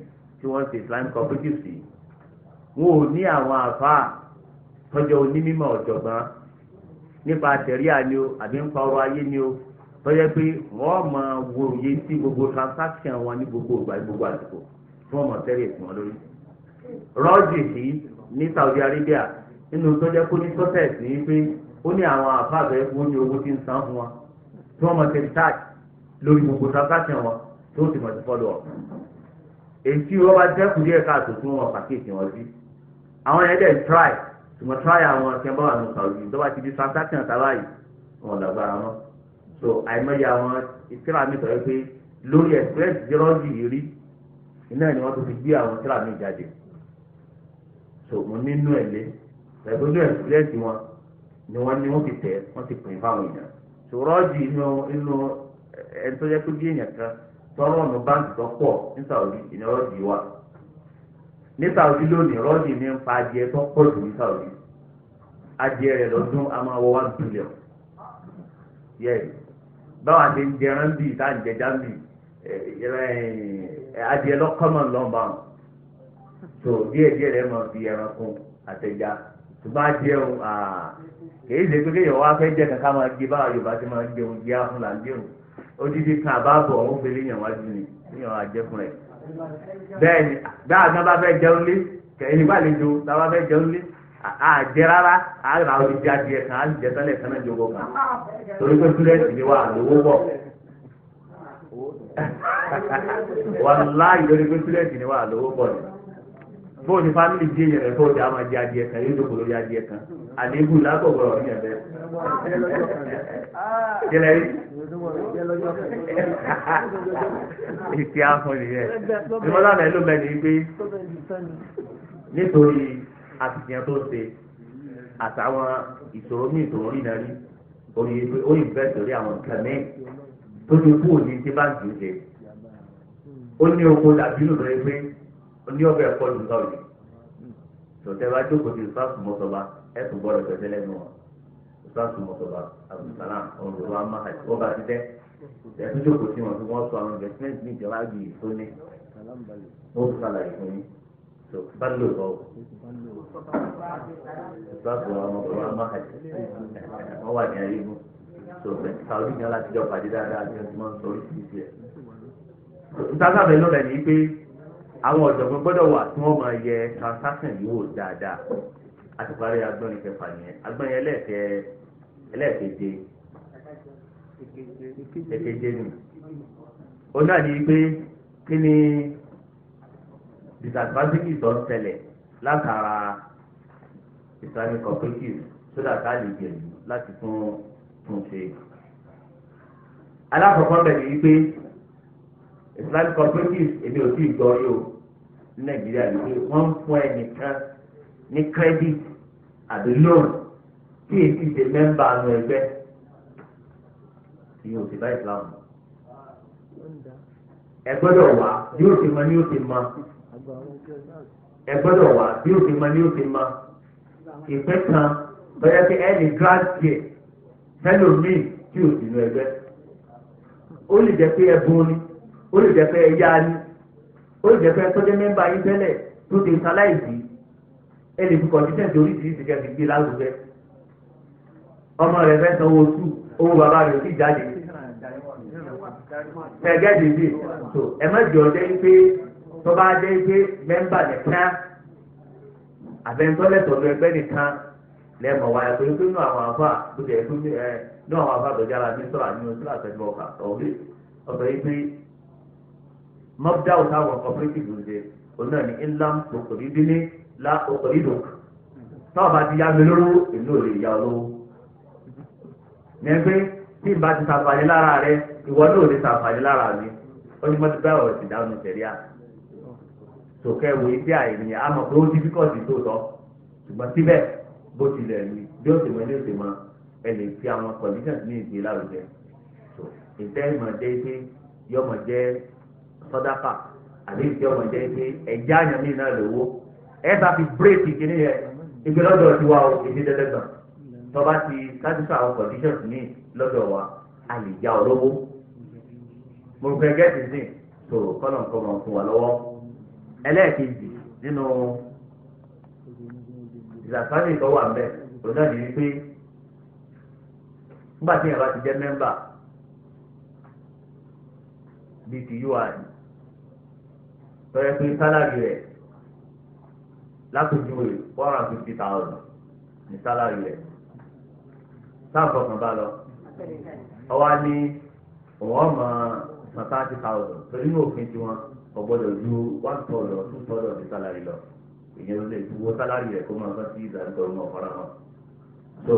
tí wọn ò ní àwọn àfáà tọ́jọ́ onímọ̀ ọ̀jọ̀gbọ́n nípa àtẹ̀ríà ni o àbí ń pa ayé ni o tọ́jọ́ pé wọ́n mọ wo òye gbogbo transaction wọn ní gbogbo ìgbà gbogbo àsìkò tí wọ́n mọ̀ tẹ́lẹ̀ sí wọn lórí. rọ́ọ̀jì Arabia nínú tọjọ kó ní sọ́tẹ̀s ní pé ó ní àwọn àfáà bẹ́ẹ̀ fún ní owó tí ń san fún wọn gbogbo transaction wọn tí ó sì èyí tí wọ́n bá dẹ́kun díẹ̀ káàtó tí wọ́n pàkíyèsí wọn sí àwọn yẹn dẹ̀ try ṣùgbọ́n try àwọn tí wọ́n bá wà ní sàwùjì tó bá ti di transaction tá báyìí wọn lágbára wọn so àìmọye àwọn tíra mi sọ̀rọ̀ pé lórí express zero yìí rí iná ni wọ́n tó fi gbé àwọn tíra mi jáde so mo nínú ẹ̀ lé pẹ̀lú lórí express wọn ni wọ́n ní wọ́n ti tẹ̀ wọ́n ti pín fáwọn èèyàn so rọ́ọ̀jì inú inú ẹni tó yẹ kó bí èèyàn kan tọ́rọ̀ ọ̀nà báńkì tó pọ̀ ní Saudi ìní rọ́ọ̀dì wà ní Saudi lónìí rọ́ọ̀dì ní ń pa adìẹ tó pọ̀ jù ní Saudi adìẹ rẹ̀ lọ́dún a máa wọ one billion yẹ́ẹ̀ báwọn àti ń jẹran bì tá à ń jẹjá bì eh, eh, adìẹ lọ́kọ́mọ̀ lọ́nba wọn tó díẹ̀ díẹ̀ rẹ̀ máa fi ẹranko àtẹ̀já ṣùgbọ́n adìẹ o kèé ṣe pé kéèyàn wá fẹ́ jẹ́ kankan máa gbé báwa Yorùbá ti máa ń jẹun jẹ́ àfúnlá ń jẹun odidi kan àbáàbọ̀ ọ̀hún fi léyìn wájú ni léyìn wá jẹ́ fún rẹ̀ bẹ́ẹ̀ ni bá a náà bá fẹ́ jẹun lé kẹ́yìn bá lè jo tá a bá fẹ́ jẹun lé a jẹ rárá a ra odidi adìẹ kan a jẹ sálẹ̀ kan náà jogo kan torí pé túlẹ̀sì ni wà lówó bọ̀ wàláyé lórí pé túlẹ̀sì ni wà lówó bọ̀ ni bóòni fámìlì di èèyàn rẹ̀ tó ọjà máa di adìẹ kan yóò dókòó lórí adìẹ kan àléébù lákọ̀ọ́gbọ̀rọ̀ ní ẹ̀bẹ̀. jẹlẹ rí ìfì ahọ́n nìyẹn ìmọ̀lá náà ló mẹ́rin gbé nítorí àtìyàn tó ṣe àtàwọn ìṣòro ní ìṣòro rí náà rí oyin pé ó yìn bẹ́ẹ̀ sórí àwọn nǹkan mí tó ti kú òní tí bá ń jù ú ṣe ó ní oko dàbí lóore pé ní ọbẹ̀ ẹ̀kọ́ ló ń gbà òye tòtẹ́ bá jókòó ti ìfà sùmọ́sọ̀ba ẹ̀ tún gbọ́dọ̀ tẹ̀sẹ̀ lẹ́nu wọn ìfà sùmọ́sọ̀ba abdulsalam ọ̀rọ̀ wa máa ti ọba ti tẹ́ ẹ̀ tún jókòó sí wọn tí wọ́n sọ àwọn investment ní ìjọba yìí tó ní wọ́n tún sàlàyé fún yín tó bá lò lọ ìfà sùmọ́sọ̀ba ọ̀rọ̀ wa máa ti wọ́n wà ní ayé mú tó sàwọ́dí ní alájọ́ pàdé dáadáa àwọn ọ̀jọ̀gbọ́n gbọ́dọ̀ wà tí wọ́n máa yẹ transaction yìí wò dáadáa àti parí agbọ́nrin kẹfà yẹn agbọ́nrin ẹlẹ́ẹ̀kẹ́ ẹlẹ́ẹ̀keje ẹ̀keje nù òun náà ní pé kí ni disadvantages tó ń ṣẹlẹ̀ látara islamic cooperatives sódà tá a lè gbìyànjú láti tún tún ṣe. alákọ̀ọ́kọ́ bẹ̀rẹ̀ yìí pé islamic cooperatives èmi ò tí ì gbọ́ yóò ní nàìjíríà wípé wọ́n ń fún ẹnìkan ní credit àbí loan tí èsì ṣe mẹ́mbà àánú ẹgbẹ́ ìyẹn ò sì bá islam ẹ gbọ́dọ̀ wá bí ó ti mọ ni ó ti mọ ẹ gbọ́dọ̀ wá bí ó ti mọ ni ó ti mọ ìpẹ́ kan bẹ́ẹ̀ pé ẹnì grand tier fẹ́lòmíì tí ò sínú ẹgbẹ́ ó lè jẹ́ pé ẹbùn ni ó lè jẹ́ pé ẹyá ni ó lè jẹ́ pé tọ́jú mẹ́mbà yín tẹ́lẹ̀ tó ti sáláìsì ẹ lè fi kọ̀ǹdíṣẹ̀ǹtì oríṣiríṣi kẹ́ẹ̀ fi gbé lárugẹ ọmọ rẹ̀ fẹ́ san owó tú owó bàbá rẹ̀ sì jáde tẹ̀gẹ́ dèdè tó ẹ má jọ jẹ́ pé tọ́ba jẹ́ pé mẹ́mbà nìkan àbẹ̀ntọ́lẹ̀ tọ̀dọ̀ ẹgbẹ́ nìkan lẹ́mọ̀ wa ẹ̀ pé nínú àwọn afa tó jẹ́ nínú àwọn afa tó ní sọ́ra nínú sílà tẹ̀gbọ́ ọ̀kà ọ̀gbẹ́ ọ̀sọ̀ yìí pé mọ́bdá òtá àwọn cooperative ń ṣe òun náà ní inlam okòrí dínní la okòrí dùk táwọn bá ti yá mi lóró èmi ò lè yá ọ lówó. nẹ́gbẹ́ tí n bá ti sàǹfààní lára rẹ ìwọ náà ò lè sàǹfààní lára mi ó ní mọ́tò bá ọ̀rọ̀ ìdáhùn ìṣẹ̀rí à. sòkè wo ibi àìní àmọ̀ pé ó ti bíkọ̀sì tó tọ́ ṣùgbọ́n síbẹ̀ bó tilẹ̀ ní bí ó ti mọ ilé ìṣèmọ ẹ lè fi àwọn conditions ní ìgbé lárugẹ. ìtẹ́ ìmọ̀ jẹ́ pé yọmọ jẹ́ sọdáfà àbí ìfẹ́ ọmọ jẹ́ pé ẹ̀já àyàn mí náà lówó ẹ bá fi bírèkì kìíní yẹ ìgbé lọ́dọ̀ tiwa o èdè dẹ́dẹ́gbọ̀n tọ́ba ti sátífà àwọn conditions míì lọ́dọ̀ wa a lè já ọ lówó mo fẹ́ gẹ́tì sí tó kọ́nà nǹkan mọ̀ fún wa lọ́wọ́ ẹlẹ́ẹ̀kejì nínú ìlàsánì ìtọ́wò àmì òun náà nìyí pé nígbà tí yàrá ti jẹ́ mẹ́mbà bíi ti UI tọ́yẹ pé sálárì rẹ̀ lápèjúwe four hundred fifty thousand ní sálárì rẹ̀ sáàpọ̀ kan bá lọ ọwọ́ á ní òun ọmọ san thirty thousand torí ní òfin tiwọn kò gbọdọ̀ ju one third lọ two third lọ sálárì lọ ìyẹn ló lè wo sálárì rẹ̀ kó máa san sí ìdánilọ́ ọmọ ọ̀fọ́ra wọn. so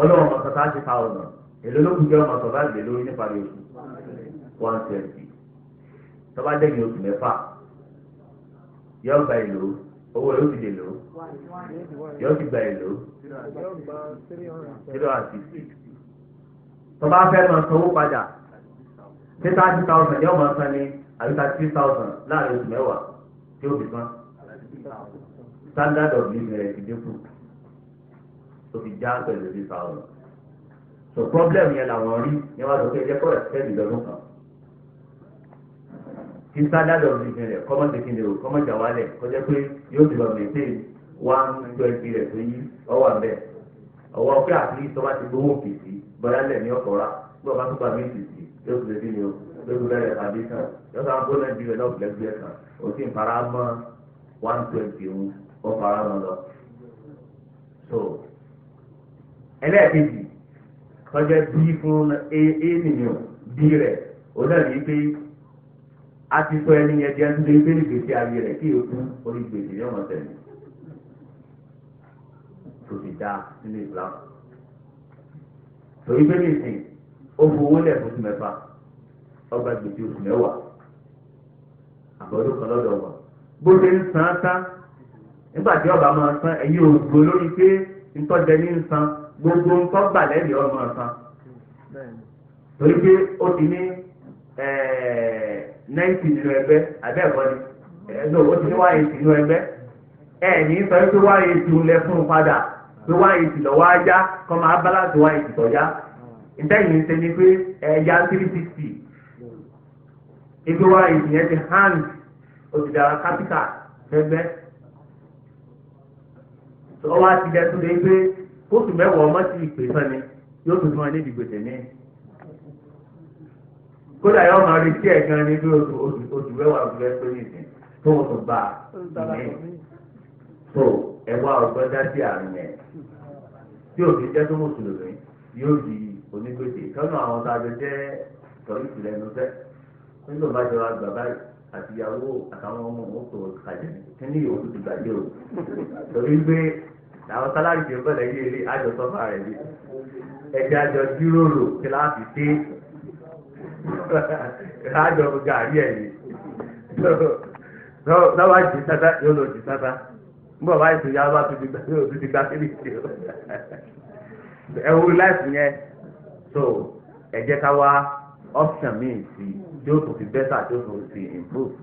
ọlọ́run ọmọ san thirty thousand èlò ló kù jẹ́ ọmọ sọ̀rọ̀ àgbẹ̀ lórí nípa rẹ̀ one twenty tọ́ba dẹ́gbẹ̀ẹ́ oṣù mẹ́fà yóò gba èlò owó rẹ̀ ó ti dèlò yóò ti gba èlò zero and six tọ́ba fẹ́ máa sanwó padà ṣé thirty thousand yóò máa san ní àbí thirty thousand láàrin oṣù mẹ́wàá tí ó fi san standard of living rẹ̀ ti dínkù ó fi já pẹ̀lú three thousand so problem yẹn làwọn rí ni wọ́n sọ pé ẹjẹ́ kọ́ ẹ̀ fẹ́ ìdọ́dún kan kí standard of living rẹ̀ kọ́mọ̀ ṣe kíni o kọ́mọ̀ jà wálẹ̀ kọjá pé yóò ti lọ maintain one twenty rẹ̀ tó yí ọwọ́ àbẹ̀ ọwọ́ pé àti ìsọba ti gbowó kìsì bọ́lá lẹ̀ ní ọkọ̀ rà bí ọba tó gbà mí kìsì yóò ti lè kíni o yóò ti bẹ̀rẹ̀ àbí kan yóò sọ àbúrò náà dirẹ̀ náà bìlẹ̀ bìlẹ̀ kan o sì ń fara mọ́ one twenty òun ó fara mọ́ lọ. so ẹlẹ́ẹ̀kejì kọjá bí fún a nìyẹn bí rẹ̀ ó dàbí pé a ti sọ ẹni yẹn jẹ́ nílé ilé ìgbésí ayé rẹ̀ kí òkú orí gbèsè yóò mọ̀ tẹ̀lé tó ti dá nínú Islam torí bẹ́ẹ̀ nìsín ó fowó lẹ̀ fún mẹ́fà ọgbà gbèsè oṣù mẹ́wàá àbọ̀dún kan lọ́dọ̀ wọn bó ṣe ń san tán nígbà tí ọba máa san ẹ̀yin òògùn lórí pé ntọ́jẹ ní ń san gbogbo ńkọ́ gbà lẹ́yìn ọmọ san torí pé ó ti ní ẹ̀ẹ́. náìtì inú ẹgbẹ́ àbẹ́ẹ̀kọ́ ni no ó ti ní wáyé tì inú ẹgbẹ́ ẹ̀ẹ́dì ń sọ pé wáyé tì ń lẹ fún un padà pé wáyé tì lọ́wọ́ ajá kọ́ máa báláàsì wáyé tì tọ́já ìtẹ́yìn ṣe ni pé ẹ̀yà three ìgbé wáyé kódà yóò máa retí ẹ̀ gan níbi oṣù mẹ́wàá ọ̀gbẹ́ pé nìsín tó wọ́n tó bá ìní tó ẹ̀wá ọ̀gbọ́n dá sí àrùn yẹn tí òfin jẹ́ tó mùsùlùmí yóò di onígbèsè kánú àwọn tá a jọ jẹ́ tọ́lú ìlẹ̀ ẹnu fẹ́ nígbà bá jọra bàbá àti ìyàwó àtàwọn ọmọ òun tó kàjẹ́ kíní ìyòwò tó ti gbàgbé o torí pé àwọn sálárì tó ń bẹ̀rẹ̀ yé ilé àjọsọ́fà rẹ̀ yé ẹ̀jẹ̀ àjọ jíròrò kíláàsì dé àjọ gàrí ẹ̀ yìí lọ́wọ́ jù sáta yóò lọ jù sáta mbọ̀ bá ètò yàrá bá tó ti gbà yóò tó ti gbà kiri ti o ẹ̀wù láìpù yẹn so ẹ jẹ́ ká wá option míì sí tí ó tún fi bẹ́tà tí ó tún fi improve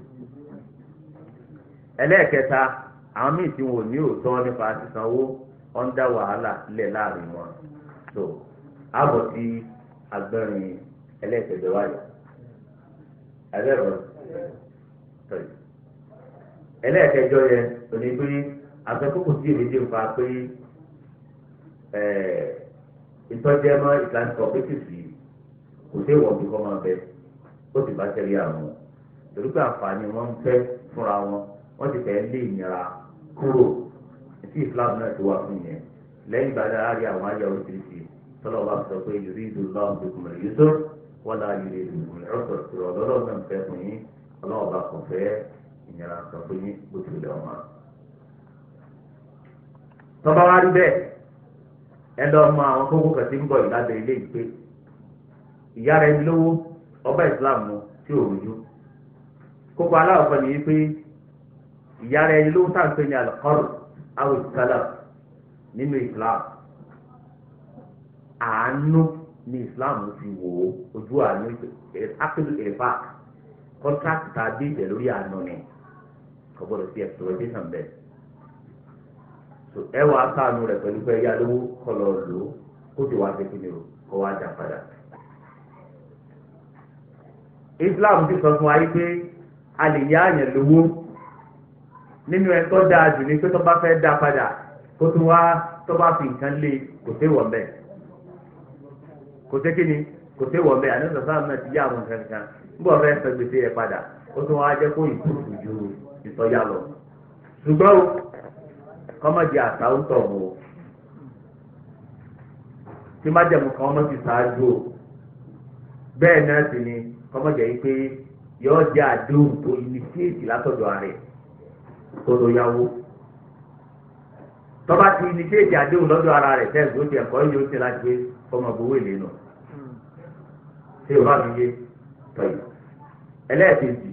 ẹlẹ́ẹ̀kẹta àwọn míì tí wọn ò ní òótọ́ nípa sísanwó wọ́n ń dá wàhálà sílẹ̀ láàrin wọn so àbọ̀ tí agbẹ́rin ẹlẹ́ẹ̀kẹ́jọ wáyé abẹ́rọ tọ́jú ẹlẹ́ẹ̀kẹ́jọ yẹ òní pé àtọ́kùkù tí èmi ti ń fa pé ìtọ́jẹ́mọ́ ìtàkùn ọ̀pẹ́tìsì kò sí ìwọ̀n bí kò máa bẹ ó sì bá tẹ̀lé àwọn torí pé àǹfààní wọn ń fẹ́ fúnra wọn wọ́n ti fẹ́ lé ìnira kúrò tí Islam náà ti wà fún yẹn lẹ́yìn ìgbà náà àwọn ayé oríṣiríṣi tọ́lọ́ wa sọ pé yorùbá ìdúró lọ́wọ́ bí kò mọ̀ wọ́n la yìí lè ọ̀sọ̀ sí ọ̀dọ́dọ̀ náà fẹ́ fún yín ọlọ́ọ̀bá kò fẹ́ ìnira sọ fún yín bó tilẹ̀ ọmọ. tọ́ba wa rí bẹ́ẹ̀ ẹ lọ mọ àwọn kókó kan tí ń bọ̀ ìlàbẹ̀ ilé ìpè ìyá rẹ̀ lówó ọba Islam mu tí ò rújú kókó aláwọ̀ kan nìyí pé ìyá rẹ̀ lówó táǹpé ní alukọ́rù awùsálà nínú Islam àánú ní islam fi wò ó ojú àánú akílù ẹ̀fà kọ́ńtrákì tá a dé ìtẹ̀ lórí àánú ni kò gbọ́dọ̀ sí exploitation bẹ́ẹ̀ so ẹ wà á sáànù rẹ̀ pẹ̀lú pé ẹ̀yà lówó kọ́ lọ lò ó kó sì wá sí kí ni o kó wá dà padà. islam ti sọ fún wa yìí pé a lè yá àyàn lówó nínú ẹ tó dáa jù ní pé tó bá fẹ́ dá padà kó tó wá tó bá fi nǹkan lé kò sí wọ̀ bẹ́ẹ̀ kò sí kí ni kò sí wọ̀ bẹ́ẹ̀ àdéhùn sọ́sọ́ àmì ti yá àwọn kankan nígbà wọn fẹ́ sọ gbèsè yẹn padà ó tún wá jẹ́ kó ìkúrú ju ìtọ́já lọ. ṣùgbọ́n o kọ́mọ̀dé àṣà ń tọ̀ mọ́ o tí má jẹ̀mú kan ọmọ ti ṣáájú o bẹ́ẹ̀ náà sì ni kọ́mọ̀dé yìí pé yọ jẹ́ àdéhùn tó inisíétì látọ̀dọ̀ ààrẹ tó lọ yáwó tọ́ba ti inisíétì àdéhùn lọ́dọ̀ ara rẹ̀ fẹ́ẹ̀ gbóṣe ẹ̀kọ́ yóò ṣe láti gbé ọmọ gbowó ìlénu ṣé o bá mi yé tọ̀yì ẹlẹ́ẹ̀kejì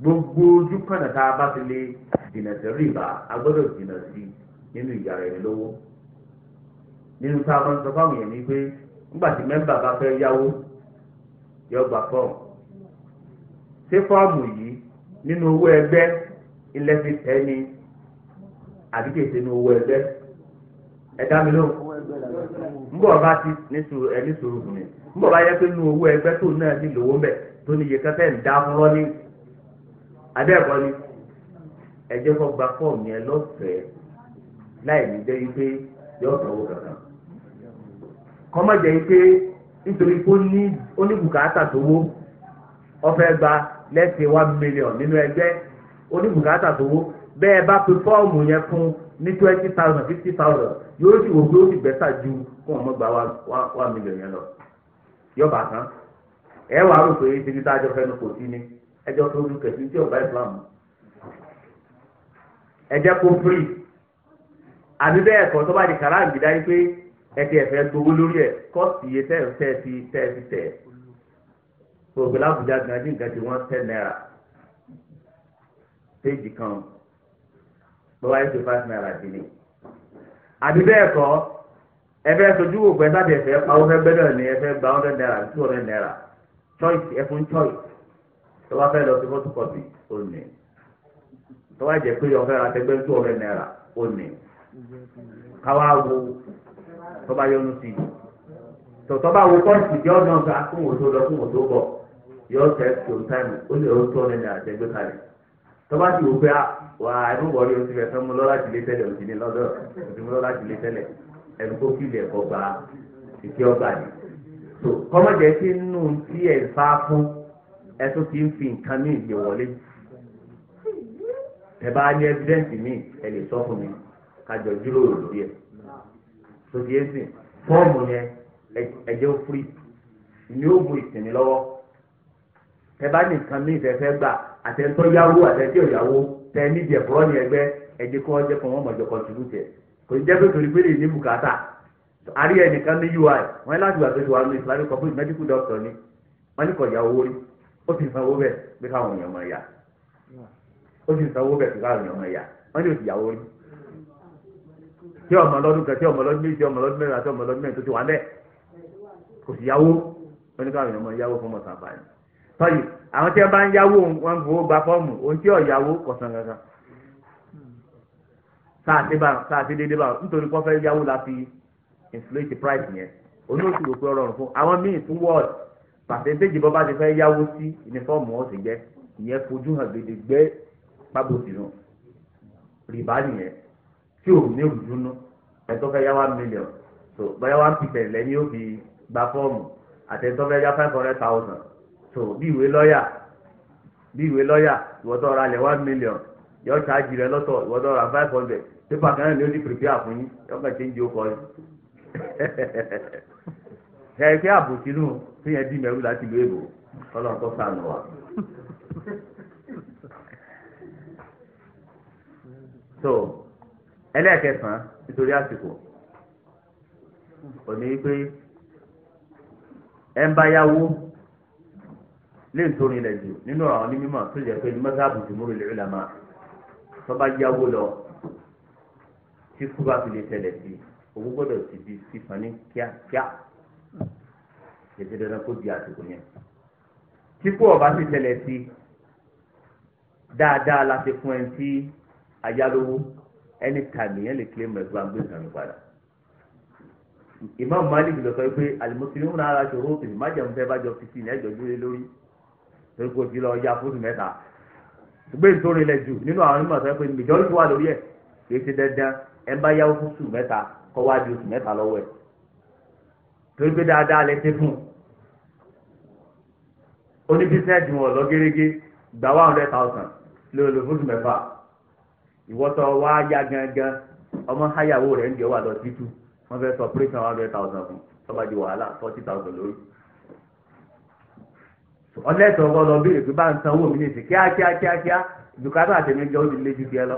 gbogbo ojú kànáà tá a bá ti lè jìnà sí rìbá a gbọ́dọ̀ jìnà sí nínú ìyàrá ẹni lówó nínú tá a máa ń sọ fáwọn èèyàn ni pé nígbà tí mẹ́mbà bá fẹ́ yáwó yọ gbà fọ́ọ̀mù ṣé fọ́ọ̀mù yìí nínú owó ẹgbẹ́ ilẹ̀ fi tẹ́ ni àbí kèsè ní owó ẹgbẹ́ ẹ̀dá mi ló ń bọ̀ bá ti ní sùúrù ẹ̀ ní sùúrù bùnú nígbà bá yẹ pé nu owó ẹgbẹ́ tó náà ní lówó mbẹ tó ní iye kẹfẹ́ ń dá fún lọ́ní abẹ́ẹ̀kọ́ ni ẹjẹ́ kọ́ gba fọ́ọ̀mù yẹn lọ́fẹ̀ẹ́ láì ní jẹ́ wípé yóò sanwó kankan kọ́mọ̀ jẹ́ wípé nítorí pé ó ní bùkátà tó wó ọ̀fẹ́ gba lẹ́sìn one million nínú ẹgbẹ́ ó ní bùkátà tó wó bẹ́ẹ̀ bá pe fọ́ọ̀mù yẹn fún ní twenty thousand fifty thousand yóò sì wò pé ó sì bẹ́tà ju kó wọn mọ́ gba one million yẹn lọ yọba tán ẹ wà á rò pé títí tá a jọ fẹnu kò sí ni ẹjọ tó rú kẹsí tí ọba islam ẹjẹ kó firi àbí bẹ́ẹ̀ kọ́ tó bá di kàrá àgbìdá yìí pé ẹtì ẹ̀fẹ́ gbowó lórí ẹ̀ kọ́ọ̀sì iye tẹ́ ẹ̀ tẹ́ ti tẹ́ ti tẹ́ gbogbo làbújá gan ní nǹkan tí wọ́n tẹ́ náírà péjì kan lọ́wọ́ ayé tó five náírà dín ní àbí bẹ́ẹ̀ kọ́ ẹfẹ sojú wò pẹ sáde ẹfẹ pa ọfẹ gbẹdọ ní ẹfẹ gba ọfẹ náírà two hundred naira choice ẹfun choice tọwọ fẹ lọ sí photocopy ó ní tọwọ jẹ pé ọfẹ ra tẹgbẹ two hundred naira ó ní káwá wo tọba yọnu sí tọba wo kọ́ọ̀sì jọ náà ká kún wò tó lọ kún wò tó bọ̀ yọ tẹ tó táìmù ó lè ó two hundred naira tẹgbẹ kalẹ̀ tọba ti wò pé ah, wà á ẹnu wọlé oṣù fẹ fẹ mú lọ láti lé tẹ́lẹ̀ òsì ní lọ́dọ̀ ẹ̀rù kó kí ilẹ̀ ẹ̀kọ́ gba ìfẹ́ ọgbà ni. tó kọ́mọ̀jẹ́ tí nù tí ẹ̀ bá fún ẹ tó ti ń fi nǹkan ní ìgbè wọlé. ẹ bá ní ẹ́fídẹ́ǹtì míì ẹ lè sọ fún mi kájọ jíròrò lórí ẹ̀. tó ti ẹ́ sìn fọ́ọ̀mù yẹn ẹ̀jẹ̀ ó firi ni ó bu ìsinmi lọ́wọ́. ẹ bá ní nǹkan míì fẹ́ fẹ́ gbà àtẹ̀ntọ́ yáwó àtẹ̀ntí ọ̀yáwó tẹ nídìí ẹ̀fọ́ ní ẹgbẹ́ ẹ̀jẹ̀ kọ́ ọjọ́ kan wọ́n mọ̀jọ kọ́ntínútì ẹ̀ kò ní jẹ́ pé torí pé lè ní bùkátà àrí ẹnìkan ní ui wọ́n láti wà tó ti wà ní islamic complete medical doctor ni wọ́n ní kọjá owó rí ó sì sanwó bẹ́ẹ̀ pé káwọn èèyàn máa yà ó sì sanwó bẹ́ẹ̀ pé káwọn èèyàn máa yà wọ́n ní òsì yàwó rí tí ọmọ lọ́dún kan tí ọmọ lọ́dún méjì tí ọmọ lọ́dún mẹ́rin àti ọmọ lọ́dún mẹ́rin tó ti wà bẹ́ẹ̀ kò sì yàwó wọ́n ní káwọn èèyàn máa yàwó fún ọmọ sàǹfààní àwọn tí wọ́n bá ń yàwó wọn gbowó gba fọ́ọ̀mù ohun tí ọ̀ sáàsì bá sáàsì déédéé bá nítorí pé wọ́n fẹ́ yáwó la fi inflate price yẹn onóòsì rò pé ó rọrùn fún àwọn míì tún wọ́ọ̀d pàṣẹ́ntéèjì bọ́ bá ti fẹ́ yáwó sí yunifọ́ọ̀mù ọ̀sẹ̀ jẹ́ ìyẹn fojú hàn gbèdégbé pábòsì nù rìbá nìyẹn tí ò ní òdùnnú ẹ̀tọ́ fẹ́ yá one million so bóyá one percent lẹ́ni ó fi gba fọ́ọ̀mù àtẹ̀tọ́ fẹ́ yá five hundred thousand so bí ìwé lọ́ọ̀yà bí ìwé lọ́ọ̀yà ìwọ́tọ̀ ọ̀rọ̀ alẹ̀ one million yọ ṣáàjì rẹ lọ́tọ̀ ìwọ́dọ̀ ra five hundred pépà kan náà ni ó ti prepare fún yín yọ kàn ṣe ń di okọ yín ẹ pé àbòsí nù fíyẹn dì mẹ́rù láti lu èbò ọlọ́run kọ́ sànù wa. so ẹlẹ́ẹ̀kẹsàn-án nítorí àsìkò òní pé ẹ ń bá yáwó lè ń torin ilẹ̀ jù nínú àwọn onímọ̀ tó jẹ́ pé ní mọ́sáàbù jùmọ̀ ìlú ìlànà tó bá yáwó lọ tí kú bá fi lè tẹ̀lẹ̀ sí owó gbọ́dọ̀ ti di sísan ní kíákíá ètò ìdáná kó di àsìkò yẹn tí kú ọ̀bá ti tẹ̀lẹ̀ sí dáadáa la ti fún ẹ tí ayálówó ẹni tàbí yẹn lè kílẹ̀ mọ̀ ẹgbẹ́ àgbẹ̀ ìsàn padà imam malik ló sọ pé alimusulmi náà aṣọ òhún tèmi má jẹun fẹ́ bá jọ fífi ní ẹjọ́ dúró lórí torí kò sí lọ ya fóònù mẹ́ta gbé nítorí lẹ jù nínú àwọn onímọ̀ sọ pé majority wà lórí ẹ̀ kì í ṣe dandan ẹ̀ ń bá yáwó fún sùn mẹ́ta kọ́ wá di oṣù mẹ́ta lọ́wọ́ ẹ̀ torí pé dáadáa lẹ ṣe fún un oní bísíǹsì wọn lọ gérégé gba one hundred thousand lórí lórí fún mẹ́fà ìwọ́sọ wá yá gangan ọmọ háyàwó rẹ̀ ń jẹ́ wà lọ títú wọ́n fẹ́ sọ pé one hundred thousand fún tọ́ba di wàhálà forty thousand lórí. ọlẹ́tọ̀ ọgbọ́n lọ béèrè pé bá ń sanwó mi nìsí kíákíá kíákíá dùkátà àtẹ̀mí jọ òdì lé jíjẹ lọ.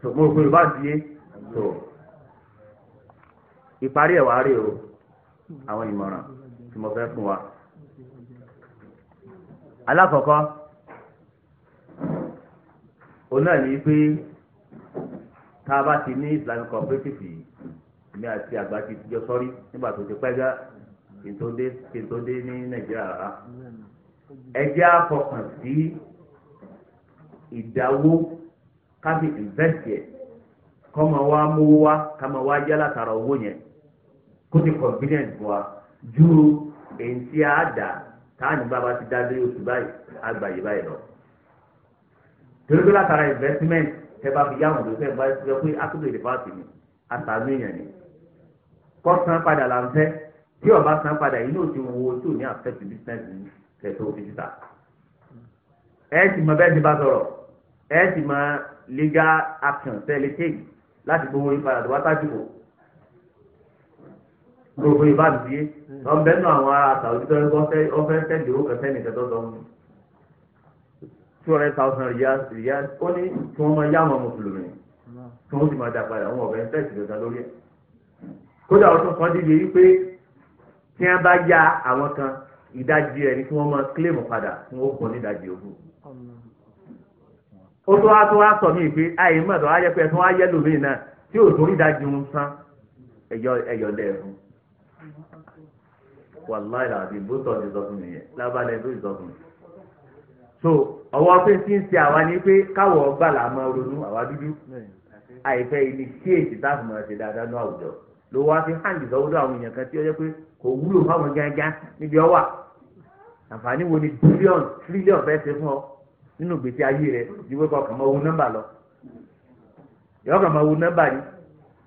tó mo rò yorùbá yé tó ìparí ẹ̀ o àwọn ìmọ̀ràn tí mo fẹ́ fún wa. alákọ̀ọ́kọ́ òun náà ní pé tá a bá ti ní Islamic cooperative yìí ní àti àgbà kí tó dé ní nàìjíríà rárá ẹ jẹ́ àfọkàn sí ìdáwó káfí ìnvẹ́sì ẹ̀ kọ́mọ wa mú wa kọ́mọ wa jẹ́ látara owó yẹn kó ti convenient wa ju èyí tí a dà táàní bàbá ti dá lórí oṣù báyìí àgbàyè báyìí lọ. torí pé látara investment tẹ bá fi yáwọn òdòdó ẹ bá ti sọ pé akóbèrè fáàtì ni àtàlù èèyàn ni kọ́sán padà là ń fẹ́ tí ọba san padà yìí ló ti wo tí ò ní affect business ní kẹtọ òfìsítà ẹ sì mọ bẹ́ẹ̀ ti bá sọ̀rọ̀ ẹ sì mọ legal action tẹlẹ take láti gbowó yín padà tó wá tájúbò gbogbo yìí bá ti yé wọn bẹ́ẹ̀ nù àwọn ará àtàwọn ìdíjọ ọfẹ ọfẹ tẹlẹ owó kẹfẹ nìkan tó sọ mu two hundred thousand riyal riyal ó ní kí wọ́n máa yá àwọn mùsùlùmí kí wọ́n sì máa dá padà wọn ọ̀bẹ ń tẹ̀sí lọ́sàn lórí ẹ̀ kódà ọtún kan dìde yìí pé tí wọ́n bá ya àwọn kan ìdajì rẹ̀ ni kí wọ́n máa kílèmù padà kí wọ́n kọ́ ní ìdajì òkú. ó tó wá tó wá sọ mí pé àyè mọ̀ tó wá yẹ pé ẹ̀sán wá yẹ lómi náà tí ò tó ní ìdajì ń san ẹ̀yọ̀ lẹ́ẹ̀rún. wàláì làbí bó sọ ti sọ fún mi yẹn lábàlẹ̀ tó ti sọ so ọwọ́ pé tí ń ṣe àwa ni pé káwọ̀ ọgbà là máa ronú àwa dúdú àìfẹ́ ilé kíyèsí táàbù máa ṣe dáadáa ní àwùjọ ló wá fi hàn kò wúlò fáwọn gángan níbi ọwà àǹfààní wo ni bílíọ̀n tírílíọ̀n fẹ́ ṣe fún ọ nínú gbèsè ayé rẹ ju pé kọ́ kàmọ́ owó nọ́mbà lọ yọ kàmọ́ owó nọ́mbà ni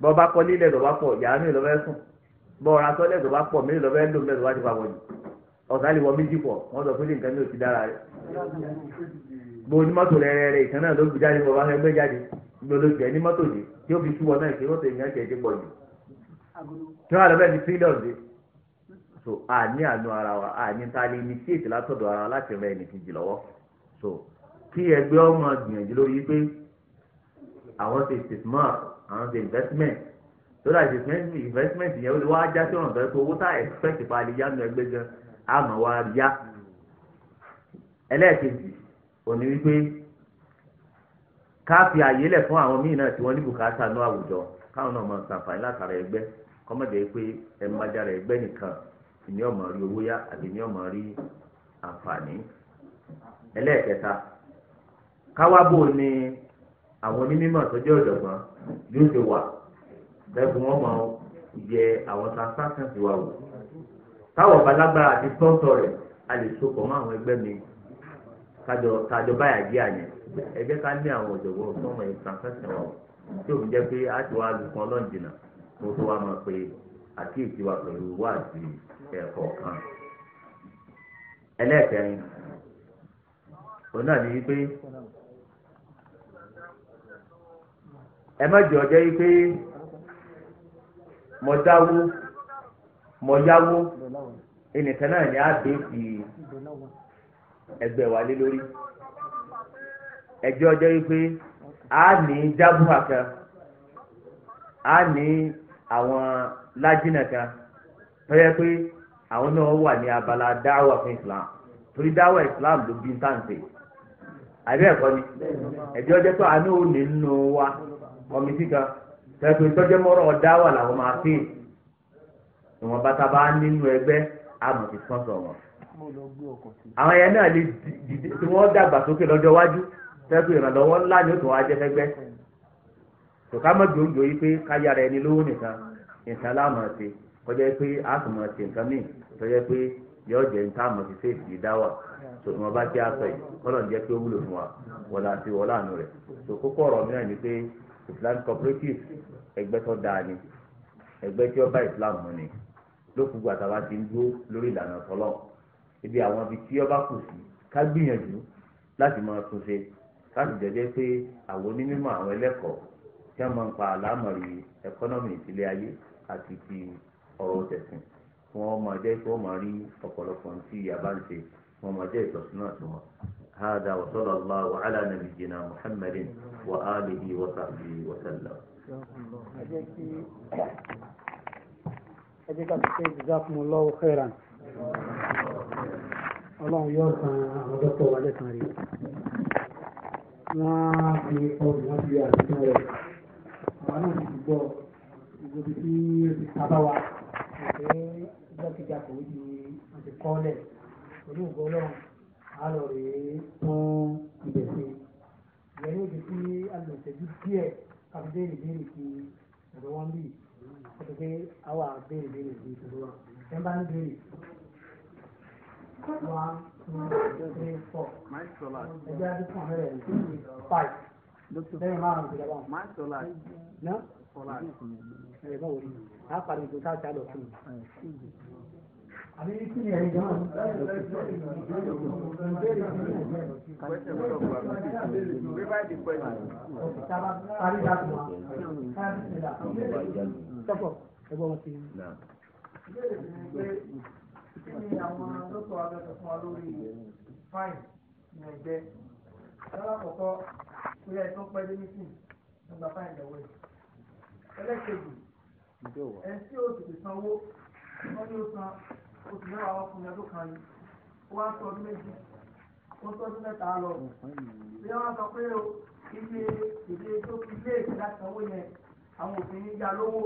bọ́ bá kọ́ lílẹ̀ lọ́wọ́ pọ̀ yàrá mi lọ́fẹ́ sùn bọ́ ọ̀rá sọ́lẹ̀ lọ́wọ́ pọ̀ mi lọ́fẹ́ lò mi lọ́wọ́ ti papọ̀ yìí ọ̀sán lè wọ méjì pọ̀ wọ́n sọ fún ilé nǹkan mi ò ti dára rẹ̀ bó ní mọ́tò rẹ̀ rẹ̀ ìkan náà ló gbé jáde bọ́ bá fẹ́ gbé jáde gbọdọ̀gbẹ́ ní mọ́tò yìí tí ó fi túbọ̀ náà ìṣe mọ́tò ìyẹn ṣe é ti pọ̀ yìí tí wọ́n á lọ bẹ́ẹ̀ ní tírílíọ̀nù so a ní àánú ara wa a ní ta lè ní sí ètò látọ̀dọ̀ ara wa láti rẹ ẹnìkejì lọ́wọ́ so kí ẹgbẹ́ ọmọ gbìyànjú lórí pé àwọn ṣe statement àwọn ṣe investment tó dà investment investment yẹn ó lè wá já sí ọ̀nà tó owó tá expect pa lè yá nínú ẹgbẹ́ gan àmọ́ wa yá ẹlẹ́ẹ̀kejì òní wípé ká fi àyè lẹ̀ fún àwọn míì náà tí wọ́n ní bùkátà ní àwùjọ káwọn náà máa ṣàǹfààní látara ẹgbẹ́ kọ́mọ̀dé pé ẹ̀ ń jára ẹgbẹ́ nìkan ìní ọmọ rí owó yá àbí ìní ọmọ rí àǹfààní ẹlẹ́ẹ̀kẹta káwábò ni àwọn onímọ̀ tó jẹ́ ọ̀jọ̀gbọ́n yóò ṣe wà lẹ́kùn wọn máa yẹ àwọn transactions wa wò táwọn balagbára àti sponsor rẹ̀ a lè sopọ̀ mọ́ àwọn ẹgbẹ́ mi kájọ báyà jẹ́ àyẹ̀ ẹgbẹ́ ká ní àwọn ọ̀jọ̀gbọ́n tó mọ̀ ẹ̀ transaction wa wò tí òun jẹ́ pé a ti wá lu kan mo tó wá máa pe àkíyèsí wa pẹ̀lú wáàsí ẹ̀kọ̀ọ̀kan ẹlẹ́ẹ̀kẹrin òun náà ní pé. ẹ má jẹ́ ọjọ́ wípé mo dáwó mo yáwó ẹnìkan náà ní àbẹ́ ẹgbẹ́ wa lé lórí ẹjọ́ a ní kan a ní àwọn lájínà kan pé. àwọn náà wà ní abala dáwà fún islam torí dáwà islam ló bí ntáǹtì àbí ẹ̀kọ́ ni ẹ̀jọ́ jẹ́ pé àánú ò ní nù wa kọ́mítì kan tẹ̀sán ìtọ́jẹ́ mọ́rọ̀ dáwà làwọn máa fi ìwọ̀n bàtà bá nínú ẹgbẹ́ àmọ̀ ti sponsor wọn. àwọn ẹ̀yẹ náà lè dìde tí wọ́n dàgbà sókè lọ́jọ́ iwájú tẹ́sán ìrànlọ́wọ́ ńlá ni ó tún wá jẹ́ fẹ́gbẹ́ gbòógbòó yìí pé káyà rẹ̀ ni lówó nìkan ìtàlámọ̀ ṣe kọjá pé a tún mọ̀ ṣe nǹkan míì tọ́jà pé yóò jẹ́ nǹkan àmọ̀ sí fèsì yìí dá wà so ìwọ̀n bá jẹ́ yìí kọ́lọ̀ ń jẹ́ pé ó wúlò fún wa wọ̀lá àti wọ̀lá àánú rẹ̀ so kókó ọ̀rọ̀ mìíràn ni pé Islam cooperative ẹgbẹ́ tó dáa ni ẹgbẹ́ tí ó bá Islam mu ni lókùgbò àtàwọn ti ń dúró lórí ìlànà tọ́lọ̀ ibi àwọn ibi tí ó bá kù sí ká gbìyànjú láti máa tún ṣe láti jẹ́jẹ́ pé àwọn onímọ̀ àwọn ẹlẹ́kọ̀ọ́ tí wọ́n máa ń pa àlámọ̀rí ẹkọ́nọ́mì ìtìlẹ̀ ayé àti ti ọ̀rọ̀ tẹ̀sìn wọ́n máa jẹ́ kí wọ́n máa rí ọ̀pọ̀lọpọ̀ tí ìyá bá ń ṣe wọ́n máa jẹ́ ìtọ́sínà sí wọn. هذا وصلى الله على نبينا محمد وآله وصحبه وسلم ẹjẹ́ ká ṣe fún un lọ́wọ́ khairan ọlọ́run yóò san àwọn dọ́kítọ̀ wa lẹ́sàn-án rí wọ́n fi ọdún wọn fi àtúntò rẹ̀ àwọn náà ti gbọ́ ìgbòbi tí ó ti sábà wa. pé jákèjádò ó di àti kọ́lẹ̀ pẹ̀lú ògbọ́n náà a lọ rèé tún ibẹ̀ ṣe ìyẹn yóò di sí alòṣèlú díẹ̀ káfí béèrè béèrè kí ọ̀dọ̀ wọn bì ó ti pé àwa béèrè béèrè kí ìṣòro wa ẹ bá ń béèrè one two three four ẹgbẹ́ adúgbò ọ̀hẹ́rẹ́ five lẹ́yìn márùn-ún ìjọba a parí ìgò ká sálọ fún un. àbí kí ni ẹ̀yin gan-an. sọ́kọ̀ ẹgbẹ́ wọn ti. kí ni àwọn lóko abẹ́sọ̀ fún wa lórí fáìn ní ẹgbẹ́ lọ́lọ́kọ̀ọ́kọ́ pé ẹ tó pẹ́ dé nísìn nígbà fáìn lọ́wọ́ ẹ̀ ẹlẹ́kẹ̀jì ẹ tí o tètè sanwó wọ́n ní o san oṣù mẹ́wàá wọ́n fún mi ọdún kan yìí ó wá sọ ọdún méjì wọ́n sọ ọdún mẹ́ta lọ bí wọ́n sọ pé o iye èdè tó fi lé èdè láti sanwó yẹn àwọn òfin yíya lówó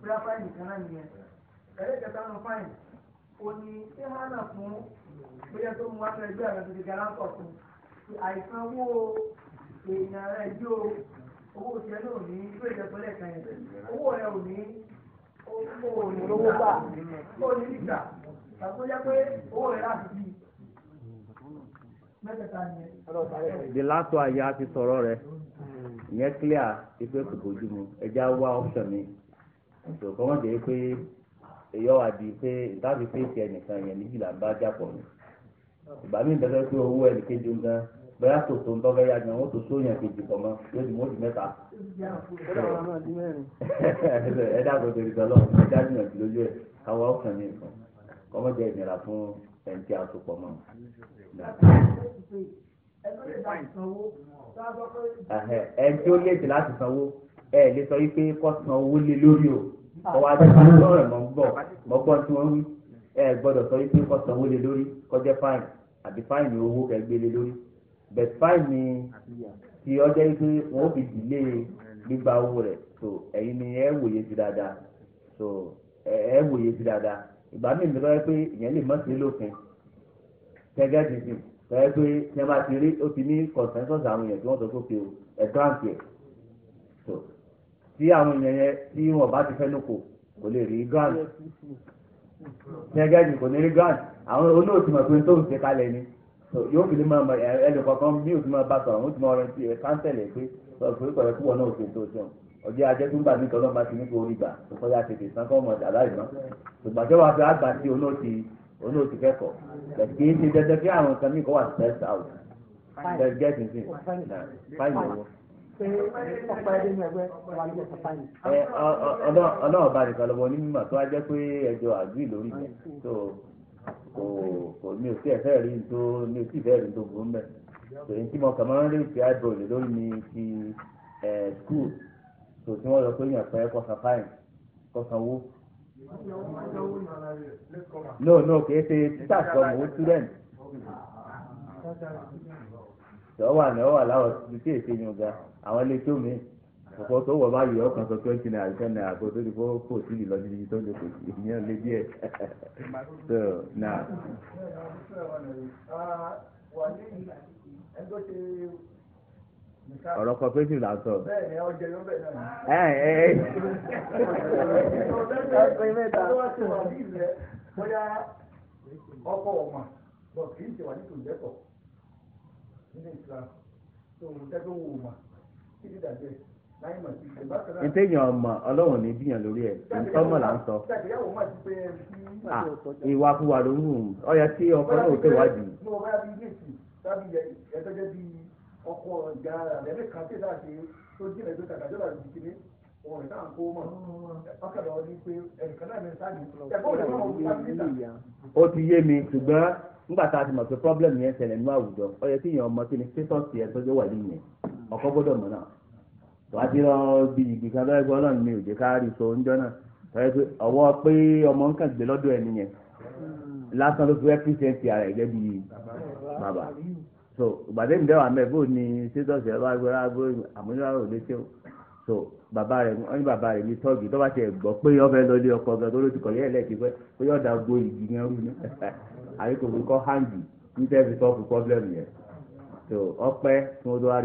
bí wọ́n fáìlì kan náà nìyẹn ẹ̀rẹ́ kẹta nù fáìlì o ní ìhánà fún bóyá tó mú wá fẹ́ ẹgbẹ́ rẹ̀ tó ti garanto fún àìsanwó èèyàn rẹ̀ yóò owó tiẹ̀ náà ò ní irú èdè pẹ́lẹ́ kan yẹn owó rẹ̀ ò ní owó ní lówó gbà ó ní nígbà tàbí ó yẹ pé owó rẹ̀ láti bí mẹ́tẹ̀ẹ̀ta yẹn. the last one ya ti sọ̀rọ̀ rẹ̀ ìyẹn clear ipe kò bójú mu ẹja wá option mi so kọ́mọ̀ jẹ́ pé èyọ́ wa di pé ìtàbí pèsè ẹnìkan yẹn méjìlá bá jà pọ̀ ní ìgbà mi ìtọ́jú pé owó ẹnìkejì ń gan bẹ́ẹ̀ kò tó ń tọ́gẹ́ yá jẹun ó tó sóyàn kejì pọ̀ mọ́ yóò di mọ́tì mẹ́ta. ẹ dàgbọ́ torí tọ́lọ́ ẹ dájú yàn lójú ẹ̀ káwọ́ ọ̀sán ní nǹkan kọ́mọ́jẹ́ ìnira fún ẹni tí a tó pọ̀ mọ́. ẹni tí ó léèdì láti sanwó ẹ lè sọ wípé kọ́ san owó lé lórí o ọwọ́ ajé kan lọ́rọ̀ mọ́ gbọ́ mọ́ gbọ́ tí wọ́n wí ẹ gbọ́dọ̀ sọ wípé kọ́ san owó lé lórí kọjá fáìn àbí fáìn owó kẹgbẹ́ lé lórí bẹ̀t fáìn ni ti ọjọ́ yìí pé wọ́n fi dìlé gbígba owó rẹ̀ so ẹ̀yin ni ẹ wòye sí dáadáa so ẹ wòye sí dáadáa ìgbà míì nígbà pé ìyẹn lè mọ̀ sí lófin gẹ́gẹ́ ti sìn tẹ́lẹ̀ pé tí a bá ti rí ó ti ní consensus àwọn èèyàn tí wọ́n sọ tó fi ẹ̀tọ́ àǹtí ẹ̀ tó tí àwọn èèyàn yẹn tí wọ́n bá ti fẹ́ lóko kò lè rí grant tẹ́gẹ́dì kò ní rí grant àwọn olóòtú mọ̀ pé tó ṣe kalẹ̀ ni yóò fi lè máa mọ ẹnì kankan bí o ti máa bá sọ̀rọ̀ o ti máa rántí ẹ káńtẹ̀lẹ̀ pé ọ̀sùn ìkọ̀ yẹ kúwọ̀ náà ṣe tó ṣeun ọjọ́ ajé tó ń gbà nítorí ọlọ́run bá ti ní kó orí gbà tó kọjá tètè san kọ́ ọmọ àláì mọ́ ṣùgbọ́n tí wàá fi àgbà sí onóòtì onóòtì kẹ́kọ̀ọ́ kì í ṣe dandan kí àwọn nǹkan mìíràn wà stress out stress get in sin fine owó. ọlọ́run ọba nìkan lọ́wọ́ onímọ̀ tó wá jẹ́ pé ẹjọ́ àgbì lórí mi kò kò mi ò sí ẹ̀fẹ́ rí tó mi ò sí ìfẹ́ rí tó burú mẹ́ èyí tí mo kà máa ń rí ti àìbọ̀lì lórí mi ti ẹ̀ skul tó tí wọ́n lọ pé yàn pẹ́ kọ́sán fáìn kọ́sán wó. no no kìí ṣe títà sọ mò ń student. ọwọ́ àná ọwọ́ àláwọ̀ ti tí èsè yàn ga àwọn ilé tó mi ọ̀pọ̀ tó wọ̀ bá ọkàn sọ twenty naira ten naira kó tó di kó kò sí ìlọ níbi tó lè kò sí ìyẹn lé díẹ̀ so na. ọ̀rọ̀ cooperative la sọ. bẹ́ẹ̀ni ọjọ́ yóò bẹ̀ náà. ẹ ẹ ẹ. ọ̀sẹ̀ mẹ́ta ló wá sí wà ní ilẹ̀ bóyá ọkọ̀ ọ̀mà bọ̀ kì í ṣe wà ní tòlẹ́kọ̀ọ́ nílé ìtura tó ń tẹ́tọ́ wò ó mà kí ni dàbí ẹ̀ ìtẹ̀yìn ọmọ ọlọ́run ní bíyàn lórí ẹ̀ ìtọ́mọ̀ là ń sọ. ìwàkuwà ló ń hùn ọyà tí ọkọ náà tẹ̀wádìí. mo bá bí ilé ìsìn tàbí ẹ̀ẹ́dẹ́gẹ́ bí ọkọ̀ ó ti yé mi ṣùgbọ́n nígbà tá a ti mọ̀ pé problem yẹn ṣẹlẹ̀ nínú àwùjọ ó yẹ kí èèyàn ọmọ kí ni status yẹn tọ́jú wà nínú yẹn ọkọ gbọ́dọ̀ mọ̀ náà wàá ti lọ bí ìgbì kan lọ́wọ́ ẹgbẹ́ ọlọ́run mi ò jẹ́ ká rí so oúnjẹ náà tọ́jú pé ọwọ́ pé ọmọ ń kàn gbé lọ́dọ̀ ẹni yẹn lásán ló fi rẹ́písẹ́ǹtì ara ẹ̀ gẹ́bí bàbá so ìgbàdé mi dẹ́wà mẹ́ bó ni sétọ́sì ẹ̀ bá gbọ́dọ̀ àgbo àmúyọ́rò ò lè o so bàbá rẹ̀ wọ́n ní bàbá rẹ̀ ní tọ́ọ̀gì tó bá ti gbọ́ pé ọbẹ̀ lọ lé ọkọ̀ gan tó ló ti kọ̀ yẹ́lẹ̀ ti pẹ́ pé yọ̀ da gbo ìgbì yẹn ni so ọpẹ́ tí wọ́n tó wá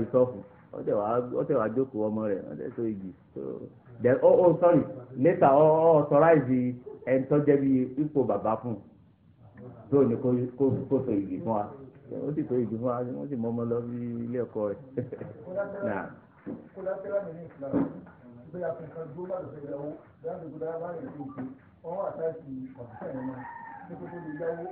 ọ̀tẹ̀ wàá jókòó ọmọ rẹ̀ ọ̀tẹ̀ tó igi then oh oh sorry later ọ oh, ọ oh, authorize ẹni tó jẹ́ bí ipò bàbá fún tó ní kó kó so igi fún wa ó sì tó igi fún wa wọ́n sì mọ ọmọ lọ bí ilé ẹ̀kọ́ rẹ̀. kólátẹ́rà mi ní ìsìlámù bóyá fún kan gbó má lọ sí ìyàwó láti gbọdọ̀ bá yẹn tó ń pè wọ́n wà sáà sí ọ̀sán yẹn náà ní kókó lè yáwó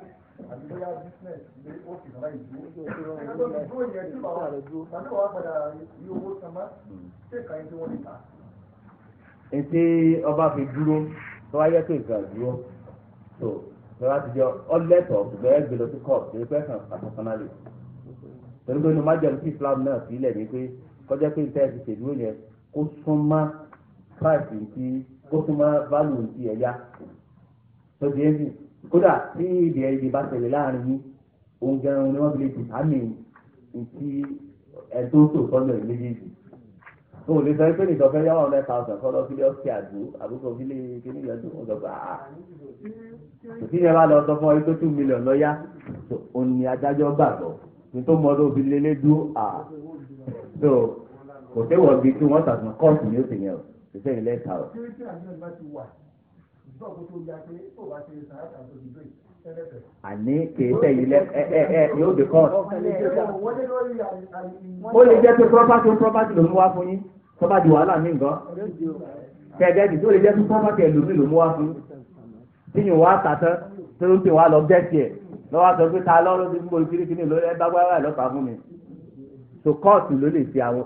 àti bóyá business lé ó sì náà ìlú ẹgbẹ́ tó dúró yẹn tí bàbá tàbí wàá padà yí owó sanmọ́ ṣé kàn yín tí wọ́n lè ta. ètè ọba fi dúró tó wáyé pé ìgbà dúró tó lọ́wọ́ ti jẹ́ ọlẹ́tọ̀ ṣùgbọ́n ẹgbẹ́ lọ sí court lórí pẹ́sàn pàṣẹpánálì pẹ̀lú pé inú májèlú sí Islam náà sílẹ̀ ni pé kọjá pé ìtẹ́ ti ṣèdúró yẹn kó súnmọ́ price ti kó súnmọ́ value ti ẹ̀yà tó di ẹ́sìn kódà tí ìdí ẹ̀yìn bá ṣẹlẹ̀ láàrin yín ohun gẹrun ni wọ́n fi lè dì àmì ìtì ẹ̀tọ́ tó sọ́dọ̀ méjèèjì. o lè sọ pé nìkan fẹ́ yá one hundred thousand kọ́ lọ sí ilé ọ̀sẹ̀ àdó àbúkọ ilé kíní ìyọjú wọn sọ pé àá. Ah. òtí yẹn bá lọ sọ fún ọ pé two million lọ yá òun ni adájọ́ gbàgbọ́ ní tó mọ ọdún òbí lélẹ́ dúró à so kò séwọ̀n bíi tí wọ́n tàbí kọ́ọ̀tù ní òsè yẹn o kò sẹ́yìn lẹ́ẹ̀ta o àní kìí sẹ́yìn lẹ ẹ ẹ ẹ yóò dé kọ́ ó lè jẹ́ pé property on property ló ń wá fún yín tó bá di wàhálà mí nǹkan kẹ̀gẹ́dì tó lè jẹ́ pé property ẹ̀ lómi ló ń wá fún tíyìn wá sàtán tó ń tè wá lọ gẹ́ẹ̀tì ẹ̀ lọ́wọ́ sọ pé ta lọ́rọ́ ti gbó kiri kiri lórí ẹ bá gbára lọ́pàá fún mi so kóòtù ló lè fi àwọn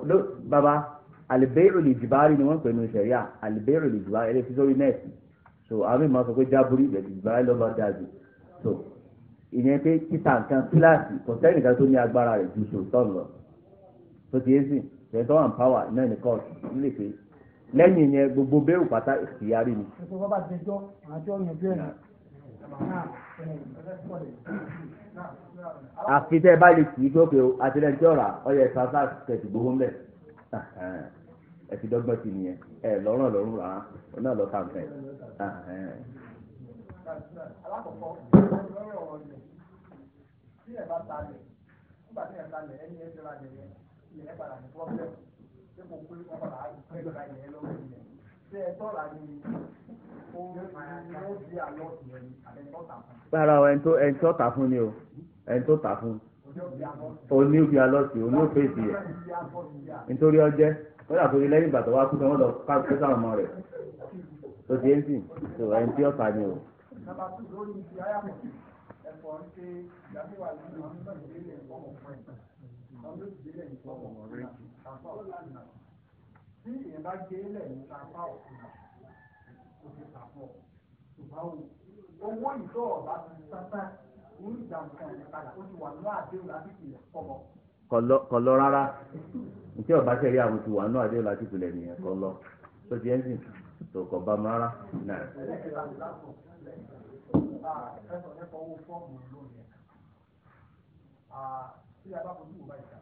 bàbá àlìbẹ́rù lè jìbárì ni wọ́n pè ní sẹ̀ríà àlìbẹ́rù lè jìbárì ẹ lè fi sórí nẹ́ẹ̀sì so àwọn mímọ sọ pé jábúrí ìbẹ̀tì ìbáyé lọ́ba dàbí so ìyẹn pé títà nǹkan kíláàsì kò sẹ́yìn kan tó ní agbára rẹ̀ ju sòtọ́n lọ tó ti yéésì tẹ̀sán wà ń pàwà náà ní kọ́ọ̀tù nílé pé lẹ́yìn ìyẹn gbogbo bẹ́ẹ̀ òpàtà ìyárí ni. àfi tẹ́ ẹ bá lè kì í sókè o àtẹlẹ́jọ́ ra ọyẹ sàṣà kẹ̀sì gbogbo ńlẹ̀ ẹ̀sìn dọ́gbọ́n ti nìyẹn ẹ lọ́rùn lọ́rùn rárá ó náà lọ ta nǹkan yìí. alákọ̀ọ́kọ́ lọ́rọ̀ ọ̀lẹ̀ tí ẹ̀ bá ta lẹ̀ nígbà tí ẹ̀ ta lẹ̀ ẹni ẹ̀ ti lẹ̀ yẹn ilẹ̀ padà ní pọ́blẹ́mù tí kò pé wọ́n padà pẹ́ ìgbà yẹn lọ́wọ́ ilẹ̀ tí ẹ tọ́ra ni ó ó ẹni tó ẹni tó tà fún ni o ẹni tó tà fún oní òbí alọ́sì oní òfèsì yẹ nítorí ọjẹ́ wọ́n yàtọ̀ ilé lẹ́yìn ìbàdàn wá kú sọ́wọ́n lọ kó sáwọn ọmọ rẹ̀ tó ti ń tó ẹni ọ̀sà ni o. Tí ìyẹn bá gé lẹ́yìn lápá òkúta, kò ti pàpọ̀, ṣùgbọ́n owó ìtọ́ ọ̀bá ti sápá ní ìdàmùkàn ìpadà ó ti wà ní àdéhùn lábìkì ọmọ. Kọ̀ rárá nítí ọba sẹ́rí àwọn ti wà nù àdéhùn láti ìpìlẹ̀ nìyẹn kọ́ lọ tó ti ẹ́ ń sìn tó kọ̀ bá mu rárá náà. tí a bá fojú wò báyìí ká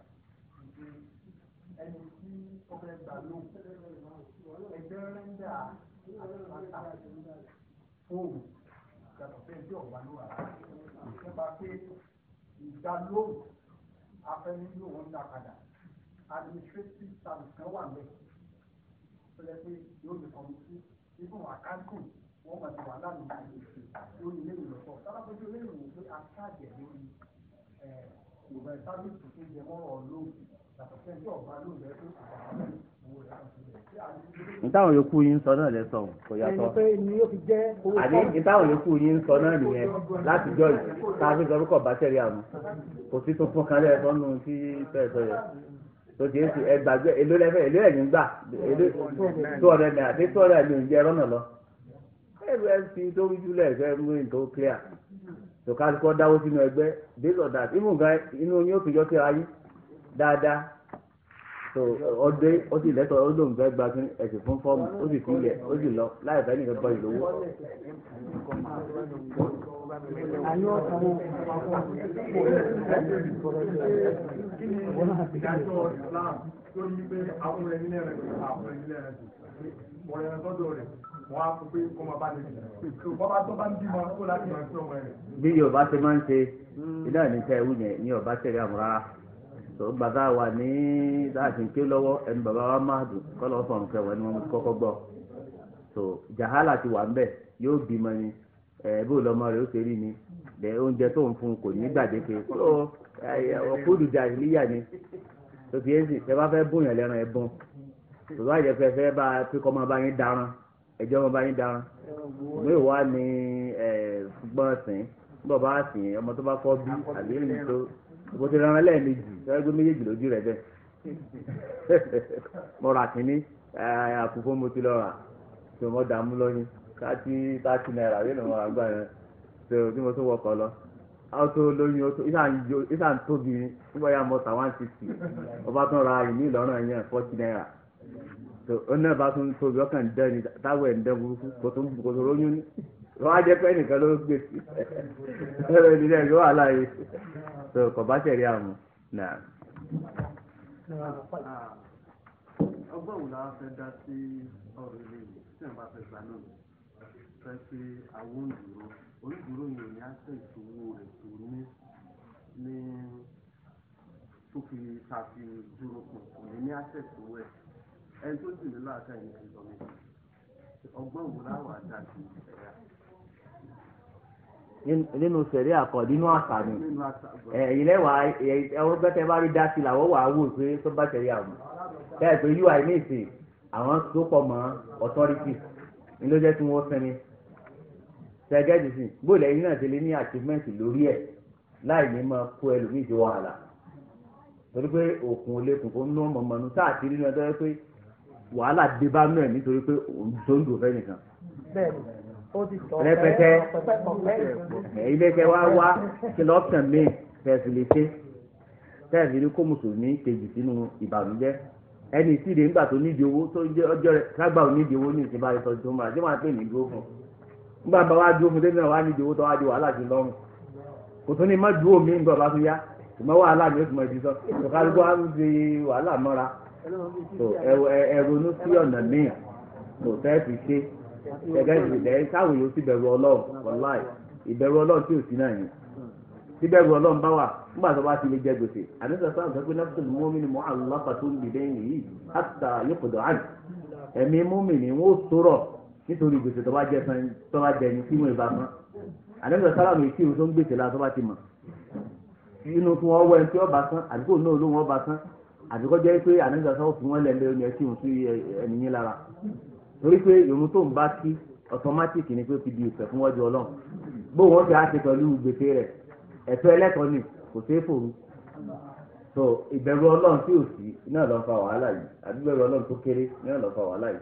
ẹni tí ọkùnrin gbà ló ẹgbẹ́ rẹ́ńdà àtàkùn fóònù yàtọ̀ fẹ́ padà administrative service kan wà mẹ́ tó yẹ pé yóò lè kọ̀mítì nínú àkáǹtì wọ́n máa ti wà lánàá lórí ilé ìlọ́pọ̀ sábàbí ilé ìwò pé aṣáàjẹ̀ lórí ìwà ìsáàbìsì tó jẹ mọ́ ọ̀lọ́ yàtọ̀ sí ẹjọ́ ọ̀gá ló rẹ̀ tó àbàbà owó rẹ̀ ìtàwọn yòókù yín ń sọ náà lẹ sọ kò yàtọ̀ àní ìtàwọn yòókù yín ń sọ náà nìyẹn láti jọ yìí tá a fi sọ orúkọ bá tẹ̀lé kò sí tuntun kan lẹ́ẹ̀sọ́ nù tí fẹ́ẹ̀ yẹn tó ti ń sè ẹgbàgbé èló lẹfẹ èló ẹyìn gbà èló tó ọdẹ ní àti tó ọdẹ ní oúnjẹ lọnà lọ ẹgbẹ fi tó ń júlẹ ẹgbẹ mú in tó clear tó kálukọ dáwó sínú ẹgbẹ based on that imú nǹkan inú yóò fi yọkẹ ayé dáadáa tó ọdẹ ó sì lẹtọ ó lóun fẹ gba ẹsẹ fún fọọmù ó sì kúlẹ ó sì lọ láì fẹ nìkan bọ ìlówó àní ọ̀sán wo wọn náà ti kí tó ní pé àwọn ẹni lẹ́rẹ̀ àwọn ẹni lẹ́rẹ̀ wọ́n yẹn tọ́jú rẹ̀ wọ́n á fún pé kó máa bá níbi bọ́bá tó bá ń bímọ kó láti máa tó ọmọ rẹ̀. bí yorùbá ṣe máa ń ṣe iná ìníṣẹ ewu yẹn ní yorùbá ṣẹlẹ̀ àmúra tó gbàgbà wà ní láti ń ké lọ́wọ́ ẹni bàbá wa máa dùn kọlọ fọrùn kẹwàá ni wọn kọ́kọ́ gbọ́ tó jahala ti wà ń bẹ yóò bímọ ni bó lọmọ rẹ ó ṣe rí ni oúnjẹ tó ń fún kò ní gbàdéke tó ọkùnrin jàìlíyà ni tó fi èsì ẹ bá fẹ́ bóyàn lẹ́ran ẹ bọ́n tó bá yẹ fẹ́ fẹ́ bá píkọ́ ọmọ bá yín daran ẹjọ́ ọmọ bá yín daran ìwé ìwà ni gbọ́n sìn gbọ́n bá sìn ọmọ tó bá fọ́ bí àbí ẹni tó bó ti rán lẹ́ẹ̀mejì sọ́yẹ́ gbé méjèèjì lójú rẹ̀ bẹ́ẹ̀ mo rà kínní àkùkọ mo ti lọ rà tó mọ́ dààmú lọ́yìn káàtì táàtì náírà yóò lọ́wọ́ àgbà yẹn tó bí mo tún wọkọ̀ lọ àwọn tó lóyún oṣù ìṣà ń tóbi nígbà yà mọ́ta one sixty ọba tún ra ìní ìlọrin yẹn forty náírà tó ọ̀nà bá tún tóbi ọkàn ń dẹ́ni táwọn ẹ̀ ń dẹ́ burúkú kò tó lóyún ní wọ́n á jẹ́ pé nìkan ló gbé sí ẹ̀rọ ìdílé ẹ̀rọ wà láàyè tó kò bá tẹ̀lé àmú náà. ọgbọ́n wo la fẹ́ dá sí ọ̀rọ̀ ilé yìí tí wọ́n bá fẹ́ gbà náà sọ pé àwọn olùdúró olùdúró yìí ní àṣẹ ìṣòwò rẹ̀ tó ní ní tó fi ta fi dúró pọ̀ kò ní ní àṣẹ ìṣòwò ẹ̀ ẹni tó sì nílò àṣẹ ìyẹn ti sọ mi ọgbọ́n wo láwọ̀ àdá sí ẹ̀yà. nínú sẹ̀rí àkọ́ nínú àṣà ni ẹ̀yin lẹ́wàá ẹ̀wọ́n gbẹ́tẹ̀ bá rí dá sí làwọ́ wàá wò pé tó bá sẹ̀rí àwọn bẹ́ẹ̀ pé ui ní ìsìn àwọn tó pọ̀ mọ́ authority ní ló jẹ́ kí wọ́n sinmi sẹ́gẹ́dì sí bóòlù ẹ̀yin náà ti lè ní achievement lórí ẹ̀ láì ní máa kó ẹlòmíì di wàhálà torí pé òkun olókun kò ń lọ́ mọ̀mọ́nu tá àti nínú ẹjọ́ pé wàhálà dé bá nù ẹ̀ nítorí pé òun tó ń dùn fẹ́ nìkan. rẹpẹtẹ ilé kẹ wá wá kìlọ́ọ̀tàn míì tẹ̀sí lè ṣe tẹ̀sí ní kó mùsùlùmí kejì sínú ìbànújẹ́ ẹni ìsídẹ̀ẹ́gbà tó nídìí owó tó jẹ́ ọjọ́ rẹ̀ lágbà ò nídìí owó ní ìsìnbáyé tọ́jú tó máa jẹ́ máa pè ní dúró fún nígbà bá wá dúró fún tẹ́lẹ̀ náà wá ní ìdíwó tó wá di wàhálà jù lọ́rùn kò tún ní má dúró mi nígbà bá tó yá ìmọ̀ wàhálà mi ó tún mọ̀ ibi sọ ìkàlùkù á ń ṣe wàhálà mọ́ra ẹ̀rọnú sí ọ̀nà míì kò fẹ́ fi ṣe gẹ́gẹ́ ìbílẹ̀ káwọn yóò sì bẹ̀rù ọlọ́run wàláì ìbẹ̀rù ọlọ́run tí ò sí náà yẹn tí bẹ̀rù ọlọ́run bá wà nígbà tó ti lè jẹ nítorí gbèsè tó bá jẹ san tó bá jẹ ní tí wọn ìbá san àdébẹ̀ sálàmù ètí ìwòsó ń gbèsè la tó bá ti mọ̀ inú fún wọn wọ ẹni tí wọn bá san àdúgbò náà ló wọn bá san àdúgbò jẹ́ pé àdébẹ̀ sálàmù fún wọn lẹ́nu ẹni ẹtí ìwòsó ẹni yín lára torí pé ìrun tó ń bá kí ọtọmátìkì ni pé fi di ìfẹ́ fún wọ́jú ọlọ́run bó wọn ti á ṣe pẹ̀lú gbèsè rẹ̀ ẹ̀tọ́ ẹlẹ́tọ̀ọ́ ni kò ṣeé fòru so ìbẹ̀rù ọlọ́run tí ò sí náà ló fa wàhálà yìí àdúgbò ọlọ́run tó kéré náà ló fa wàhálà yìí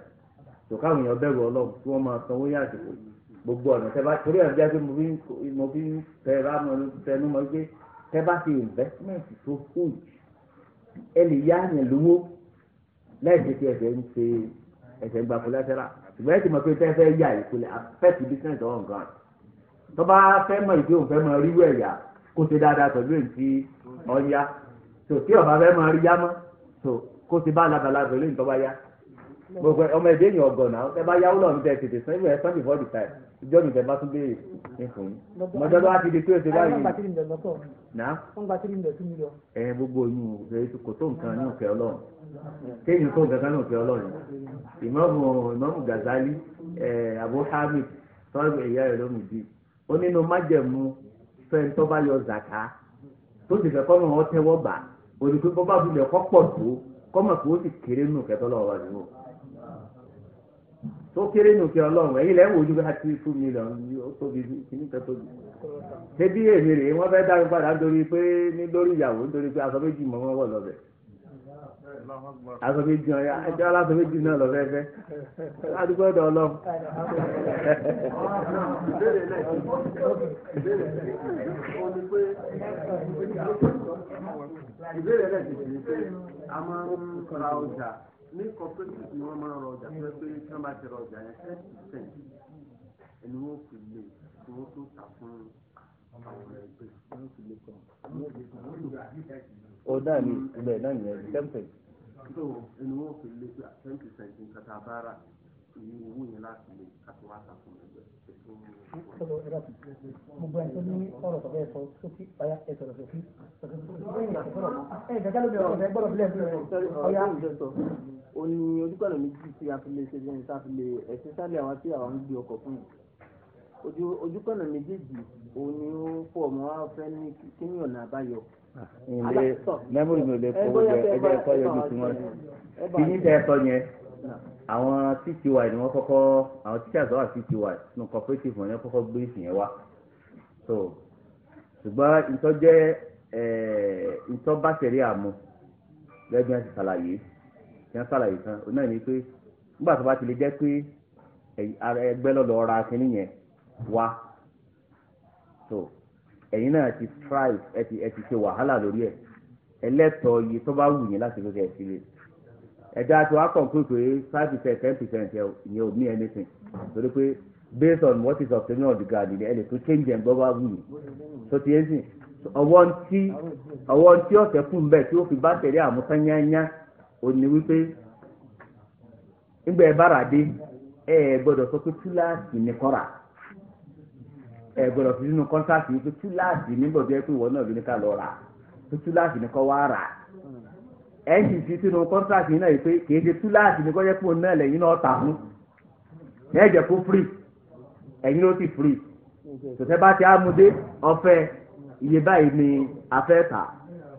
tó káwọn èèyàn bẹ̀rù ọlọ́run kí wọ́n máa sanwó yàtọ̀ gbogbo ọ̀nà tẹ bá torí ọ̀dí ajé mo fi ń tẹ bá mo tẹnu mọ́ pé tẹ bá ti investment tó huge ẹ lè yá yẹn lówó lẹ́ẹ̀dẹ́ tí ẹ̀fẹ̀ ń ṣe ẹ̀fẹ̀ ń gba collateral ṣùgbọ́n ẹ ti mọ̀ pé tẹ́ fẹ́ yà ìpele affect business on ground tó bá fẹ́ mọ̀ ìdí òun fẹ́ mọ rírú ẹ̀yà kó ṣe dáadáa pẹ̀lú èyí tí ọ̀ya tó tí ọ̀bá fẹ́ mọ rí yá mọ́ tó kó ṣe bá labalábẹ̀ lóyún tó bá yá gbogbo ọmọ ẹ̀dẹ́ èèyàn ọgọ́nà àwọn tẹ́ bá yáwó náà ń bẹ tètè san ìwé ẹ̀sán before the time ìjọ mi tẹ́ bá tún béèrè ní fún yín mọ́tò bá ti di pé oṣù báyìí. ẹ gbogbo oyún kò tó nǹkan ní òkè ọlọ́run kéèyàn tó nǹkan ní òkè ọlọ́run ìmọ̀mù ìmọ̀mù Gazali Abu Hamid tọ́lú ẹ̀yà rẹ̀ lómi di ó nínú májẹ̀mú fẹ́ẹ́ tó bá yọ zàká tó sì fẹ́ kọ́mọ̀ wọn tẹ́wọ́ bà òdìpé bọ́ bá bulẹ̀ kọ́ pọ̀ tó kọ́mọ̀ kó sì kéré nù kẹ́tọ́ lọ́wọ́ wa nínú tó kéré nù kí ọlọ́run ẹ̀yin lẹ́wọ̀ ojú bá ti fún mi lọ ó tóbi kìíní kan tóbi. ṣébí èmi rèé wọ́n fẹ́ dá mi padà nítorí pé nítorí ìyàwó nítorí pé aṣọ méjì mọ́ wọ́n wọ̀ lọ́bẹ̀. aṣọ méjì ọ̀yà ẹjọ́ aláṣọ méjì náà lọ fẹ́fẹ́ adúgbò ọ̀dọ̀ ọlọ́run. ìbéèrè rẹ̀ ti ṣe pé a máa ń ra ọjà ní cooperative ni wọ́n máa ń rọjà pé pé kí wọ́n bá ti rọjà yẹn ten percent ẹni wọ́n fi lè kí wọ́n tó ta fún àwọn ẹgbẹ́ wọ́n fi lè kàn wọ́n fi lè kàn. ó dáa ní ilẹ̀ náà nìyẹn ten percent. so ẹni wọ́n fi lè ten percent nǹkan tá a bá rà ìlú owó yẹn láti lè káfí wá sàkóso ẹgbẹ́ ẹ̀sùn ní ọ̀rọ̀. ọ̀rọ̀ ẹ̀rọ àti gbogbo ẹ̀sọ́ ní ọ̀rọ̀ tọ̀bẹ̀ ẹ̀sọ́ sókè ọ̀yà ẹ̀sọ̀ rẹ̀ sókè. ẹ̀ ìdájọ́ ló bẹ̀rẹ̀ ọ̀rọ̀ gbọ́dọ̀ bílẹ̀ ó ní ojúkọ̀nà méjì tí a fi lè ṣe lẹ́yìn tá a fi lè ẹ̀sìn sálẹ̀ àwọn tí àwọn ń gbé ọkọ̀ fún yìí ojúkọ̀nà méjèèjì òun ni ó pọ̀ mọ́ wá fẹ́ ní kí ní ọ̀nà àbáyọ ilé ah, mẹ́mórì mi ò lè kó ẹgbẹ́ ẹ̀kọ́ yọjú sí wọn kì í ní tẹ́ ẹ̀kọ́ yẹn àwọn cty ni wọ́n kọ́kọ́ àwọn teachers wà cty nínú cooperative wọn ni wọ́n kọ́kọ́ gbé ìsìn yẹn wá so ṣùgbọ́n ìtọ́ jẹ́ ìtọ́ eh, bá ṣẹ̀rí àmú gẹ́gẹ́ bí wọ́n ti ṣàlàyé bí wọ́n ṣàlàyé tán oní ẹ̀mí pé nígbà tó bá ti lè jẹ́ pé ẹgbẹ́ lọ́dọ̀ ra kínní yẹn wá so ẹ̀yin náà ti try ẹ ti ṣe wàhálà lórí ẹ̀ ẹlẹ́tọ̀ọ́ iye tó bá wù yín láti fi kẹ́ ẹ̀ sílẹ̀ ẹ̀dá tí wàá conclude pé five percent ten percent yẹn ò mean anything based on what is obtained of the ground ni ẹni tó change dem ń gbọ́dọ̀ so ti yẹn sìn ọwọ́ ntí ọwọ́ ntí ọ̀sẹ̀ fún bẹ́ẹ̀ tí ó fi bá tẹ̀lé àmúsányányá ò ní wípé nígbà bára dé ẹ gbọ́dọ̀ sọ pé túláàsì kọ́ra ẹ gbọ́dọ̀ fi pé túláàsì pé ìwọ náà ló ní ká ẹ sì fi sínú kọ́ńtàkì náà pé kì í ṣe túláàsì ní kọ́jẹ́ pò náà lẹ́yìn náà tà fún ẹ jẹ́ kó free ẹ̀yin ló ti free tòtẹ́ bá ti amúdé ọ̀fẹ́ iye báyìí ni afẹ́ tà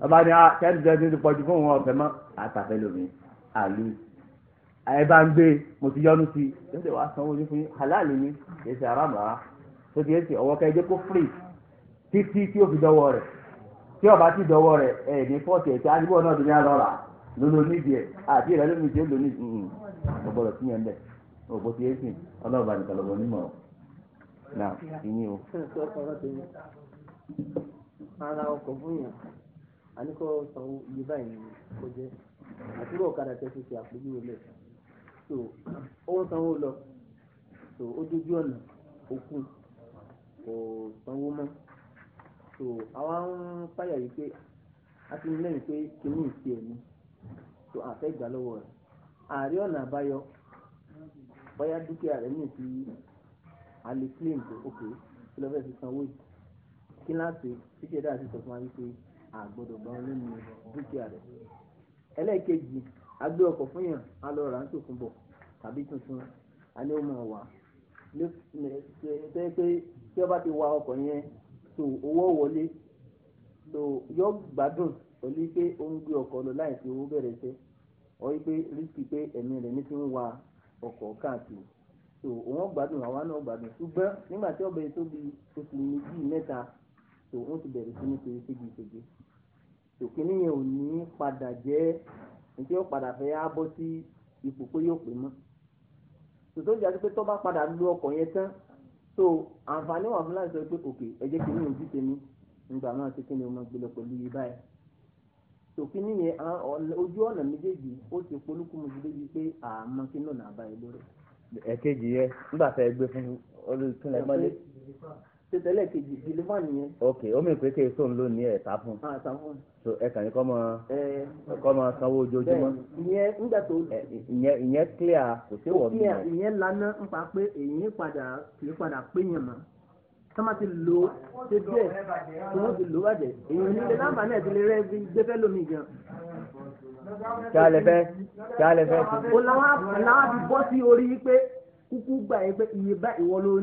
ọba ni ten percent ti pọ̀jù fún òun ọ̀fẹ́ mọ́ àtàfẹ́ lómi àlù ẹ bá ń gbé mo ti yọnu sí i ṣé wàá sanwó ojú fún yín halal ni kì í ṣe aráàmù rárá tó ti ẹ ṣe ọwọ́ kẹjẹ kó free títí tí ó fi dọ́wọ́ rẹ̀. tí ọba ti dọwọ rẹ̀ ẹ̀ ní fọ́ọ̀tì ẹ̀ tí adigun náà ti ní alọ́ra lọ́lọ́ nídìí ẹ̀ àti ìrẹ́ lómi tí ó lò nídìí ọgbọ́dọ̀ sí yẹn ọ òbó ti yẹn sìn ọlọ́ọ̀bà nìkan lọ́wọ́ onímọ̀ náà ìyín o. ara ọkọ̀ so sanwó lọ so ó dójú ọ̀nà òkú kò sanwó mọ́ so àwọn ń fàyà yìí pé a ti lẹ́yìn pé kìíní ìfi ẹ̀mí so àfẹ́ ìgbà lọ́wọ́ rẹ̀ ààrẹ ọ̀nà àbáyọ bóyá dúkìá rẹ̀ ní ti alẹ́ claim pé ok kí lọ́fẹ́ fi sanwó yìí kí láti títí ẹ̀dá àti sọ̀tún wáyé pé àgbọ̀dọ̀ gbọ́n lẹ́nu dúkìá rẹ̀ ẹlẹ́ẹ̀kejì agbé ọkọ̀ fún yàn á lọ rà ń tòkun bọ̀ tàbí tuntun alẹ́ ó mọ̀ wá lé pé tí ọba ti wa ọkọ̀ yẹn so owó wọlé so yọ gbádùn pẹ̀lú pé ó ń gbé ọkọ̀ lọ láì fi owó bẹ̀rẹ̀ sẹ́ ọ yí pé rísì pé ẹ̀mí rẹ̀ ní ti ń wa ọkọ̀ káàkiri so òun gbádùn àwa náà gbádùn ṣùgbọ́n nígbà tí ọbẹ̀ tó bi oṣù méjì mẹ́ta so wọ́n ti bẹ̀rẹ̀ sí ní ṣe ségi ségi so kínní yẹn ò ní padà jẹ́ nítorí ó padà fẹ́ á bọ́ sí ipò pé yóò pè mọ́ tòtò ìjà sí pé tó bá padà lu ọkọ̀ yẹn tán so àǹfààní wà fún láti sọ pé òkè ẹ̀jẹ̀ kìíní ojú tèmi nígbà náà ṣe kí ni o máa gbé lọ pẹ̀lú yìí báyìí so kí nìyẹn ojú ọ̀nà méjèèjì ó ti polúkú mu débi pé àmọ́ kí náà nà á báyìí lórí. ẹ̀kejì yẹn nígbà tá ẹ gbé fún olùtúnlẹ̀ mọ́lé ṣe tẹ́lẹ̀ kejì dìlífà nìyẹn. ok omi ìpèké sóun ló ní ẹ̀ta fún. a ah, ta fún. so ẹ kàn ní kọ́ mọ kọ́ mọ sanwó ojoojúmọ́. ìyẹn nígbà tó. ìyẹn ìyẹn clear kò sí wọ̀ bíyẹn. ìyẹn lana ń pa pé èyí padà kì í padà pé yẹn mọ́ tọ́mà ti lò ó ṣe díẹ̀ tí wọ́n ti lò ó bàjẹ́ èyí ní ilé láǹfààní ẹ̀ ti lè rẹ́ bí gbẹ́fẹ́ lómi gan kíálẹ̀ fẹ́ kíálẹ̀ fẹ́. o làwọn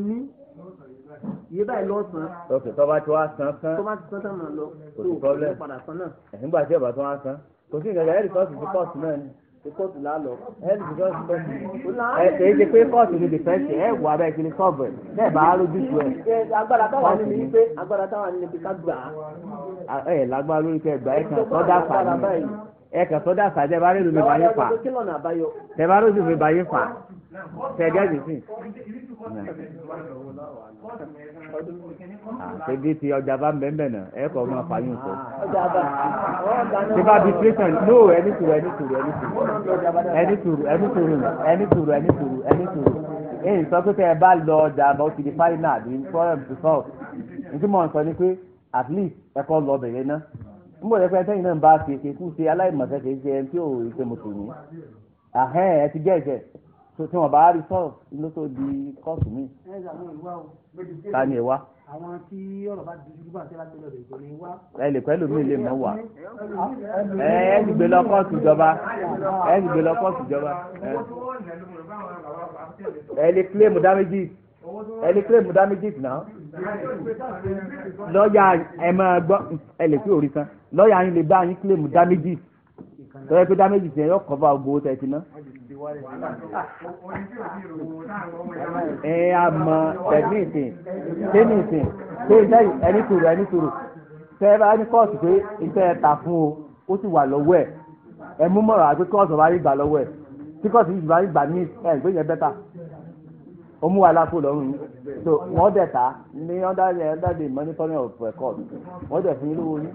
àbí iye báyìí lọ san. ok tọ́ba tí wàá san san. tọ́ba ti san san máa lọ. kò sí problem nígbà tí ọba tó wá san kò sí ìgbàgbọ́ ẹ̀rí kọ́ọ̀tù sí kọ́ọ̀tù náà ni. kóòtù là á lọ. ẹ̀rí kọ́ọ̀tù kọ́ọ̀tù. ẹ kèé ṣe pé kóòtù ni dìfẹ́ǹsì ẹ wà bẹ́ẹ̀ kí ni sọ́ọ̀bù ẹ̀ bẹ́ẹ̀ bá a lójú tu ẹ̀. táwa ká gbà á. lágbára lórí tẹ̀gẹ́sì sí. àtẹ̀gẹ́ ti ọjà bá ń bẹ̀ bẹ̀ náà ẹ̀ kọ́ máa fàyún sọ. tí bá di tírítàn ló ẹni tùrù ẹni tùrù ẹni tùrù ẹni tùrù ẹni tùrù ẹni tùrù ẹni tùrù èyí sọ pé tẹ ẹ bá lọ ọjà àbá ó ti di fáínà àbí fọ́ọ̀rẹ́m ti fọ́ọ̀ nítorí mọ̀ n sọ ni pé at least ẹ kọ́ lọ bẹ̀rẹ̀ náà n bò lẹ́pẹ́ tẹ́yìn náà ń bá ṣe ṣe kú ṣe aláìmọ̀ṣẹ́ ṣe ṣe ẹni tí ò ṣe mùsùlùmí àhẹ́n ẹ ti gẹ́ ẹ̀ṣẹ̀ tó tí wọn bá rí sọ̀rọ̀ ló tó di kóòtù mi. ta ni ẹ wá. àwọn tí ọ̀rọ̀ bá di dúdú bá tẹ́lá tẹ́lẹ̀ rẹ̀ kò ní wá. ẹ lè pẹ́ lómi lè mọ̀ wá. ẹ ẹ ti gbé lọ kóòtù ìjọba ẹ ti gbé lọ kóòtù ìjọba. ẹ lè kílèmù dáméjì ẹ lè kílèmù dáméjì náà. lọ́ọ̀yà ẹ máa gbọ́ ẹ lè fi òrí kan lọ́ọ̀yà yín lè bá yín kílèmù dáméjì tọ́jú pé dáméjì tiẹ̀ yọ ẹ a mọ tẹ̀míìsì tẹ̀míìsì ṣé ìjẹ́ ẹni tòrò ẹni tòrò tẹ́ ẹ bá ní kóòtù pé ìtẹ́ ẹ ta fún o ó sì wà lọ́wọ́ ẹ̀ ẹ mú mọ̀ràn àti kóòtù ọba yìí gbà lọ́wọ́ ẹ̀ tí kóòtù yìí gbà ní ẹ̀ gbé yẹn bẹ́tà ó mú wa lápò lọ́rùn yìí so wọ́n dẹ̀ ta ní under the under the monitoring of record wọ́n dẹ̀ fún yín lówó yín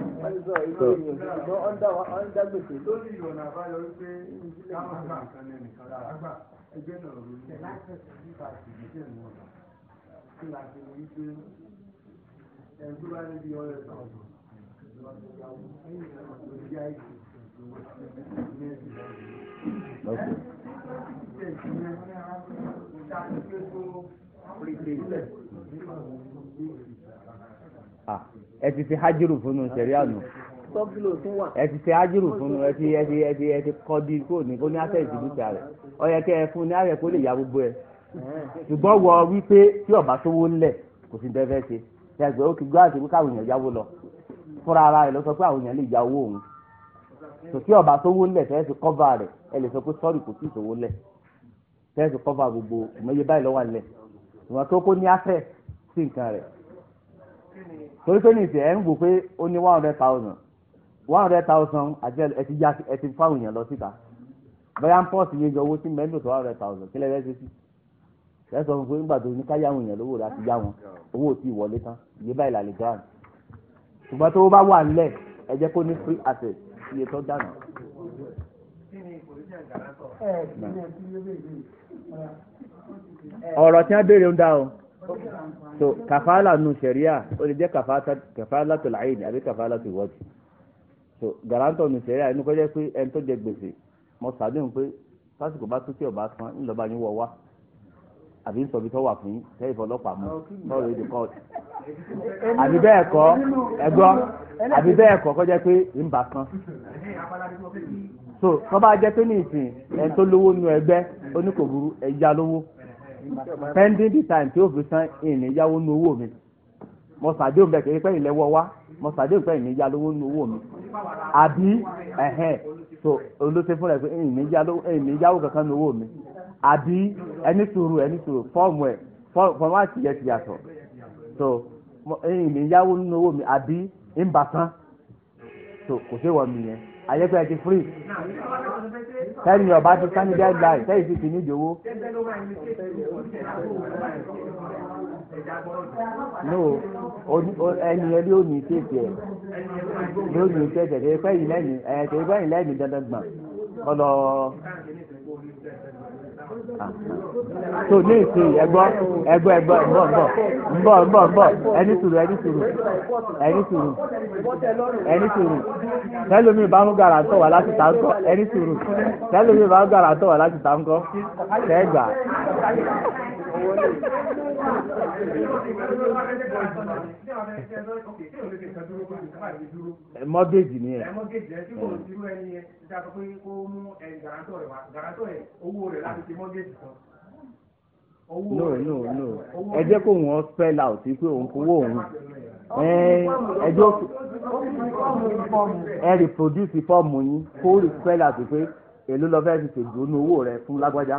wọ́n ti sọ ìlú èèyàn ṣùgbọ́n ọ́n dá ọ́n dá gbèsè. lórí ìrọ̀nà àbáyọ wípé káwọn gbà nǹkan ní ẹnìkan àgbà ẹgbẹ́ náà ló ní láti nípa ìgbésẹ̀ mú ọ̀nà kí la ṣe wí pé ẹni tó bá níbi ọ̀rẹ́ náà lọ Okay ẹ ti ṣe hajiru fúnnu sẹ̀ríà nù ẹ ti ṣe hajiru fúnnu ẹ ti ẹ ti ẹ ti ẹ ti kọ́ di kó ní kó ní asẹ́ ìdìbòsà rẹ̀ ó yẹ kẹ́ ẹ fún ní ààrẹ kó lè ya gbogbo ẹ ṣùgbọ́n wọ wípé tí ọba sówó ńlẹ̀ kò sí bẹ́ẹ̀ fẹ́ ṣe ẹgbẹ́ ó ti gbọ́ àti wípé àwọn èèyàn yáwó lọ fúnra ara rẹ̀ ló sọ pé àwọn èèyàn lè ya owó òun tòtí ọba sówó ńlẹ̀ tẹ́lẹ̀ ti kọ́va rẹ̀ ẹ lè sọ pé sọ́ọ̀rì kò tí ì sówó ńlẹ̀ tẹ́lẹ̀ ti kọ́va gbogbo ìmọ̀ye báyìí lọ́wọ́ ńlẹ̀ ìwọ̀n tó kó ní afẹ́ sí nǹkan rẹ̀ torí pé ní ìsìn ẹ̀ ń wò pé ó ní one hundred thousand one hundred thousand àti ẹ ti ya ẹ ti fáwọn èèyàn lọ síta bẹ́ẹ̀ ń pọ́ọ̀sì yẹn jọ owó tí mẹ́lò tó one hundred thousand kílẹ̀ rẹ́ ṣe sí ẹ sọ fún pé nígbà tó ní ká yáwọn èèyàn lówó rẹ̀ àti yá wọn owó tí ìwọlé tán iye báyìí là lè grand ṣùgbọ́n tó bá wà nílẹ̀ ẹ jẹ́ kó ní free access iye tó dànù. ọ̀rọ̀ tí wọ́n béèrè ń dá o so kàfàlà nù sẹ̀ríà ó lè jẹ́ kàfàlà tó láàyè ni àbí kàfàlà tó wọ́ọ̀tì so garantọ̀ nù sẹ̀ríà inú kọjá pé ẹni tó jẹ gbèsè mo sàdéhùn pé sásìkò bá tún o ọba san ńlọba yín wọ wá àbí nsọ̀bi tó wà fún yín sẹ́yìn fọlọ́pàá mú lọ́rọ̀ èdè kọ́ọ̀tù àbí bẹ́ẹ̀ kọ́ ẹgbọ́ àbí bẹ́ẹ̀ kọ́ kọjá pé ń bà kan so tó bá jẹ́ pé ní ìsìn ẹni tó lówó nínú ẹgbẹ́ oníkòburu já lówó. pending the time tí ó fi san ìníyàwó nu owó mi mo ṣàdéhùn bẹ́ẹ̀ kéré wá mo ṣàdéhùn pẹ́yìn níyà nu owó mi àbí so olóṣè fúnra ẹ̀ pé ìníyàwó kankan nu owó mi àbí ẹni sùúrù ẹni sùúrù fọ́ọ̀mù ẹ̀ fọ́ọ̀mù àti ti so ìníyàwó nu àyẹ́pẹ́ ti free tẹ́yìn ọba ti sani deadline tẹ́yìn sì ti ní ìdòwó. no ẹni ẹ ló ní tètè ẹ ló ní tètè ẹ fẹ́yìn lẹ́yìn ẹ tẹ́yìn lẹ́yìn dandan gbọ̀n kọ́ lọ. so ní ìsìn ẹgbọ́ ẹgbọ́ ẹgbọ́ ẹgbọ́ ńbọ̀ ńbọ̀ ńbọ̀ ẹni sùúrù ẹni sùúrù ẹni sùúrù ẹni sùúrù tẹ́lómi bá mú tó wà láti mọ́gẹ́jì ni ẹ̀. mọ́gẹ́jì ẹ̀ tí kò dúró ẹni yẹn tí a sọ pé kó mú ẹ̀ gàrántọ̀ rẹ̀ wá gàrántọ̀ rẹ̀ owó rẹ̀ láti ṣe mọ́gẹ́jì kan no no no ẹ jẹ́ kó wọ́n spell out pé òun fowó òun ẹ jẹ́ ẹ reproduce fọ́ọ̀mù yín kó spell out pé èló lọ fẹ́ fi ṣèdúró ní owó rẹ fún lágbájá.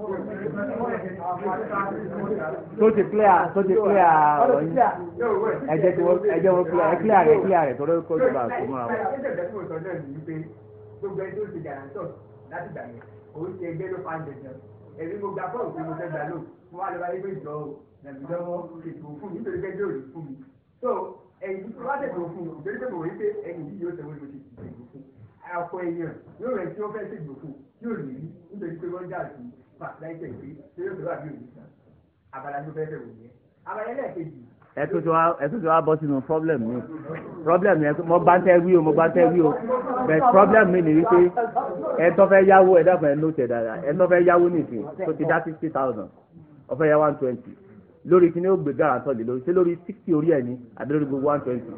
tó ti clear tó ti clear ọ̀rọ̀ yín ẹ̀jẹ̀ tí wọ́n ẹ̀jẹ̀ wọ́n clear ẹ̀ clear rẹ̀ clear rẹ̀ tọ́lọ́ kó jọba kó mọ́ra wọn. gbogbo ẹni wá tẹ̀sán fún mi nítorí pé mo pé ẹ̀yìn yìí yóò tẹ̀wé mo ti ọ̀pọ̀ èèyàn yóò rẹ̀ tí wọ́n fẹ́ ṣègbè fún yóò rí nítorí pé wọ́n jà sí i fà láìpẹ́ yìí ṣé yóò tẹ̀wá bí òbí sàn abala ló fẹ́ tẹ̀wò yẹn abala ẹlẹ́ẹ̀kejì. ẹ tó ti wá bọ́ sínú problem mi problem yẹn mo bá ń tẹ́ wí o mo bá ń tẹ́ wí o but problem mi ni wípé ẹ fẹ́ yáwó ẹ dàpọ̀ ẹ ló tẹ̀ dára ẹ fẹ́ yáwó nìsín tó ti dá sixty thousand ó fẹ́ yá one twenty lórí kí ni ó gbé gàràntọ́ lè lórí ṣé lórí sixty orí ẹ̀ ní àbí lórí gbogbo one twenty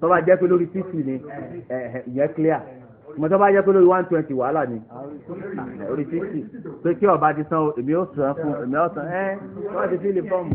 tó bá jẹ́ pé lórí sixty ni ìyẹn clear mọ̀tọ́ bá jẹ́ pé lórí one twenty wàhálà ni orí fifty pé kí ọba ti san èmi ó san fún èmi ó san ẹ́ wọ́n ti fi lè fọ́ọ̀mù.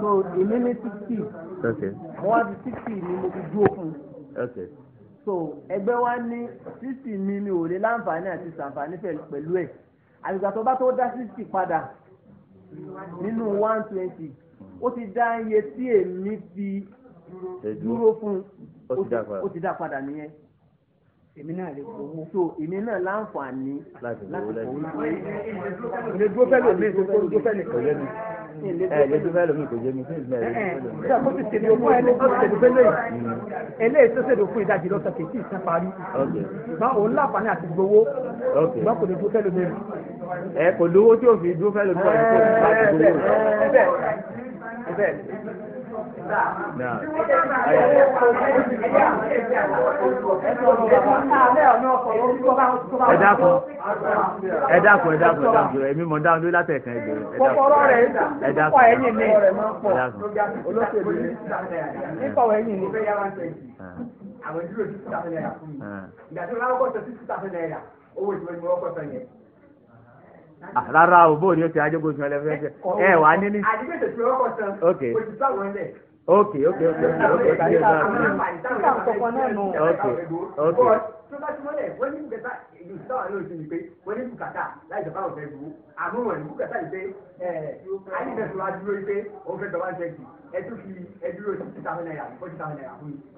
so the ní sixty. mo wá di sixty ni mo fi dúró fún un. so ẹgbẹ́ wa ní sixty mi mi ò lè láǹfààní àti sàǹfààní pẹ̀lú ẹ̀ àgbà tó bá tó dá sixty padà nínú one twenty ó ti dá iye tí èmi fi dúró fún un ó ti dá padà nìyẹn èmi náà lè gbowó so èmi náà láǹfààní láti gbowó lẹ́yìn. lè dúró fẹ́ lómi kò dúró fẹ́ nìkan yé mi. ẹ lè dúró fẹ́ lómi kò yé mi fún ìgbà yẹn. ṣé àpò ti ṣèlú fún ẹni tó ṣèlú fẹ́ lóyè. eléyìí tó ṣèlú fún ìdajì lọ́sọ̀ kì í sì sàn parí. ṣùgbọ́n òun láǹfààní àti gbowó. ṣùgbọ́n kò lè dúró fẹ́ lómi. ẹ kò lówó tí ò dúró fẹ́ lómi ẹ dákun ẹ dákun ẹ dákun ẹ dákun èmi mọ̀ dáhùn lórí látẹ̀kàn ẹ bẹ̀rẹ̀ ẹ dákun ẹ dákun ẹ dákun ẹ dákun àwọn ìdúró ti sísá rárá o bóòlù yóò ti ajogún fún ẹlẹfẹ ẹ wà á níní okay okay okay okay okay okay okay okay tó bá ti mọ́lẹ̀ wọ́n ní bùkátà ìlú sáwà náà ti ní pé wọ́n ní bùkátà láì jọba ọ̀fẹ́ bu àmọ́ wọn ní bùkátà yìí pé ayélujára dúró yìí pé òun fẹ́ jọba ń ṣe jù ẹ tún fi ẹ dúró sí títà mílíọ̀nù yàrá fún títà mílíọ̀nù yàrá fún yìí.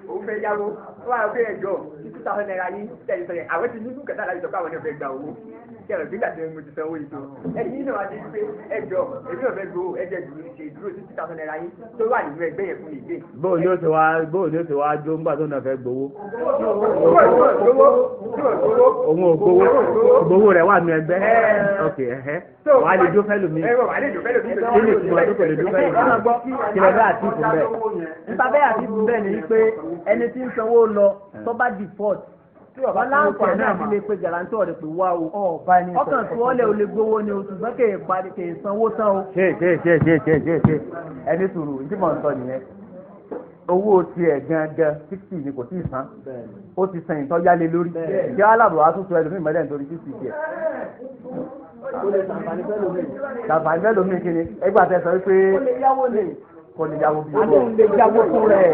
òun fẹ́ yáwó ó wà pé ẹ̀jọ́ títí táwọn náírà yín tẹ̀lé sọ̀rọ̀ àwọn ti nínú kẹta láti sọ pé àwọn ẹ̀fẹ́ gba owó kẹrọ nígbà tí mo ti sanwó ètò ẹ̀yin náà wá dé pé ẹ̀jọ́ èmi ò fẹ́ gbowó ẹ̀jẹ̀ ṣe dúró títí táwọn náírà yín tó wà nínú ẹgbẹ́ yẹn fún ìgbé. bóò ni ó ti wá bóò ni ó ti wá jó ńgbà tó náà fẹ́ gbowó. òun ò gbowó gbowó rẹ̀ wà nínú ẹgbẹ́ ok wàá lè jó fẹ́lómi kí ni ìtumọ̀ tó kò lè jó fẹ́lómi kí lè bá àtìkù bẹ́ẹ̀ nípa bẹ́ẹ̀ àtìkù bẹ́ẹ̀ ni wípé ẹni tí ń lọ eh. tó bá default láǹfààní àti lè pe o ọkàn tí wọ́n lè o lè gbowó ni o ṣùgbọ́n o. ṣe ṣe ṣe ṣe ṣe ṣe ṣe ẹni ń sọ nìyẹn owó tiẹ̀ gangan sixty ni kò tí ì san ó ti san lórí kí tún sọ nítorí sixty tiẹ̀. kò ní yàwó bí owó. àdéhùn lè yàwó fún rẹ̀.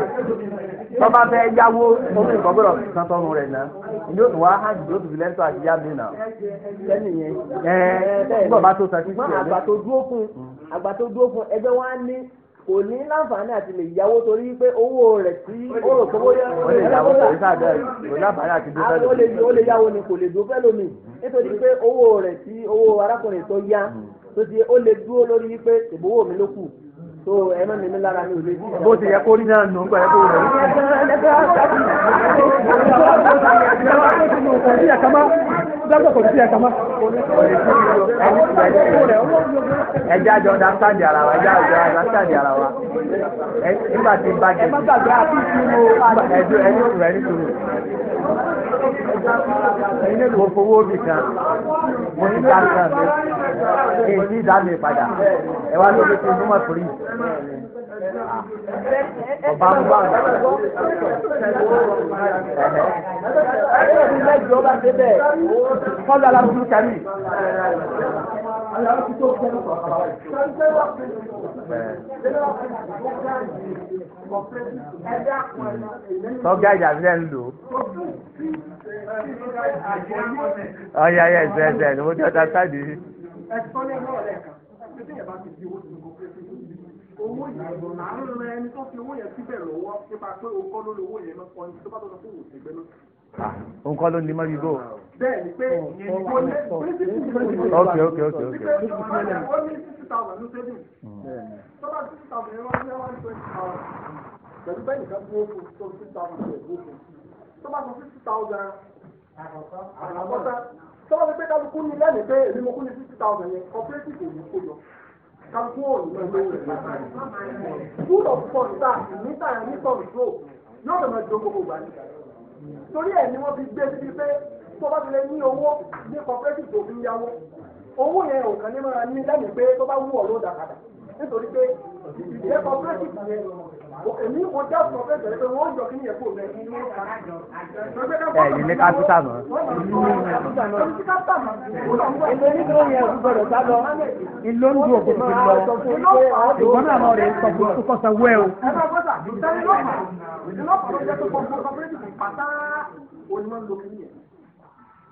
tọ́ba fẹ́ yàwó omi nǹkan gbọ́dọ̀ san tọ́nu rẹ̀ ná. ìdí òtún wá hàn jù àti yá mi nà. fún àgbà tó hmm. fún ẹgbẹ́ wa ní kò ní láǹfààní àti lè yàwó torí pé owó rẹ tí ó rò lè yàwó kò ní ni kò lè dúró hmm. nítorí pé owó tí owó arákùnrin tó yá hmm. tó ti ó lè dúró lórí pé mi ló kù tó ẹ má mímí lára mi ò lè bí. bó ti yẹ kó rí náà nù ń gbà yẹ kó rí. kò sí kò sí ẹ̀ka má. ẹjẹ́ àjọ dáńtàdì ara wa ẹjẹ́ àjọ dáńtàdì ara wa nígbà tí bàjẹ́ ẹjọ́ ẹjọ́ rẹ̀ nítorí ẹ̀yin lè lò fowó bì kan mo ti dá nǹkan mi èyí dá mi padà ẹ wá lórí tí mo máa pèrè ọba ń bá àgbà ẹgbẹ́ mi lẹ́jọ́ ọba ṣe bẹ́ẹ̀ kọ́ lọ́la burú kàmí. Tọ́gá ìjà sílẹ̀ ń lò. Ọ̀ya yẹ ẹ̀sẹ̀ ẹ̀sẹ̀ ni mo ti ọ̀dà sáàdì. Ẹ̀sọ́ ní ọlọ́ọ̀lẹ́ kan, ṣé tí ìyẹn bá ti di owó tuntun kó pé sí owó yẹn à ń ran ẹni tó fi owó yẹn síbẹ̀ lọ́wọ́ nípa pé o kọ́ ló lo owó yẹn náà kọ́ ní tó bá tó lọ fún òṣègbè náà. o ń kọ́ ló ní mọ́ bíbó. bẹ́ẹ̀ni pé ìyẹn ni kò lé pírísìtì ok ok ok ok. ó ní sixty thousand ní savings. tó bá sixty thousand yẹn wọ́n ní one twenty thousand. pẹ̀lú bẹ́ẹ̀ nìkan tó fún tó sixty thousand yẹn tó fún. tó bá fún sixty thousand àkọ́kọ́ tó bá fi pé kálukú ní lẹ́nu pé èmi mo kú ní sixty thousand yẹn cooperative ò ní kàgbóòlù pẹ̀lú full of contact, níta ní control yóò lọ́mọ ìjọ gbogbo gbà ní. torí ẹ̀ ni wọ́n fi gbé síbi pé tó bá tilẹ̀ ní owó ní cooperative tó fi ń yáwó owó yẹn ò kàn ní máa ní lẹ́yìn pé tó bá wú ọ̀ ló dà padà nítorí pé ìdílé cooperative yẹn èmi mo dá sọ fẹ́ bẹ̀rẹ̀ pé wọ́n jọ kí ni yẹ kó mẹ́. ẹ̀yin ní kápítà mọ́. èlò ní kí yẹ gbọdọ̀ sá lọ. ìlú ń du òkú ti lọ ìgbọ́n náà lọ rẹ̀ sọ fún kókó sanwó ẹ o. ẹ bá gbọ́dọ̀ ìlọ́pàá ló jẹ́ tó kọ́ fún kọ́pẹ́rẹ́tì pátá onímọ̀ lókè nìyẹn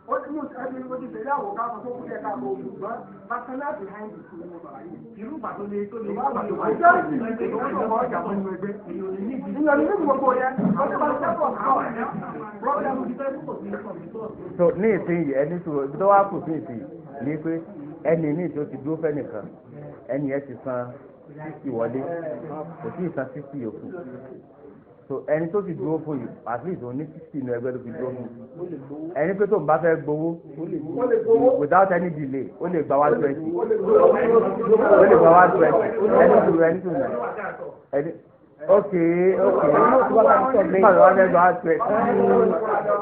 ó ti mú ẹbí ó ti bẹ̀rẹ̀ àwọ̀ káàkó tó kúrẹ́ káàkó ṣùgbọ́n bàtánà behind the scene wọn bàbá yìí. irú bàtó lè tó lè wá bàtó wá ìjọ ìsìn ìgbẹ́ ìjọba ọjà fún inú ẹgbẹ́. ìyọ̀nì ní gbogbo yẹn ọjọ́ bá ṣe pọ̀ náà ẹ̀ problem ti fẹ́ kó sí ìkọ̀ mi tó. so ní ìsinyìí ẹni tó tó wá kù sí ìsìn ní pé ẹni ní ìtò ti dúró fẹ́nìkan ẹni ẹ ti san sísì wọlé kò sí ìsan sísì yòókù so ẹni tó sì dúró fún yìí at least òun ní sixty inú ẹgbẹ́ ló fi dúró fún un ẹni pé tó ń bá fẹ́ gbowó without any delay ó lè gba one twenty ó lè gba one twenty ẹni tó rẹ ẹni tó rẹ ẹni ókè ókè báwo wá fẹ́ gba àtúwẹ̀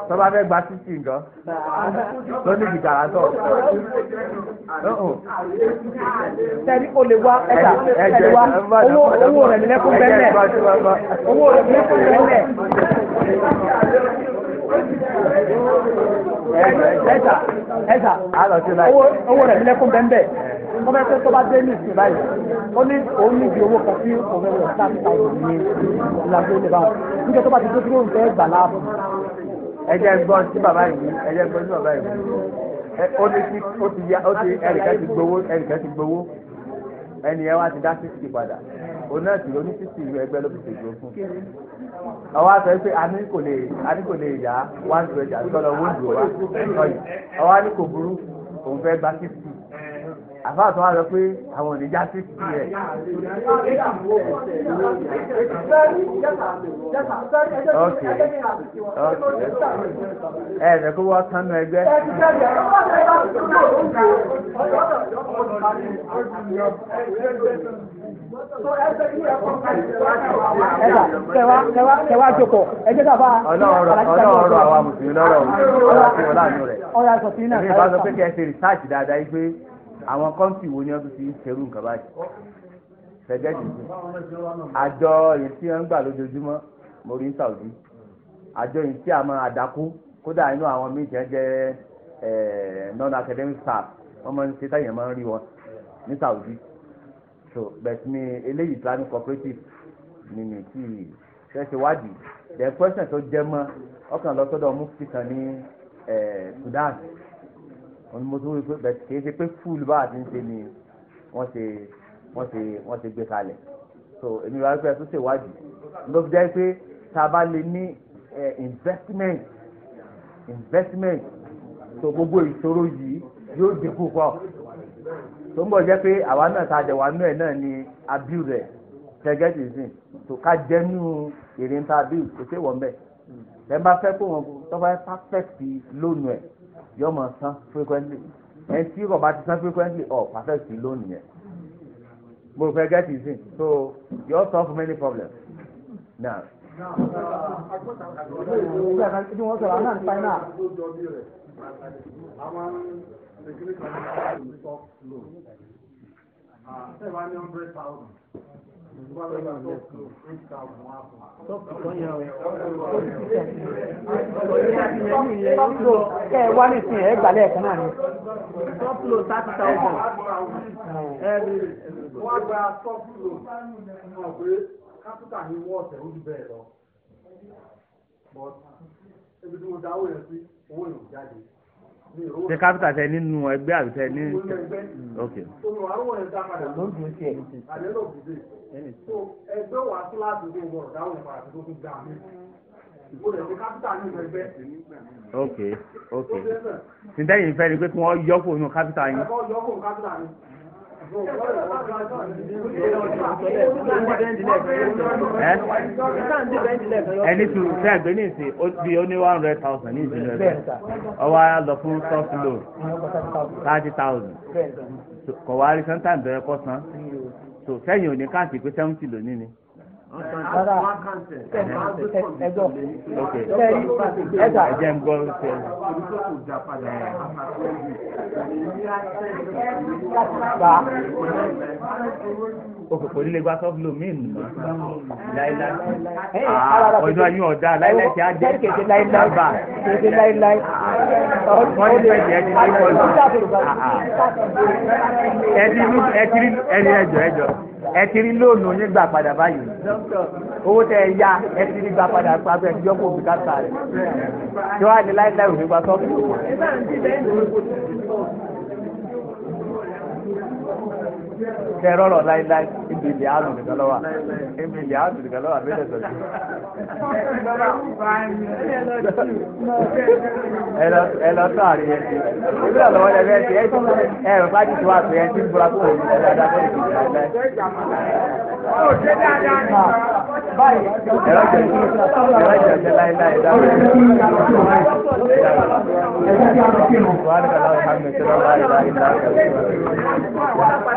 tó bá fẹ́ gba títì nǹkan lónìí ìgbà àtọ̀. sẹ́ni o lè wá ẹ̀dá ẹ̀dá wá owó rẹ̀ mi lẹ́kún bẹ́ẹ̀ owó rẹ̀ mi lẹ́kún bẹ́ẹ̀. ẹ̀dá ẹ̀dá owó rẹ̀ mi lẹ́kún bẹ́ẹ̀ wọ́n bẹ́ẹ̀ pé tó bá dé ní ìsìn báyìí ó ní òun níbi owó kan tí òun fẹ́ lọ sáà nípa ìlú ní ìlànà ìlú báwọn nígbà tó bá ti dókítà òun fẹ́ gbà láàbù. ẹ jẹ́ gbọ́ sí bàbá yìí ẹ jẹ́ gbọ́ sí bàbá yìí ó ní kí ó ti ya ó ti ẹnìkan ti gbowó ẹnìkan ti gbowó ẹnì yẹn wá ti dá sísì padà òun náà sì oní sísì ìlú ẹgbẹ́ ló fi ṣègbè fún ọwọ́ àfẹ́ pé àní kò lè àní kò lè yá one twenty àti ọ̀nà wọ́n dùn wá ọwọ́ àní kò burú òun fẹ́ gba sísì àfáà tó wá lọ pé àwọn òníjà sí sí ẹ̀. ok ok ẹ ẹ̀rẹ̀ kó wọ́n tán nù ẹgbẹ́. Kẹwàá jókòó, ẹ jẹ́ ká bá ọlọ́ọ̀rọ̀ àwa mùsùlùmí lọ́rọ̀ ọ̀rọ̀ àti ọ̀làánú rẹ̀. Ọ̀rọ̀ àti ọ̀sìn náà. Èmi ìbá sọ pé kí ẹ ṣe rìsáàjì dáadáa yìí pé àwọn kọ́ńtì wo ni wọ́n ti ṣerú nǹkan báyìí ṣẹgẹ́dì àjọ yìí tí wọ́n ń gbà lójoojúmọ́ mo rí Saudi àjọ yìí tí a máa àdákú kódà inú àwọn míì tí wọ́n jẹ́ non-academic staff wọ́n máa ń ṣe táyà máa ń rí wọn ní Saudi so bẹ̀tì ni eléyìí Islamic cooperative ni mi tí ṣẹ̀ṣẹ̀ wádìí the question tó jẹ́ mọ́ ọkàn lọ sọ́dọ̀ mufti kan ní Sudan òun mo tún wí pé bẹ́ẹ̀ kì í ṣe pé fúl bá àti ń ṣe ni wọ́n ṣe wọ́n ṣe wọ́n ṣe gbé kalẹ̀ so èmi wá pé ẹ tún ṣèwádìí ló fi jẹ́ pé tá a bá lè ní investment investment so gbogbo ìṣòro yìí yóò dínkù pọ̀ tó ń bọ̀ jẹ́ pé àwa náà ta àjẹwà nú ẹ̀ náà ni abiu rẹ̀ gẹ́gẹ́ ti sìn tó ká jẹ́nu èrè ń ta abiu kò sí ìwọ̀n bẹ́ẹ̀ lẹ́ẹ̀ bá fẹ́ kó wọn tó bá fẹ́ perfect lónìí ẹ̀ yóò máa san frequently ẹni tí kò bá ti san frequently ọ̀ perfect lónìí yẹn mo rò get it in so yóò solve many problems now. Ìdí Tọ́pù kan yà ọ́. Kẹ́ ẹ wá nísìnyí ẹ lẹ́ẹ̀kan náà ni. Tọ́pù lo thirty thousand. Wọ́n gba tọ́pù lo pé kápítà ní wọ́ọ̀tẹ̀ ó ju bẹ́ẹ̀ lọ. ebi tí mo dáwọ́ yẹn sí owó yóò jáde ṣe kápítà tẹ nínú ẹgbẹ́ àbí tẹ ní. ok. olùwà àwọn ẹ̀dá padà ló ń dùn sí ẹ̀. àdéhùn òbí dè. so ẹgbẹ́ wa ok ok. ǹjẹ́ fẹ́ ni pé kí wọ́n yọ fóònù kápítà yín. ẹ̀kọ́ yọ fóònù kápítà yín ẹni tún fẹ́ àgbẹ̀ ní ìsìn bí ó ní one hundred thousand ní ìsìn rẹ̀ ọwọ́ á lọ fún soft loan thirty thousand kọ̀wárí sọ́ńtà ìbẹ̀rẹ̀ kọ́ san so sẹ́yìn ò ní pé seventy lónìí ni ara ẹjọ́ sẹ́yìn ẹ̀dá ẹ̀jẹ̀ ń gbọ́ ṣe. Bá a òkòkò líle gba sọ́fúlò míì nù láíláí ah, ọjọ́ ayé ọ̀dà láíláí ti á jẹ́ lábà wọ́n ti fẹ́ jẹ́ ẹni ní kọlu ẹni ẹjọ́ ẹjọ́ ẹ ti rí lóònù yín gbà padà báyìí owó tẹ ẹ ya ẹ ti rí gbà padà pàṣẹ ẹni yọkọ òbí káta rẹ tí wàá di láíláí òní gba sọ́ọ̀bù kẹ rọrọ láíláí ibi ilẹ̀ àrùn nìkan lọ́wọ́ ibi ilẹ̀ àrùn nìkan lọ́wọ́ àbí ẹ̀sọ̀ sí. ẹ lọ sọ àrí ẹ ti ibi náà lọ́wọ́ ẹgbẹ́ ti ẹ ti ẹ rẹ̀ bá ti tó wà pé ẹ ti ń bọ́ra kó òun ẹ dáadáa fún ìdílé láíláí. ẹ̀rọ jẹ̀ ẹ̀rọ jẹ̀ ṣe láíláí dáhùn. Wàhálà kàlá ọ̀hánmi ṣẹlẹ̀ wàhálà ìlànà.